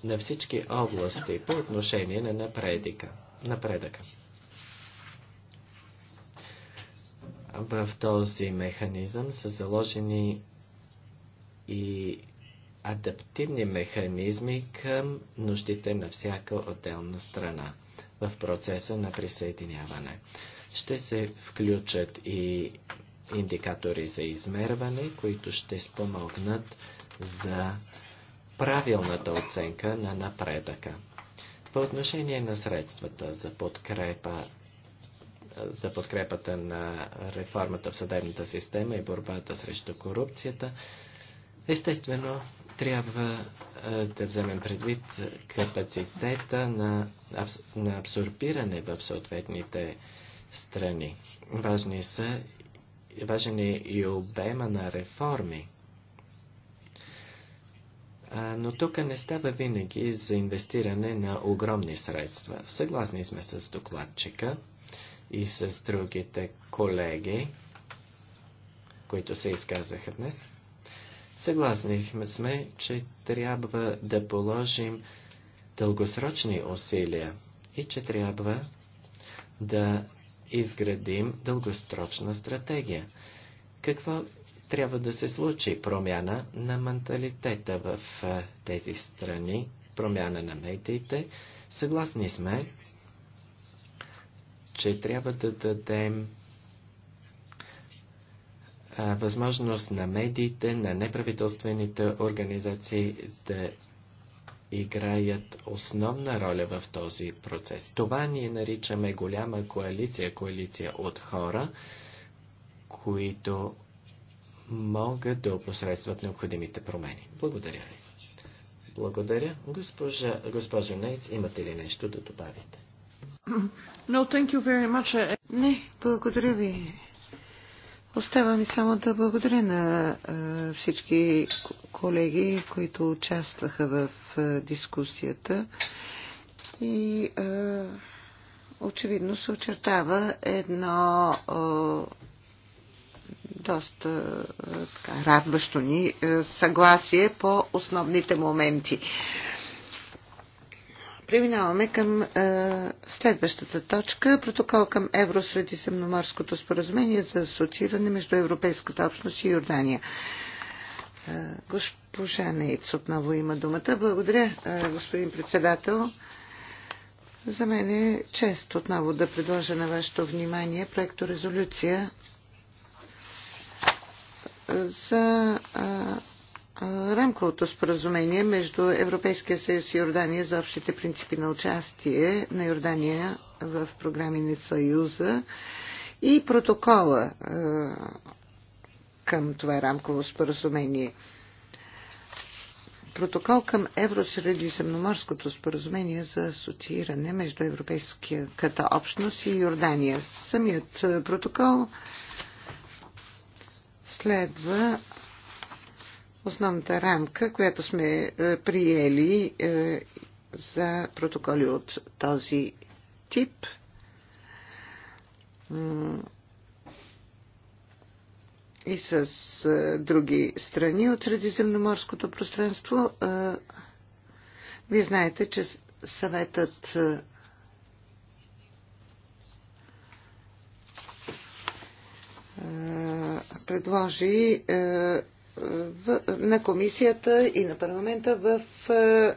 S4: на всички области по отношение на напредика, напредъка. В този механизъм са заложени и адаптивни механизми към нуждите на всяка отделна страна в процеса на присъединяване. Ще се включат и индикатори за измерване, които ще спомогнат за правилната оценка на напредъка. По отношение на средствата за подкрепа за подкрепата на реформата в съдебната система и борбата срещу корупцията, естествено трябва е, да вземем предвид капацитета на, на абсорбиране в съответните страни. Важни са важен е и обема на реформи. Но тук не става винаги за инвестиране на огромни средства. Съгласни сме с докладчика и с другите колеги, които се изказаха днес. Съгласни сме, че трябва да положим дългосрочни усилия и че трябва да изградим дългосрочна стратегия. Какво трябва да се случи? Промяна на менталитета в тези страни, промяна на медиите. Съгласни сме, че трябва да дадем възможност на медиите, на неправителствените организации да играят основна роля в този процес. Това ние наричаме голяма коалиция, коалиция от хора, които могат да опосредстват необходимите промени. Благодаря ви. Благодаря. Госпожа, госпожа Нейц, имате ли нещо да добавите?
S2: No, thank you very much. Не, благодаря ви. Остава ми само да благодаря на всички колеги, които участваха в дискусията. И очевидно се очертава едно доста така, радващо ни съгласие по основните моменти. Преминаваме към е, следващата точка. Протокол към Евросредиземноморското споразумение за асоцииране между Европейската общност и Йордания. Е, госпожа Нейц отново има думата. Благодаря, е, господин председател. За мен е чест отново да предложа на вашето внимание проекто резолюция за. Е, Рамковото споразумение между Европейския съюз и Йордания за общите принципи на участие на Йордания в програми на Съюза и протокола към това рамково споразумение. Протокол към Евросредиземноморското споразумение за асоцииране между Европейската общност и Йордания. Самият протокол следва основната рамка, която сме е, приели е, за протоколи от този тип. И с е, други страни от Средиземноморското пространство. Вие знаете, че съветът предложи на комисията и на парламента в е,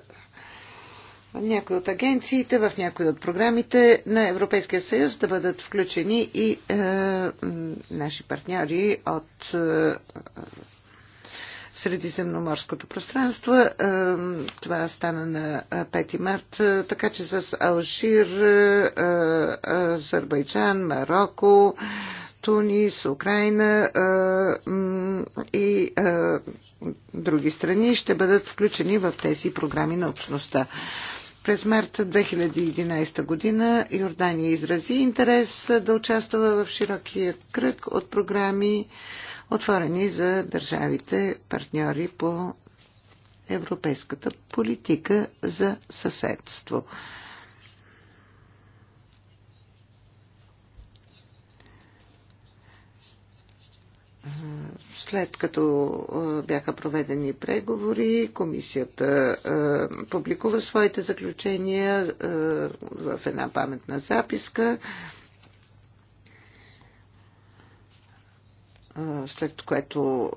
S2: някои от агенциите, в някои от програмите на Европейския съюз да бъдат включени и е, наши партньори от е, Средиземноморското пространство. Е, това стана на 5 е, март, е, така че с Алжир, е, е Азербайджан, Марокко, е, Тунис, Украина и други страни ще бъдат включени в тези програми на общността. През март 2011 година Йордания изрази интерес да участва в широкия кръг от програми, отворени за държавите партньори по европейската политика за съседство. След като бяха проведени преговори, комисията публикува своите заключения в една паметна записка, след което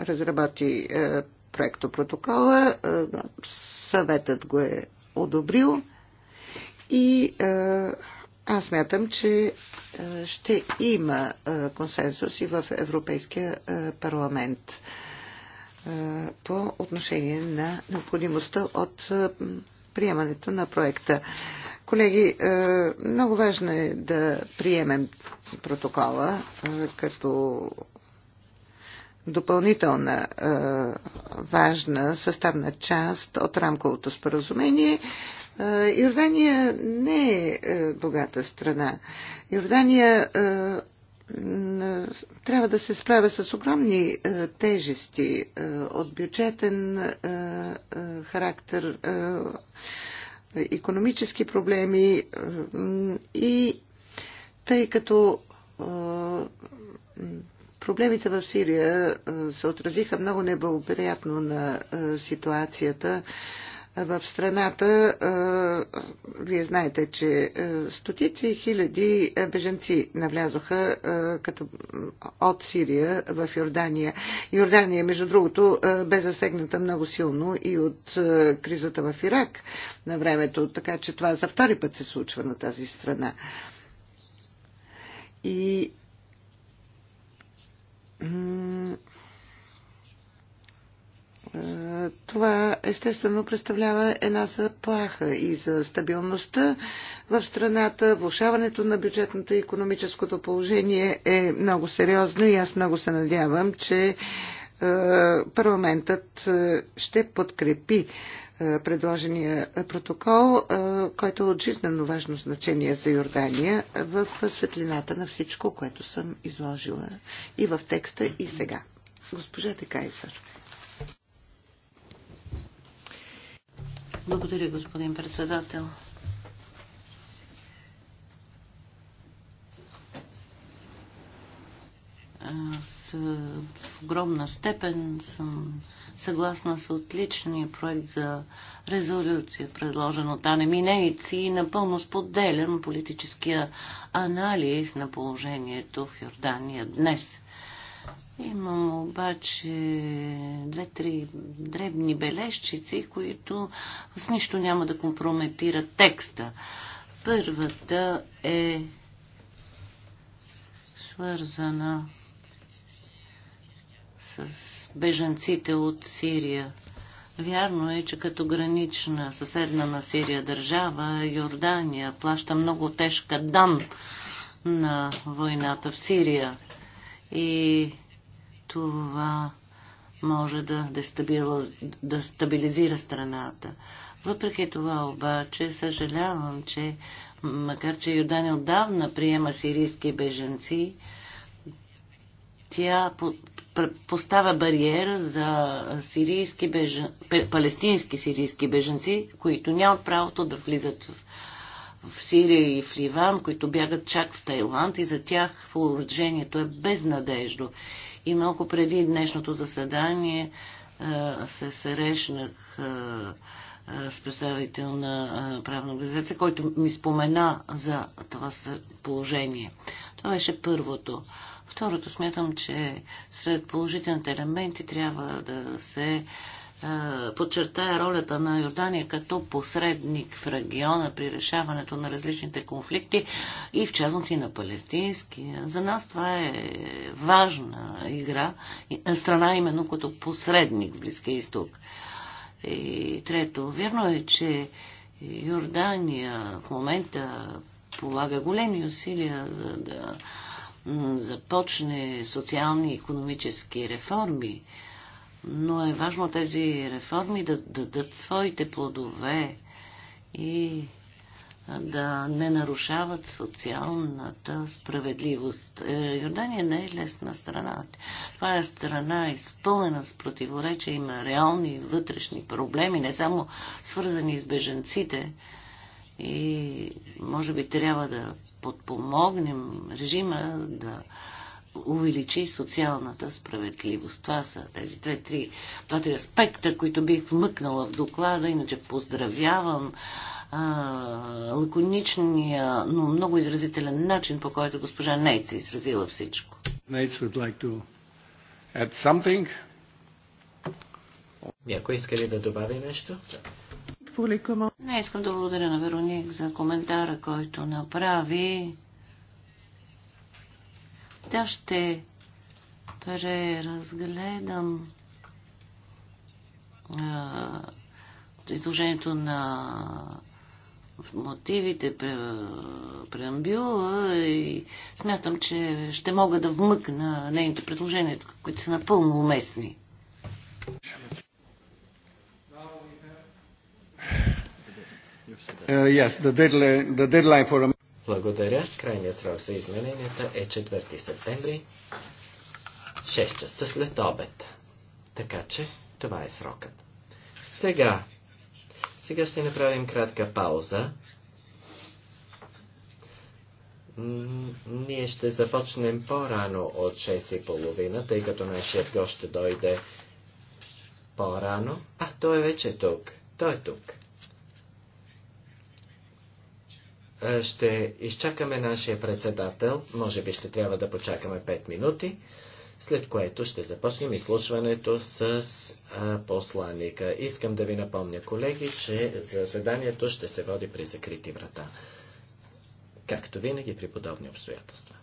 S2: разработи проекто протокола, съветът го е одобрил и аз мятам, че е, ще има е, консенсус и в Европейския е, парламент по отношение на необходимостта от приемането на проекта. Колеги, много важно е да приемем протокола като допълнителна важна съставна част от рамковото споразумение Йордания не е, е богата страна. Йордания е, е, трябва да се справя с огромни тежести от бюджетен характер, економически проблеми и тъй като проблемите в Сирия се отразиха много неблагоприятно на ситуацията, в страната, вие знаете, че стотици хиляди беженци навлязоха като от Сирия в Йордания. Йордания, между другото, бе засегната много силно и от кризата в Ирак на времето, така че това за втори път се случва на тази страна. И е, това естествено представлява една заплаха и за стабилността в страната. Влушаването на бюджетното и економическото положение е много сериозно и аз много се надявам, че е, парламентът е, ще подкрепи предложения протокол, който е от жизненно важно значение за Йордания в светлината на всичко, което съм изложила и в текста и сега. Госпожа Текайсър.
S3: Благодаря, господин председател. Аз е, огромна степен съм съгласна с отличния проект за резолюция, предложен от Ане Минейци и напълно споделям политическия анализ на положението в Йордания днес. Имам обаче две-три дребни бележчици, които с нищо няма да компрометират текста. Първата е свързана с бежанците от Сирия. Вярно е, че като гранична съседна на Сирия държава, Йордания плаща много тежка дан на войната в Сирия. И това може да дестабилизира да страната. Въпреки това обаче съжалявам, че макар че Йордания отдавна приема сирийски беженци, тя поставя бариера за сирийски бежен... палестински сирийски беженци, които нямат правото да влизат в в Сирия и в Ливан, които бягат чак в Тайланд и за тях положението е безнадеждо. И малко преди днешното заседание е, се срещнах е, е, с представител на правна организация, който ми спомена за това положение. Това беше първото. Второто смятам, че сред положителните елементи трябва да се подчертая ролята на Йордания като посредник в региона при решаването на различните конфликти и в частност и на палестински. За нас това е важна игра, страна именно като посредник в Близкия изток. И трето, верно е, че Йордания в момента полага големи усилия за да започне социални и економически реформи но е важно тези реформи да дадат своите плодове и да не нарушават социалната справедливост. Е, Йордания не е лесна страна. Това е страна изпълнена с противоречия, има реални вътрешни проблеми, не само свързани с беженците. И може би трябва да подпомогнем режима да увеличи социалната справедливост. Това са тези две, три, два, три аспекта, които бих вмъкнала в доклада. Иначе поздравявам а, лаконичния, но много изразителен начин, по който госпожа Нейц е изразила
S4: всичко. Нейц would like to add something. Някой иска ли да добави нещо?
S3: Не, искам да благодаря на Вероник за коментара, който направи тя ще преразгледам а, изложението на мотивите, преамбюла и смятам, че ще мога да вмъкна нейните предложения, които са напълно уместни.
S4: Uh, yes,
S1: the deadline, the deadline for... Благодаря.
S4: Крайният срок за измененията е 4 септември, 6 часа след обед. Така че това е срокът. Сега, сега ще направим кратка пауза. Ние ще започнем по-рано от 6.30, тъй като нашият гост ще дойде по-рано. А, той е вече тук. Той е тук. Е, ще изчакаме нашия председател, може би ще трябва да почакаме 5 минути, след което ще започнем изслушването с е, посланника. Искам да ви напомня, колеги, че заседанието ще се води при закрити врата, както винаги при подобни обстоятелства.